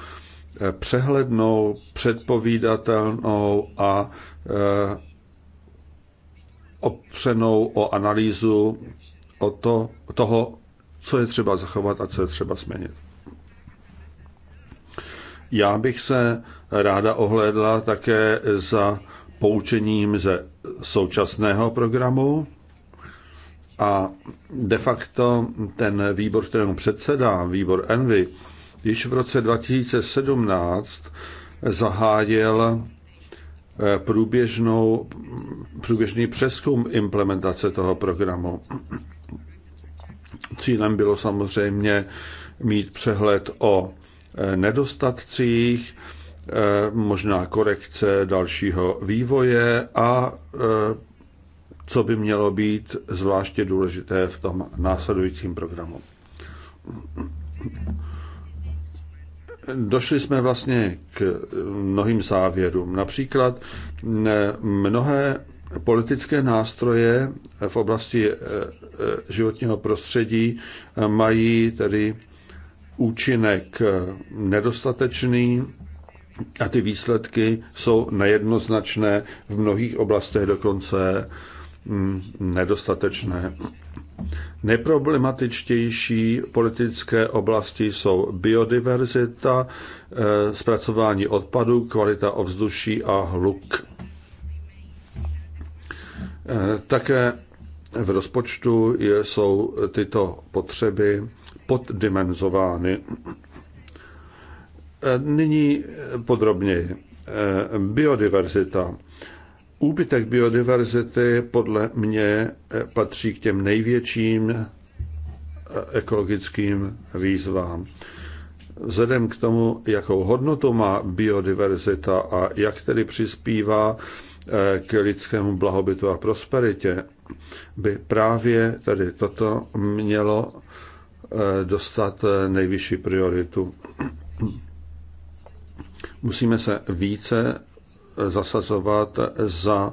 přehlednou, předpovídatelnou a e, opřenou o analýzu o to, toho, co je třeba zachovat a co je třeba změnit. Já bych se ráda ohlédla také za poučením ze současného programu a de facto ten výbor, kterému předsedá, výbor Envy, již v roce 2017 zahájil eh, průběžnou, průběžný přeskum implementace toho programu. Cílem bylo samozřejmě mít přehled o eh, nedostatcích, eh, možná korekce dalšího vývoje a co by mělo být zvláště důležité v tom následujícím programu. Došli jsme vlastně k mnohým závěrům. Například eh, mnohé politické nástroje v oblasti eh, eh, životního prostředí mají tedy účinek nedostatečný a ty výsledky jsou nejednoznačné v mnohých oblastech dokonce Mm, nedostatečné. Nejproblematičtější politické oblasti jsou biodiverzita, eh, zpracování odpadů, kvalita ovzduší a hluk. Eh, také v rozpočtu jsou tyto potřeby poddimenzovány. Eh, nyní podrobněji. Biodiverzita Úbytek biodiverzity podle mě eh, patří k těm největším eh, ekologickým výzvám. Vzhledem k tomu, jakou hodnotu má biodiverzita a jak tedy přispívá eh, k lidskému blahobytu a prosperitě, by právě tady toto mělo dostat nejvyšší prioritu. Musíme se více zasazovat za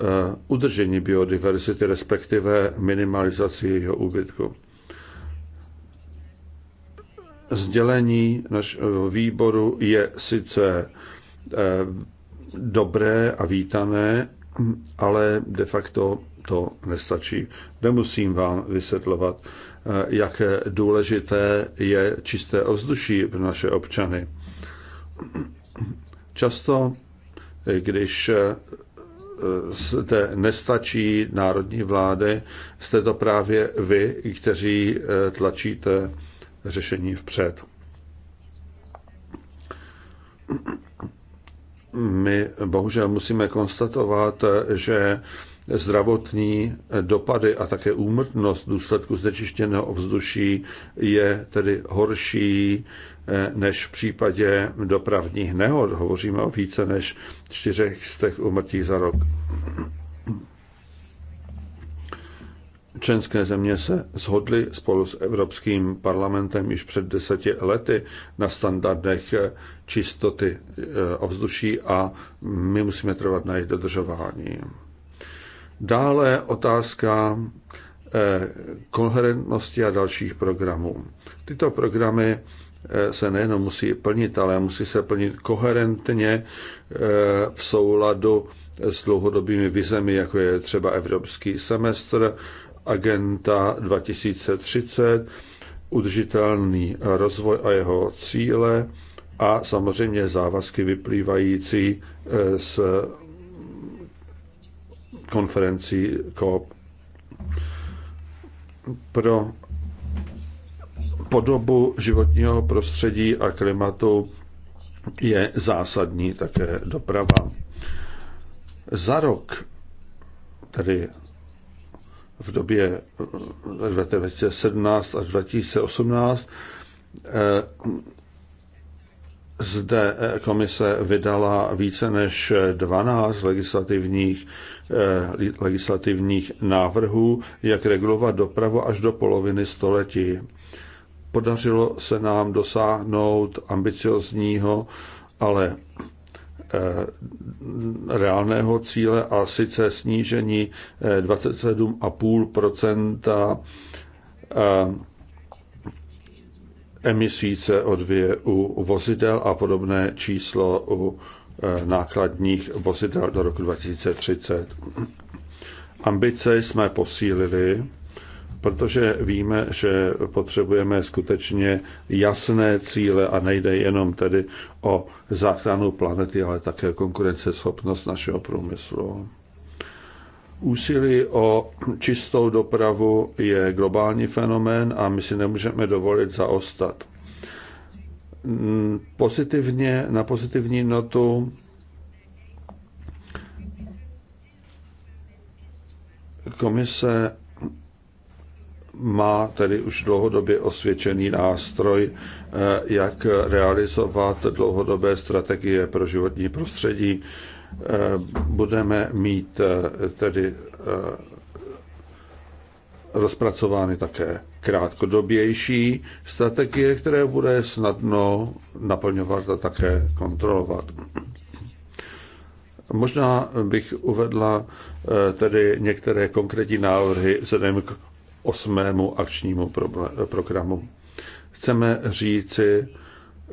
eh, udržení biodiverzity, respektive minimalizaci jejího úbytku. Sdělení našeho výboru je sice eh, dobré a vítané, ale de facto to nestačí. Nemusím vám vysvětlovat, eh, jak důležité je čisté ovzduší pro naše občany. Často když zde eh, nestačí národní vlády, jste to právě vy, kteří eh, tlačíte řešení vpřed. My bohužel musíme konstatovat, že zdravotní dopady a také úmrtnost v důsledku znečištěného ovzduší je tedy horší než v případě dopravních nehod. Hovoříme o více než čtyřech z těch umrtí za rok. Členské země se shodly spolu s Evropským parlamentem již před deseti lety na standardech čistoty eh, ovzduší a my musíme trvat na jejich dodržování. Dále otázka eh, koherentnosti a dalších programů. Tyto programy Eh, se nejenom musí plnit, ale musí se plnit koherentně eh, v souladu s dlouhodobými vizemi, jako je třeba Evropský semestr, agenda 2030, udržitelný rozvoj a jeho cíle a samozřejmě závazky vyplývající eh, z konferencí COP. Pro podobu životního prostředí a klimatu je zásadní také doprava. Za rok, tedy v době 2017 eh, až 2018, eh, zde eh, komise vydala více než 12 legislativních, legislativních návrhů, jak regulovat dopravu až do poloviny století. Podařilo se nám dosáhnout ambiciozního, ale eh, reálného cíle a sice snížení 27,5 eh, eh, emisí CO2 u vozidel a podobné číslo u nákladních vozidel do roku 2030. Ambice jsme posílili protože víme, že potřebujeme skutečně jasné cíle a nejde jenom tedy o záchranu planety, ale také konkurenceschopnost našeho průmyslu. Úsilí o čistou dopravu je globální fenomén a my si nemůžeme dovolit zaostat. Pozitivně, na pozitivní notu komise má tedy už dlouhodobě osvědčený nástroj, eh, jak realizovat dlouhodobé strategie pro životní prostředí. Eh, budeme mít eh, tedy rozpracovány také krátkodobější strategie, které bude snadno naplňovat a také kontrolovat. Možná bych uvedla tedy některé konkrétní návrhy vzhledem k osmému akčnímu programu. Chceme říci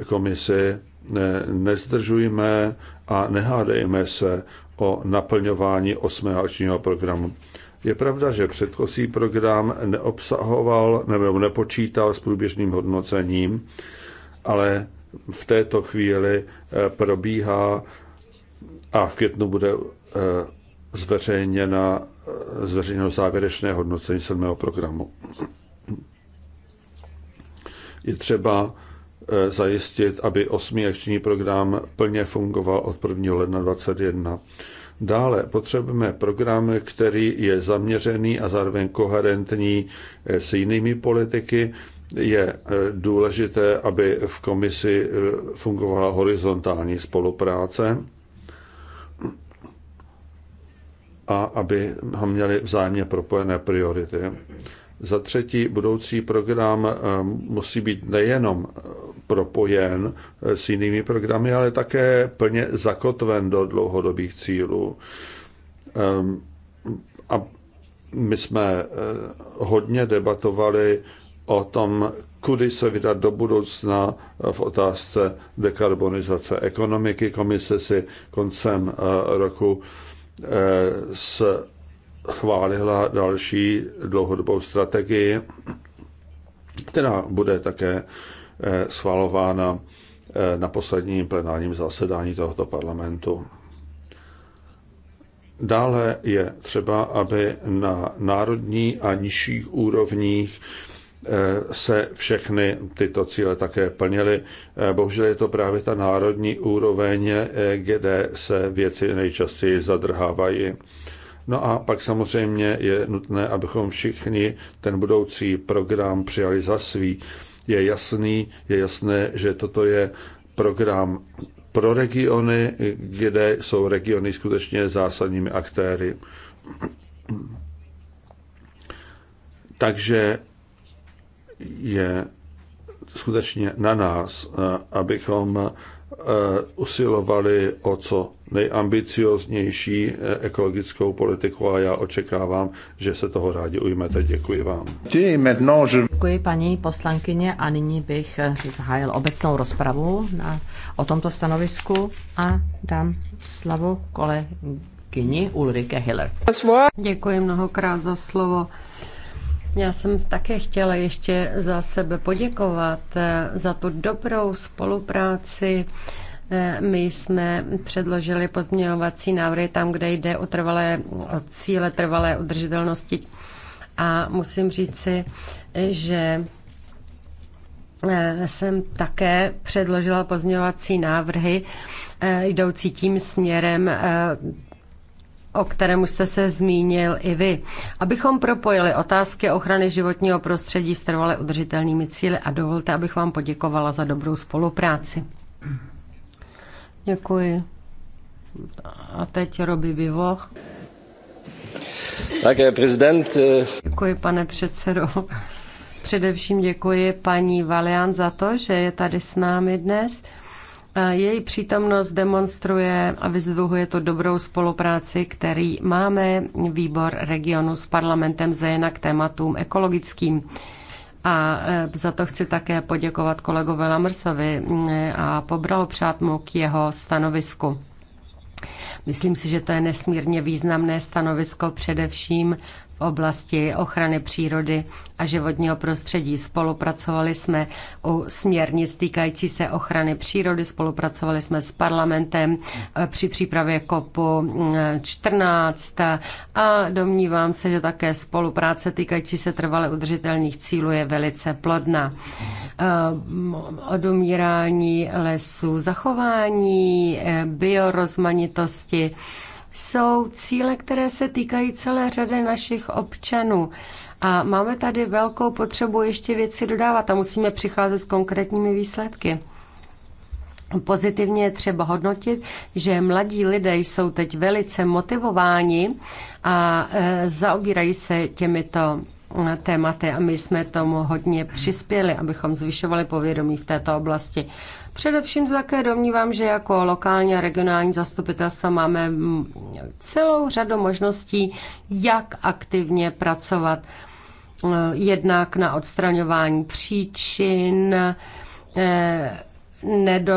komisi, ne, nezdržujme a nehádejme se o naplňování osmého akčního programu. Je pravda, že předchozí program neobsahoval nebo nepočítal s průběžným hodnocením, ale v této chvíli eh, probíhá a v květnu bude eh, zveřejněna zveřejnil závěrečné hodnocení sedmého programu. Je třeba eh, zajistit, aby osmý akční program plně fungoval od 1. ledna 2021. Dále potřebujeme program, který je zaměřený a zároveň koherentní eh, s jinými politiky. Je eh, důležité, aby v komisi fungovala horizontální spolupráce a aby ho měli vzájemně propojené priority. Za třetí, budoucí program eh, musí být nejenom eh, propojen eh, s jinými programy, ale také plně zakotven do dlouhodobých cílů. Ehm, a my jsme hodně debatovali o tom, kudy se vydat do budoucna v otázce dekarbonizace ekonomiky. Komise si koncem roku Eh, schválila další dlouhodobou strategii, která bude také eh, schvalována eh, na posledním plenárním zasedání tohoto parlamentu. Dále je třeba, aby na národní a nižších úrovních Eh, se všechny tyto cíle také plnily. Eh, bohužel je to právě ta národní úroveň, eh, kde se věci nejčastěji zadrhávají. No a pak samozřejmě je nutné, abychom všichni ten budoucí program přijali za svý. Je jasný, je jasné, že toto je program pro regiony, kde jsou regiony skutečně zásadními aktéry. Takže je skutečně na nás, eh, abychom eh, usilovali o co nejambicioznější eh, ekologickou politiku a já očekávám, že se toho rádi ujmete. Děkuji vám. Děkuji paní poslankyně a nyní bych zahájil obecnou rozpravu na, o tomto stanovisku a dám slavu kolegyni Ulrike Hiller. Děkuji mnohokrát za slovo. Já jsem také chtěla ještě za sebe poděkovat eh, za tu dobrou spolupráci. Eh, My jsme předložili pozměňovací návrhy tam, kde jde o, trvalé, o cíle trvalé udržitelnosti. A musím říci, že eh, jsem také předložila pozměňovací návrhy jdoucí tím směrem o kterém jste se zmínil i vy. Abychom propojili otázky ochrany životního prostředí s trvale udržitelnými cíly a dovolte, abych vám poděkovala za dobrou spolupráci. Děkuji. A teď Robi Bivoch. Tak, eh, prezident. Eh, děkuji, pane předsedo. Především děkuji paní Valian za to, že je tady s námi dnes. Její přítomnost demonstruje a vyzdvihuje to dobrou spolupráci, který máme výbor regionu s parlamentem zejména k tématům ekologickým. A e, za to chci také poděkovat kolegovi Lamrsovi e, a přát mu k jeho stanovisku. Myslím si, že to je nesmírně významné stanovisko především v oblasti ochrany přírody a životního prostředí. Spolupracovali jsme u směrnic týkající se ochrany přírody, spolupracovali jsme s parlamentem eh, při přípravě kopu 14 eh, a domnívám se, že také spolupráce týkající se trvale udržitelných cílů je velice plodná. Eh, odumírání lesů, zachování biorozmanitosti, jsou cíle, které se týkají celé řady našich občanů. A máme tady velkou potřebu ještě věci dodávat a musíme přicházet s konkrétními výsledky. Pozitivně je třeba hodnotit, že mladí lidé jsou teď velice motivováni a e, zaobírají se těmito tématy a my jsme tomu hodně přispěli, abychom zvyšovali povědomí v této oblasti. Především také domnívám, že jako lokální a regionální zastupitelstva máme mm, celou řadu možností, jak aktivně pracovat eh, jednak na odstraňování příčin, eh, nedo,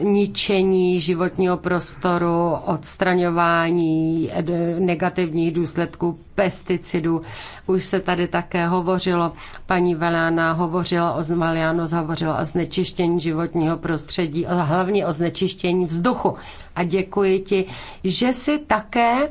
ničení životního prostoru, odstraňování eh, negativních důsledků pesticidů. Už se tady také hovořilo, paní Velána hovořila o Malianos hovořila o znečištění životního prostředí, a hlavně o znečištění vzduchu. A děkuji ti, že jsi také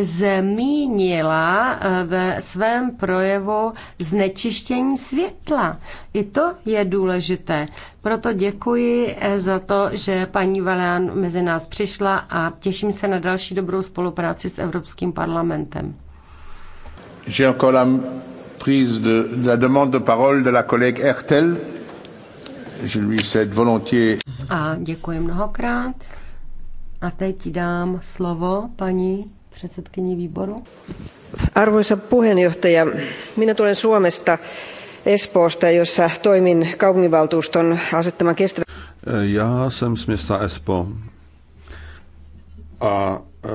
zmínila eh, ve svém projevu znečištění světla. I to je důležité. Proto děkuji eh, za to, že paní Valán mezi nás přišla a těším se na další dobrou spolupráci s Evropským parlamentem. J'ai encore la prise de, de la demande de parole de la collègue Hertel. Je lui cède volontiers. A děkuji mnohokrát. A teď dám slovo paní předsedkyni výboru. Arvoisa puheenjohtaja, minä tulen Suomesta, Espoosta, jossa toimin kaupunginvaltuuston asettaman kestävän... Já jsem z města Espo a e,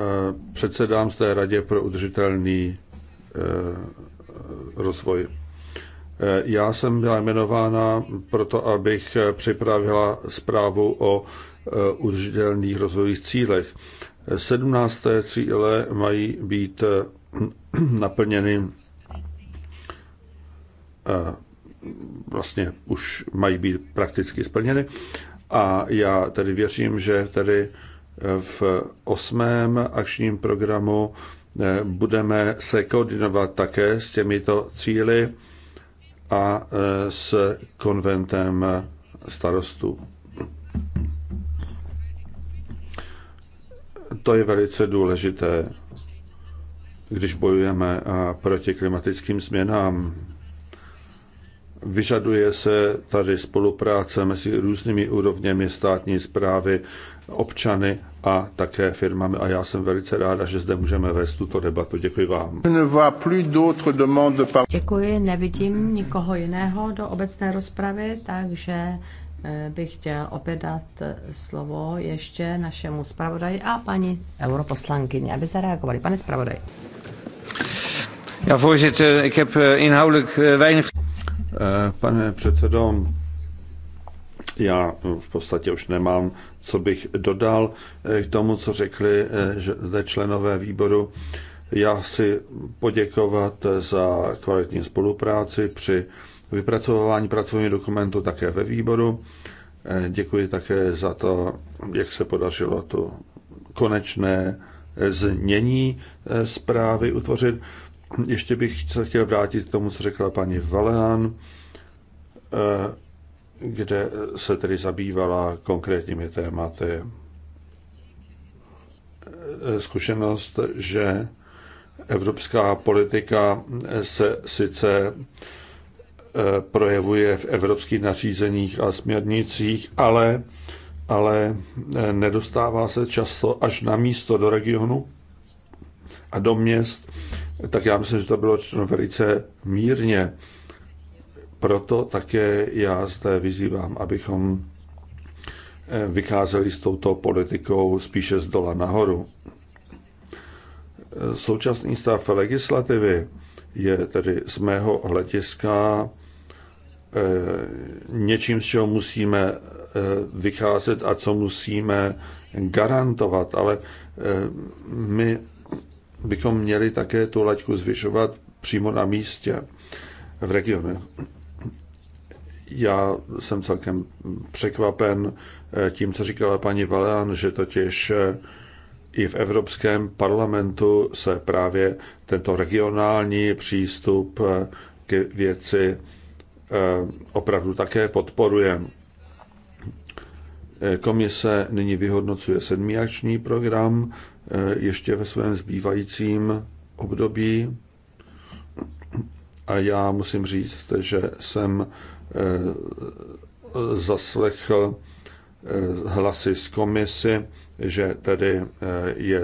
předsedám z té Radě pro udržitelný Eh, rozvoj. Eh, já jsem byla jmenována proto, abych připravila zprávu o eh, udržitelných rozvojových cílech. 17. cíle mají být [clears throat] naplněny vlastně už mají být prakticky splněny a já tedy věřím, že tedy v osmém akčním programu Eh, budeme se koordinovat také s těmito cíly a eh, s konventem starostů. To je velice důležité, když bojujeme proti klimatickým změnám. Vyžaduje se tady spolupráce mezi různými úrovněmi státní zprávy, občany a také firmami. A já jsem velice ráda, že zde můžeme vést tuto debatu. Děkuji vám. Děkuji, nevidím nikoho jiného do obecné rozpravy, takže eh, bych chtěl opět dát eh, slovo ještě našemu zpravodaji a paní europoslankyni, aby zareagovali. Pane zpravodaj. Ja, eh, Pane předsedo, já v podstatě už nemám co bych dodal eh, k tomu, co řekli eh, členové výboru. Já chci poděkovat eh, za kvalitní spolupráci při vypracování pracovního dokumentu také ve výboru. Děkuji také za to, jak se podařilo to konečné znění zprávy utvořit. Ještě bych se chtěl vrátit k tomu, co řekla paní Valeán kde se tedy zabývala konkrétními tématy. Zkušenost, že evropská politika se sice eh, projevuje v evropských nařízeních a směrnicích, ale, ale eh, nedostává se často až na místo do regionu a do měst, tak já myslím, že to bylo velice mírně proto také já zde vyzývám, abychom eh, vycházeli s touto politikou spíše z dola nahoru. Eh, současný stav legislativy je tedy z mého hlediska eh, něčím, z čeho musíme vycházet a co musíme garantovat, ale my bychom měli také tu laťku zvyšovat přímo na místě v regionu já jsem celkem překvapen eh, tím, co říkala paní Valean, že totiž eh, i v Evropském parlamentu se právě tento regionální přístup eh, k věci opravdu také podporuje. Komise nyní vyhodnocuje sedmý akční program ještě ve svém zbývajícím období a já musím říct, že jsem Eh, zaslechl eh, hlasy z komisy, že tedy eh, je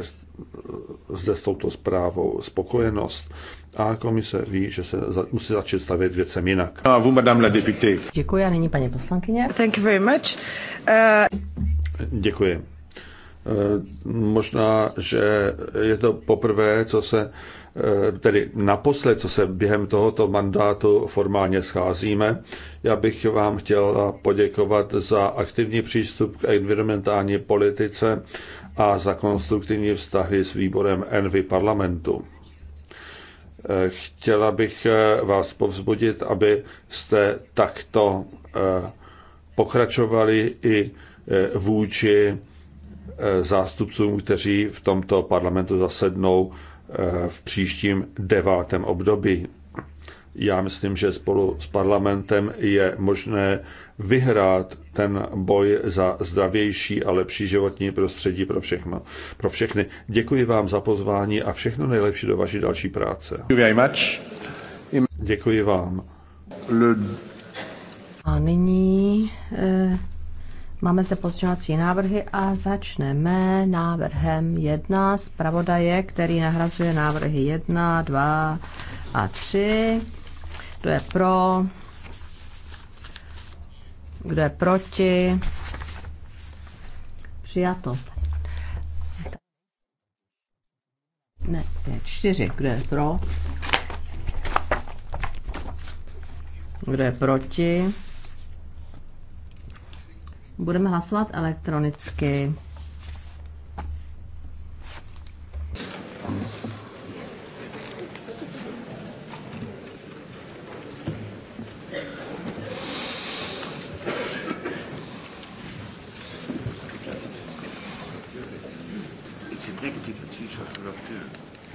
zde s touto zprávou spokojenost a komise ví, že se za, musí začít stavět věcem jinak. A vous, madame la députée. Děkuji a nyní paní poslankyně. Thank you very much. Uh... Děkuji. Možná, že je to poprvé, co se Eh, tedy naposled, co se během tohoto mandátu formálně scházíme. Já bych vám chtěl poděkovat za aktivní přístup k environmentální politice a za konstruktivní vztahy s výborem Envy parlamentu. Eh, chtěla bych eh, vás povzbudit, abyste takto pokračovali i vůči zástupcům, kteří v tomto parlamentu zasednou v příštím devátém období. Já myslím, že spolu s parlamentem je možné vyhrát ten boj za zdravější a lepší životní prostředí pro všechno. Pro všechny. Děkuji vám za pozvání a všechno nejlepší do vaší další práce. Děkuji vám. A nyní eh, Máme zde pozměňovací návrhy a začneme návrhem 1 zpravodaje, který nahrazuje návrhy 1, 2 a 3. Kdo je pro? Kdo je proti? Přijato. Ne, to je čtyři. Kdo je pro? Kdo je proti? Budeme hlasovat elektronicky.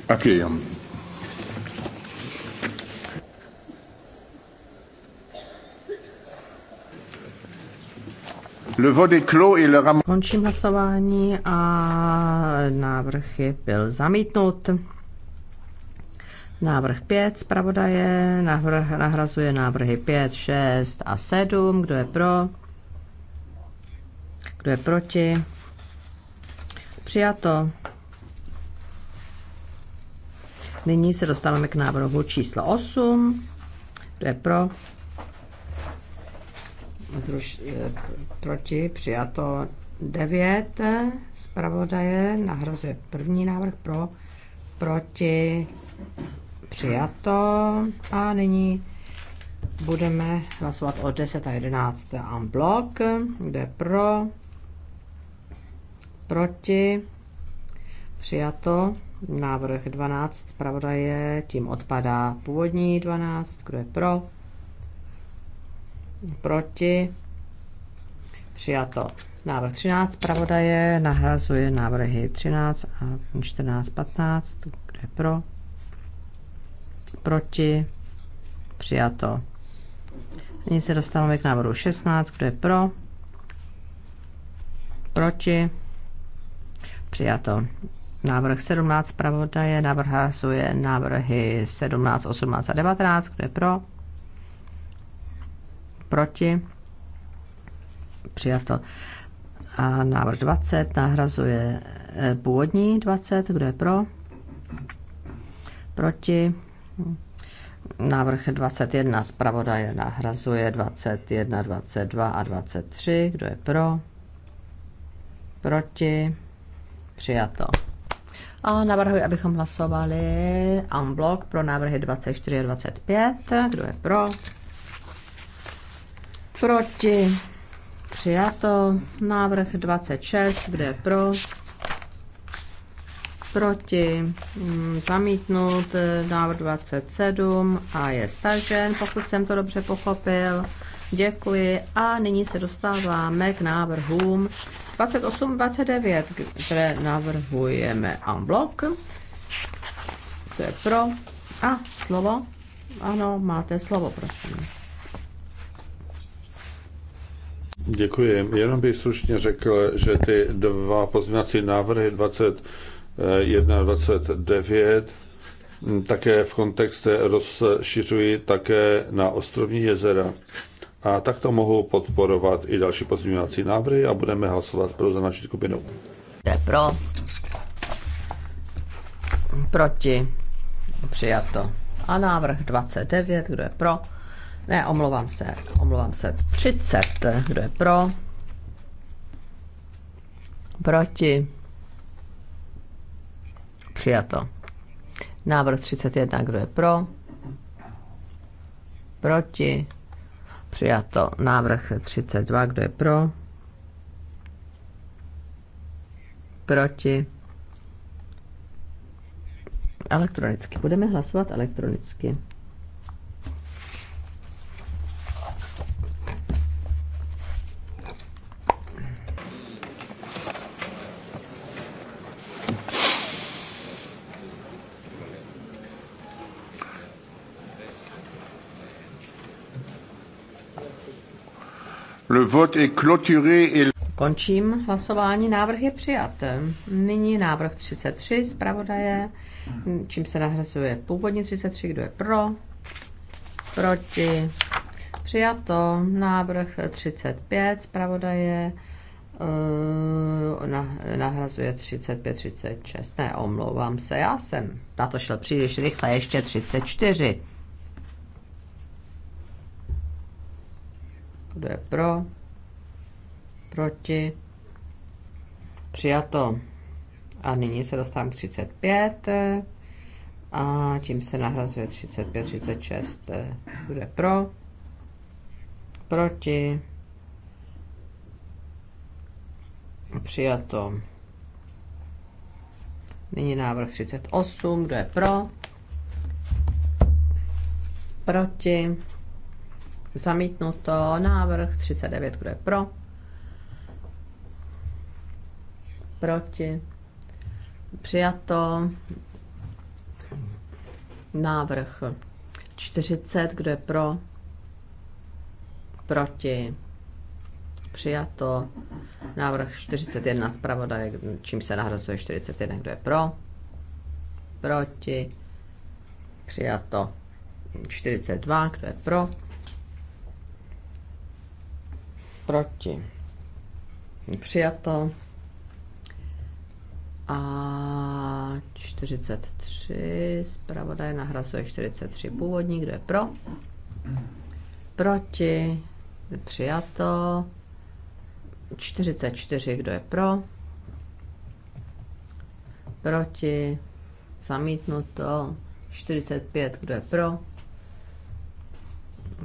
Accueillant. Le vote est clos et le ram... Končím hlasování a návrh je byl zamítnut. Návrh 5 zpravodaje návrh, nahrazuje návrhy 5, 6 a 7. Kdo je pro? Kdo je proti? Přijato. Nyní se dostáváme k návrhu číslo 8. Kdo je pro? zruš, eh, proti, přijato 9, zpravodaje nahrazuje první návrh pro, proti, přijato a nyní budeme hlasovat o 10 a 11 en blok, kde pro, proti, přijato, návrh 12 zpravodaje, tím odpadá původní 12, kdo je pro, proti, přijato. Návrh 13 zpravodaje nahrazuje návrhy 13 a 14, 15, kde pro, proti, přijato. Nyní se dostáváme k návrhu 16, kdo je pro, proti, přijato. Návrh 17 zpravodaje nahrazuje návrhy 17, 18 a 19, kdo je pro, proti, přijato. A návrh 20 nahrazuje eh, původní 20, kdo je pro, proti, Návrh 21 zpravodaje nahrazuje 21, 22 a 23. Kdo je pro? Proti? Přijato. A navrhuji, abychom hlasovali unblock pro návrhy 24 a 25. Kdo je pro? Proti. Přijato. Návrh 26. Kdo je pro? Proti. Mm, zamítnut. Návrh 27. A je stažen, pokud jsem to dobře pochopil. Děkuji. A nyní se dostáváme k návrhům 28-29, které navrhujeme unblock. To je pro. A slovo. Ano, máte slovo, prosím. Děkuji. Jenom bych stručně řekl, že ty dva pozměňovací návrhy 21 a 29 také v kontextu rozšiřují také na ostrovní jezera. A tak to mohou podporovat i další pozměňovací návrhy a budeme hlasovat pro za naši skupinu. Je pro. Proti. Přijato. A návrh 29, kdo je pro? Ne, omlouvám se, omlouvám se. 30. Kdo je pro? Proti? Přijato. Návrh 31. Kdo je pro? Proti? Přijato. Návrh 32. Kdo je pro? Proti? Elektronicky. Budeme hlasovat elektronicky. Le vote est clôturé et... Končím hlasování, návrh je přijat. Nyní návrh 33 zpravodaje, čím se nahrazuje původní 33, kdo je pro, proti, přijato, návrh 35 zpravodaje, eh, nahrazuje 35, 36, ne, omlouvám se, já jsem na to šel příliš rychle, ještě 34. Kdo je pro? Proti? Přijato. A nyní se dostávám k 35. A tím se nahrazuje 35, 36. Kdo je pro? Proti? Přijato. Nyní návrh 38. Kdo je pro? Proti? Zamítnuto. Návrh 39. Kdo je pro? Proti. Přijato. Návrh 40. Kdo je pro? Proti. Přijato. Návrh 41 zpravodaj, čím se nahrazuje 41. Kdo je pro? Proti. Přijato. 42. Kdo je pro? proti, přijato. A 43, zpravodaj nahrazuje 43 původní, kdo je pro? Proti, přijato. 44, kdo je pro? Proti, zamítnuto. 45, kdo je pro?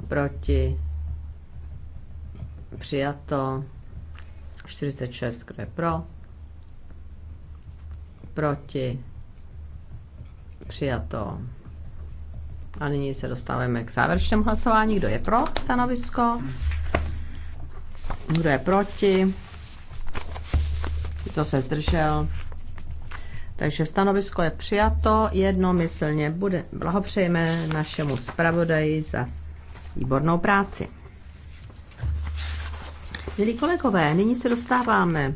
Proti, Přijato. 46, kdo je pro? Proti? Přijato. A nyní se dostáváme k závěrečnému hlasování. Kdo je pro stanovisko? Kdo je proti? Co se zdržel? Takže stanovisko je přijato jednomyslně. Bude, blahopřejeme našemu zpravodaji za výbornou práci. Milí kolegové, nyní se dostáváme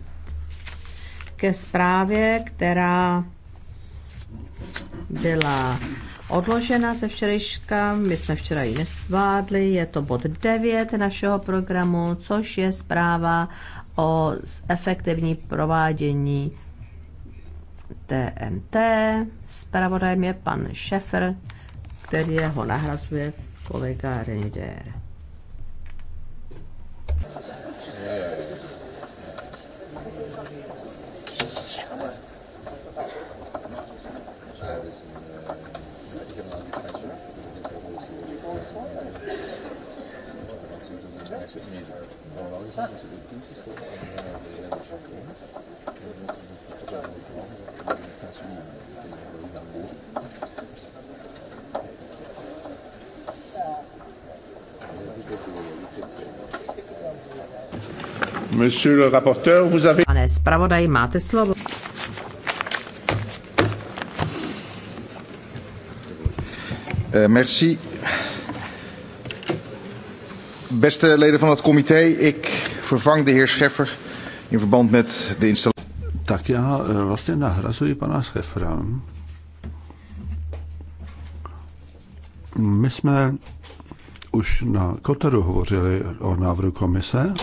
ke zprávě, která byla odložena ze včerejška. My jsme včera ji nesvládli. Je to bod 9 našeho programu, což je zpráva o efektivní provádění TNT. Zpravodajem je pan Šefer, který ho nahrazuje kolega Render. Monsieur le rapporteur, vous avez... Pane zpravodaj, máte slovo. Eh, merci. Beste leden van het comité, ik vervang de heer Scheffer in verband met de installatie. Tak já eh, vlastně nahrazuji pana Scheffera. My jsme už na Koteru hovořili o návrhu komise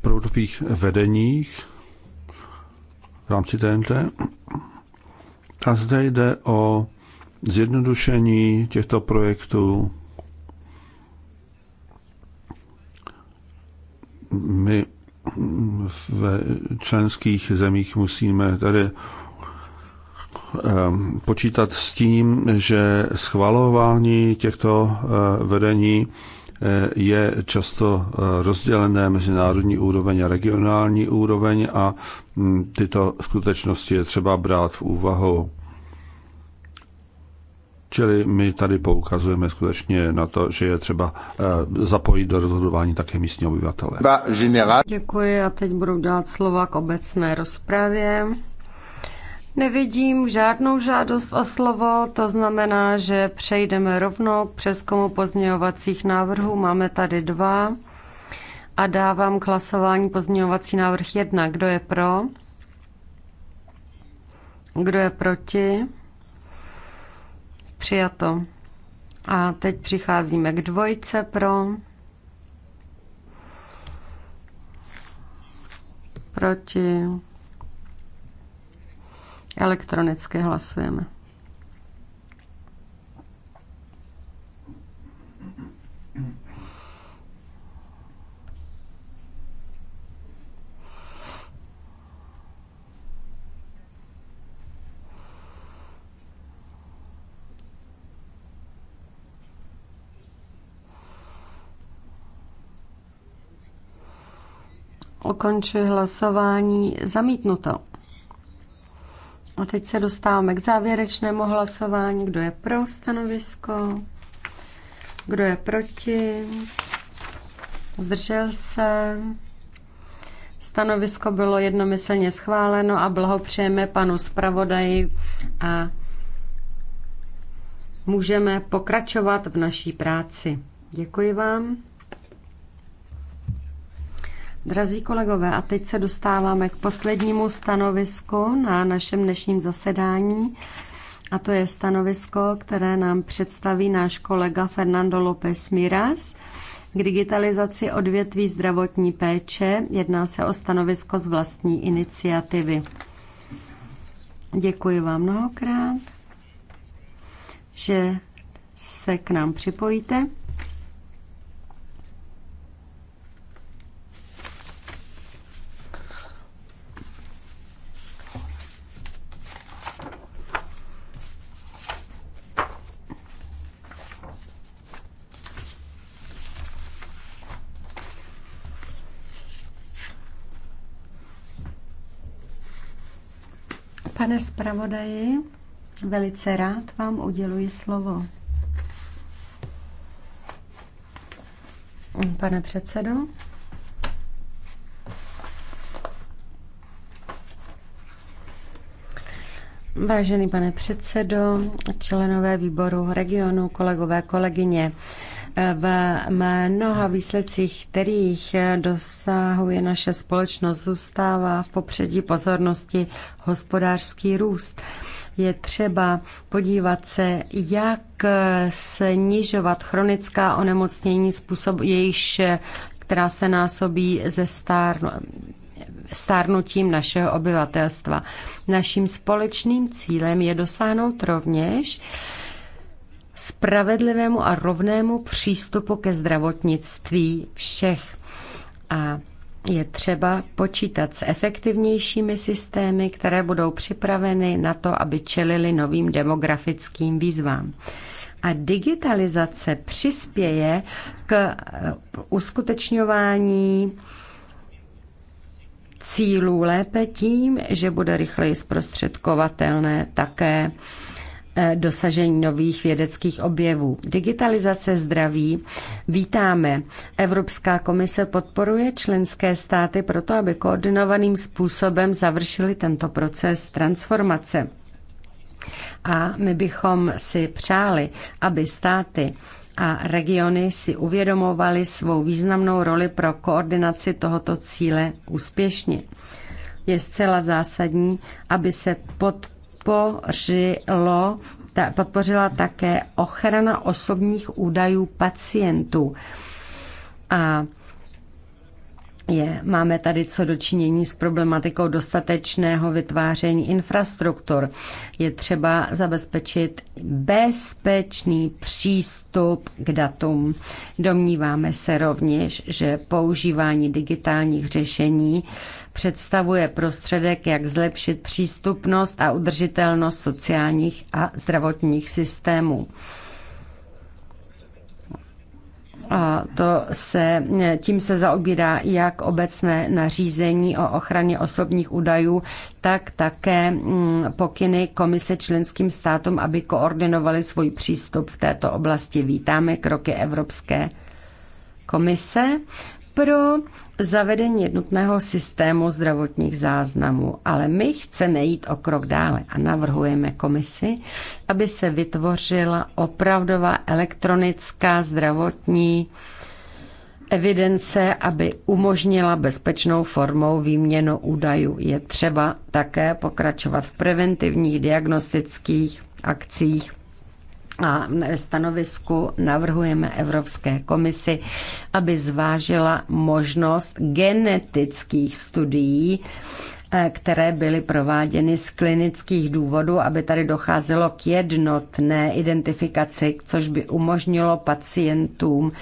proudových vedeních v rámci TNT. A zde jde o zjednodušení těchto projektů. My v členských zemích musíme tady ehm, počítat s tím, že schvalování těchto eh, vedení je často eh, rozdělené mezi národní úroveň a regionální úroveň a mm, tyto skutečnosti je třeba brát v úvahu. Čili my tady poukazujeme skutečně na to, že je třeba eh, zapojit do rozhodování také místní obyvatele. Děkuji a teď budu dát slova k obecné rozpravě. Nevidím žádnou žádost o slovo, to znamená, že přejdeme rovnou k přeskomu pozměňovacích návrhů. Máme tady dva a dávám k hlasování pozměňovací návrh jedna. Kdo je pro? Kdo je proti? Přijato. A teď přicházíme k dvojce pro. Proti Elektronicky hlasujeme. Ukončuji hlasování zamítnuto. A teď se dostáváme k závěrečnému hlasování. Kdo je pro stanovisko? Kdo je proti? Zdržel se? Stanovisko bylo jednomyslně schváleno a blahopřejeme panu zpravodaji a můžeme pokračovat v naší práci. Děkuji vám. Drazí kolegové, a teď se dostáváme k poslednímu stanovisku na našem dnešním zasedání. A to je stanovisko, které nám představí náš kolega Fernando López Miras k digitalizaci odvětví zdravotní péče. Jedná se o stanovisko z vlastní iniciativy. Děkuji vám mnohokrát, že se k nám připojíte. Pane zpravodaji, velice rád vám uděluji slovo. Pane předsedo. Vážený pane předsedo, členové výboru regionu, kolegové, kolegyně, v mnoha výsledcích, kterých dosahuje naše společnost, zůstává v popředí pozornosti hospodářský růst. Je třeba podívat se, jak snižovat chronická onemocnění, způsob jejich, která se násobí ze stárnu, stárnutím našeho obyvatelstva. Naším společným cílem je dosáhnout rovněž, spravedlivému a rovnému přístupu ke zdravotnictví všech. A je třeba počítat s efektivnějšími systémy, které budou připraveny na to, aby čelili novým demografickým výzvám. A digitalizace přispěje k eh, uskutečňování cílů lépe tím, že bude rychleji zprostředkovatelné také Eh, dosažení nových vědeckých objevů. Digitalizace zdraví vítáme. Evropská komise podporuje členské státy proto, aby koordinovaným způsobem završili tento proces transformace. A my bychom si přáli, aby státy a regiony si uvědomovaly svou významnou roli pro koordinaci tohoto cíle úspěšně. Je zcela zásadní, aby se pod podpořilo, ta, podpořila také ochrana osobních údajů pacientů. A je, máme tady co dočinění s problematikou dostatečného vytváření infrastruktur. Je třeba zabezpečit bezpečný přístup k datům. Domníváme se rovněž, že používání digitálních řešení představuje prostředek, jak zlepšit přístupnost a udržitelnost sociálních a zdravotních systémů. A to se, tím se zaobírá jak obecné nařízení o ochraně osobních údajů, tak také mm, pokyny komise členským státům, aby koordinovali svůj přístup v této oblasti. Vítáme kroky Evropské komise pro zavedení jednotného systému zdravotních záznamů, ale my chceme jít o krok dále a navrhujeme komisi, aby se vytvořila opravdová elektronická zdravotní evidence, aby umožnila bezpečnou formou výměnu údajů. Je třeba také pokračovat v preventivních diagnostických akcích a ve stanovisku navrhujeme Evropské komisi, aby zvážila možnost genetických studií, eh, které byly prováděny z klinických důvodů, aby tady docházelo k jednotné identifikaci, což by umožnilo pacientům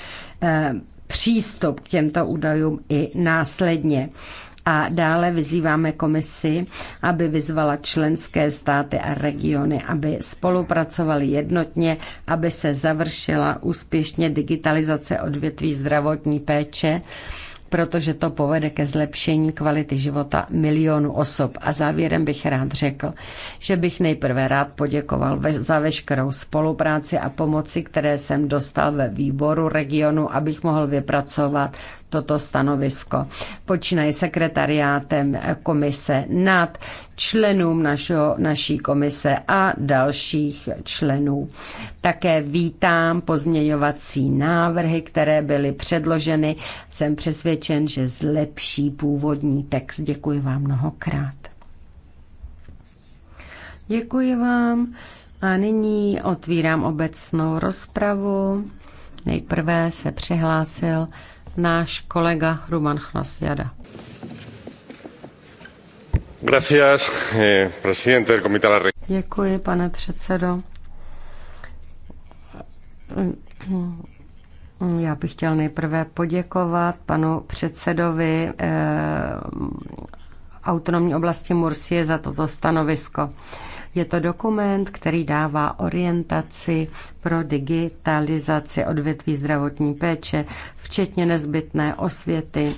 eh, přístup k těmto údajům i následně. A dále vyzýváme komisi, aby vyzvala členské státy a regiony, aby spolupracovali jednotně, aby se završila úspěšně digitalizace odvětví zdravotní péče protože to povede ke zlepšení kvality života milionů osob. A závěrem bych rád řekl, že bych nejprve rád poděkoval za veškerou spolupráci a pomoci, které jsem dostal ve výboru regionu, abych mohl vypracovat toto stanovisko. Počínají sekretariátem komise nad členům našeho, naší komise a dalších členů. Také vítám pozměňovací návrhy, které byly předloženy. Jsem přesvědčen, že zlepší původní text. Děkuji vám mnohokrát. Děkuji vám. A nyní otvírám obecnou rozpravu. Nejprve se přihlásil náš kolega Ruman Chnasjada. Eh, Děkuji, pane předsedo. Já bych chtěl nejprve poděkovat panu předsedovi eh, autonomní oblasti Mursie za toto stanovisko. Je to dokument, který dává orientaci pro digitalizaci odvětví zdravotní péče, včetně nezbytné osvěty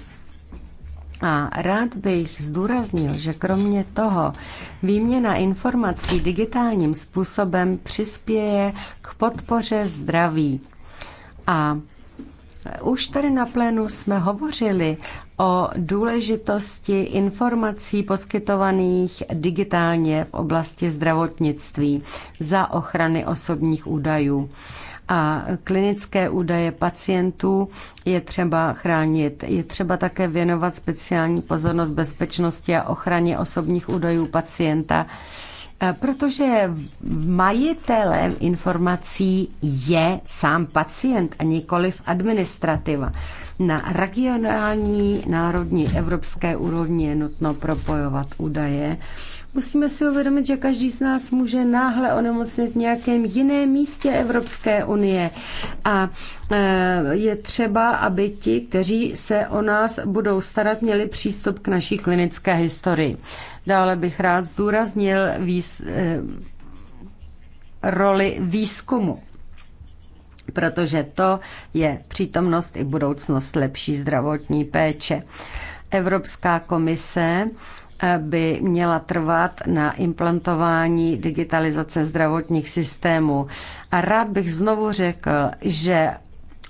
a rád bych zdůraznil, že kromě toho výměna informací digitálním způsobem přispěje k podpoře zdraví a už tady na plénu jsme hovořili o důležitosti informací poskytovaných digitálně v oblasti zdravotnictví za ochrany osobních údajů. A klinické údaje pacientů je třeba chránit. Je třeba také věnovat speciální pozornost bezpečnosti a ochraně osobních údajů pacienta Eh, protože majitelem informací je sám pacient a v administrativa. Na regionální, národní, evropské úrovni je nutno propojovat údaje. Musíme si uvědomit, že každý z nás může náhle onemocnit v nějakém jiném místě Evropské unie. A eh, je třeba, aby ti, kteří se o nás budou starat, měli přístup k naší klinické historii. Dále bych rád zdůraznil eh, roli výzkumu protože to je přítomnost i budoucnost lepší zdravotní péče. Evropská komise eh, by měla trvat na implantování digitalizace zdravotních systémů. A rád bych znovu řekl, že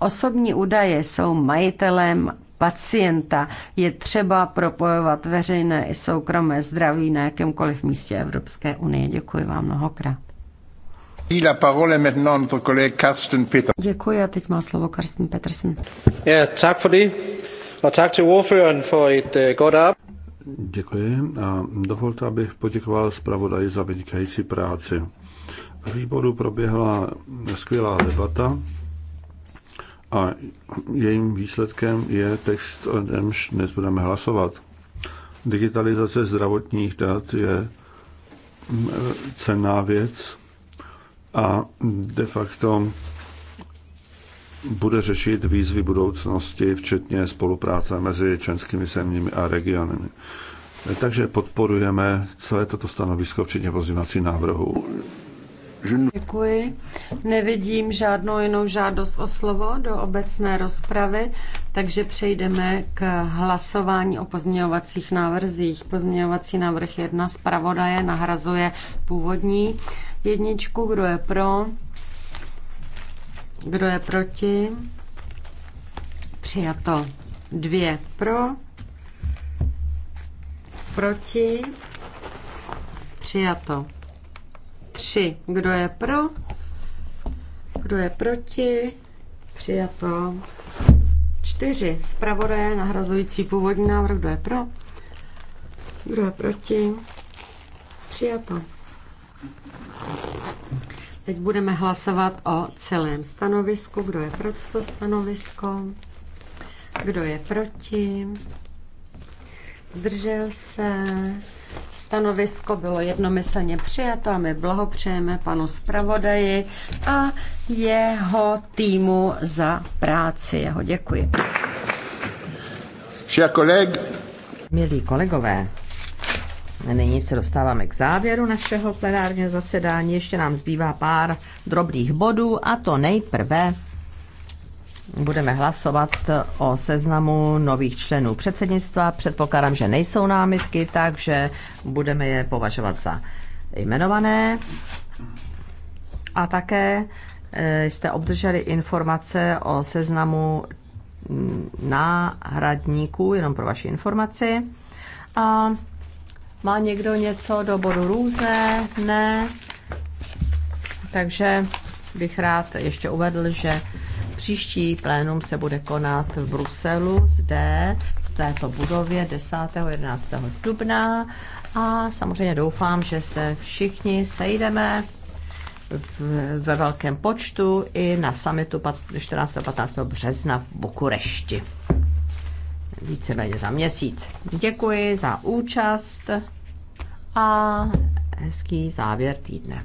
osobní údaje jsou majitelem pacienta. Je třeba propojovat veřejné i soukromé zdraví na jakémkoliv místě Evropské unie. Děkuji vám mnohokrát. Děkuji a teď má slovo Karsten Petersen. Øh, Děkuji a dovolte, abych poděkoval zpravodaji za vynikající práci. V výboru proběhla skvělá debata a jejím výsledkem je text, o němž dnes budeme hlasovat. Digitalizace zdravotních dat je mm, cenná věc a de facto bude řešit výzvy budoucnosti, včetně spolupráce mezi členskými zeměmi a regiony. Takže podporujeme celé toto stanovisko, včetně pozměňovací návrhu. Děkuji. Nevidím žádnou jinou žádost o slovo do obecné rozpravy, takže přejdeme k hlasování o pozměňovacích návrzích. Pozměňovací návrh jedna zpravodaje nahrazuje původní jedničku. Kdo je pro? Kdo je proti? Přijato. Dvě pro, proti, přijato. 3. Kdo je pro? Kdo je proti? Přijato. 4. Zpravodaje nahrazující původní návrh. Kdo je pro? Kdo je proti? Přijato. Teď budeme hlasovat o celém stanovisku. Kdo je pro to stanovisko? Kdo je proti? Zdržel se? Stanovisko bylo jednomyslně přijato a my blahopřejeme panu zpravodaji a jeho týmu za práci. Jeho děkuji. kolegy, Milí kolegové, nyní se dostáváme k závěru našeho plenárního zasedání. Ještě nám zbývá pár drobných bodů a to nejprve budeme hlasovat o seznamu nových členů předsednictva. Předpokládám, že nejsou námitky, takže budeme je považovat za jmenované. A také eh, jste obdrželi informace o seznamu náhradníků, jenom pro vaši informaci. A má někdo něco do bodu různé? Ne. Takže bych rád ještě uvedl, že Příští plénum se bude konat v Bruselu zde, v této budově 10. 11. dubna a samozřejmě doufám, že se všichni sejdeme ve velkém počtu i na summitu 14. 15. března v Bukurešti. Víceméně za měsíc. Děkuji za účast a hezký závěr týdne.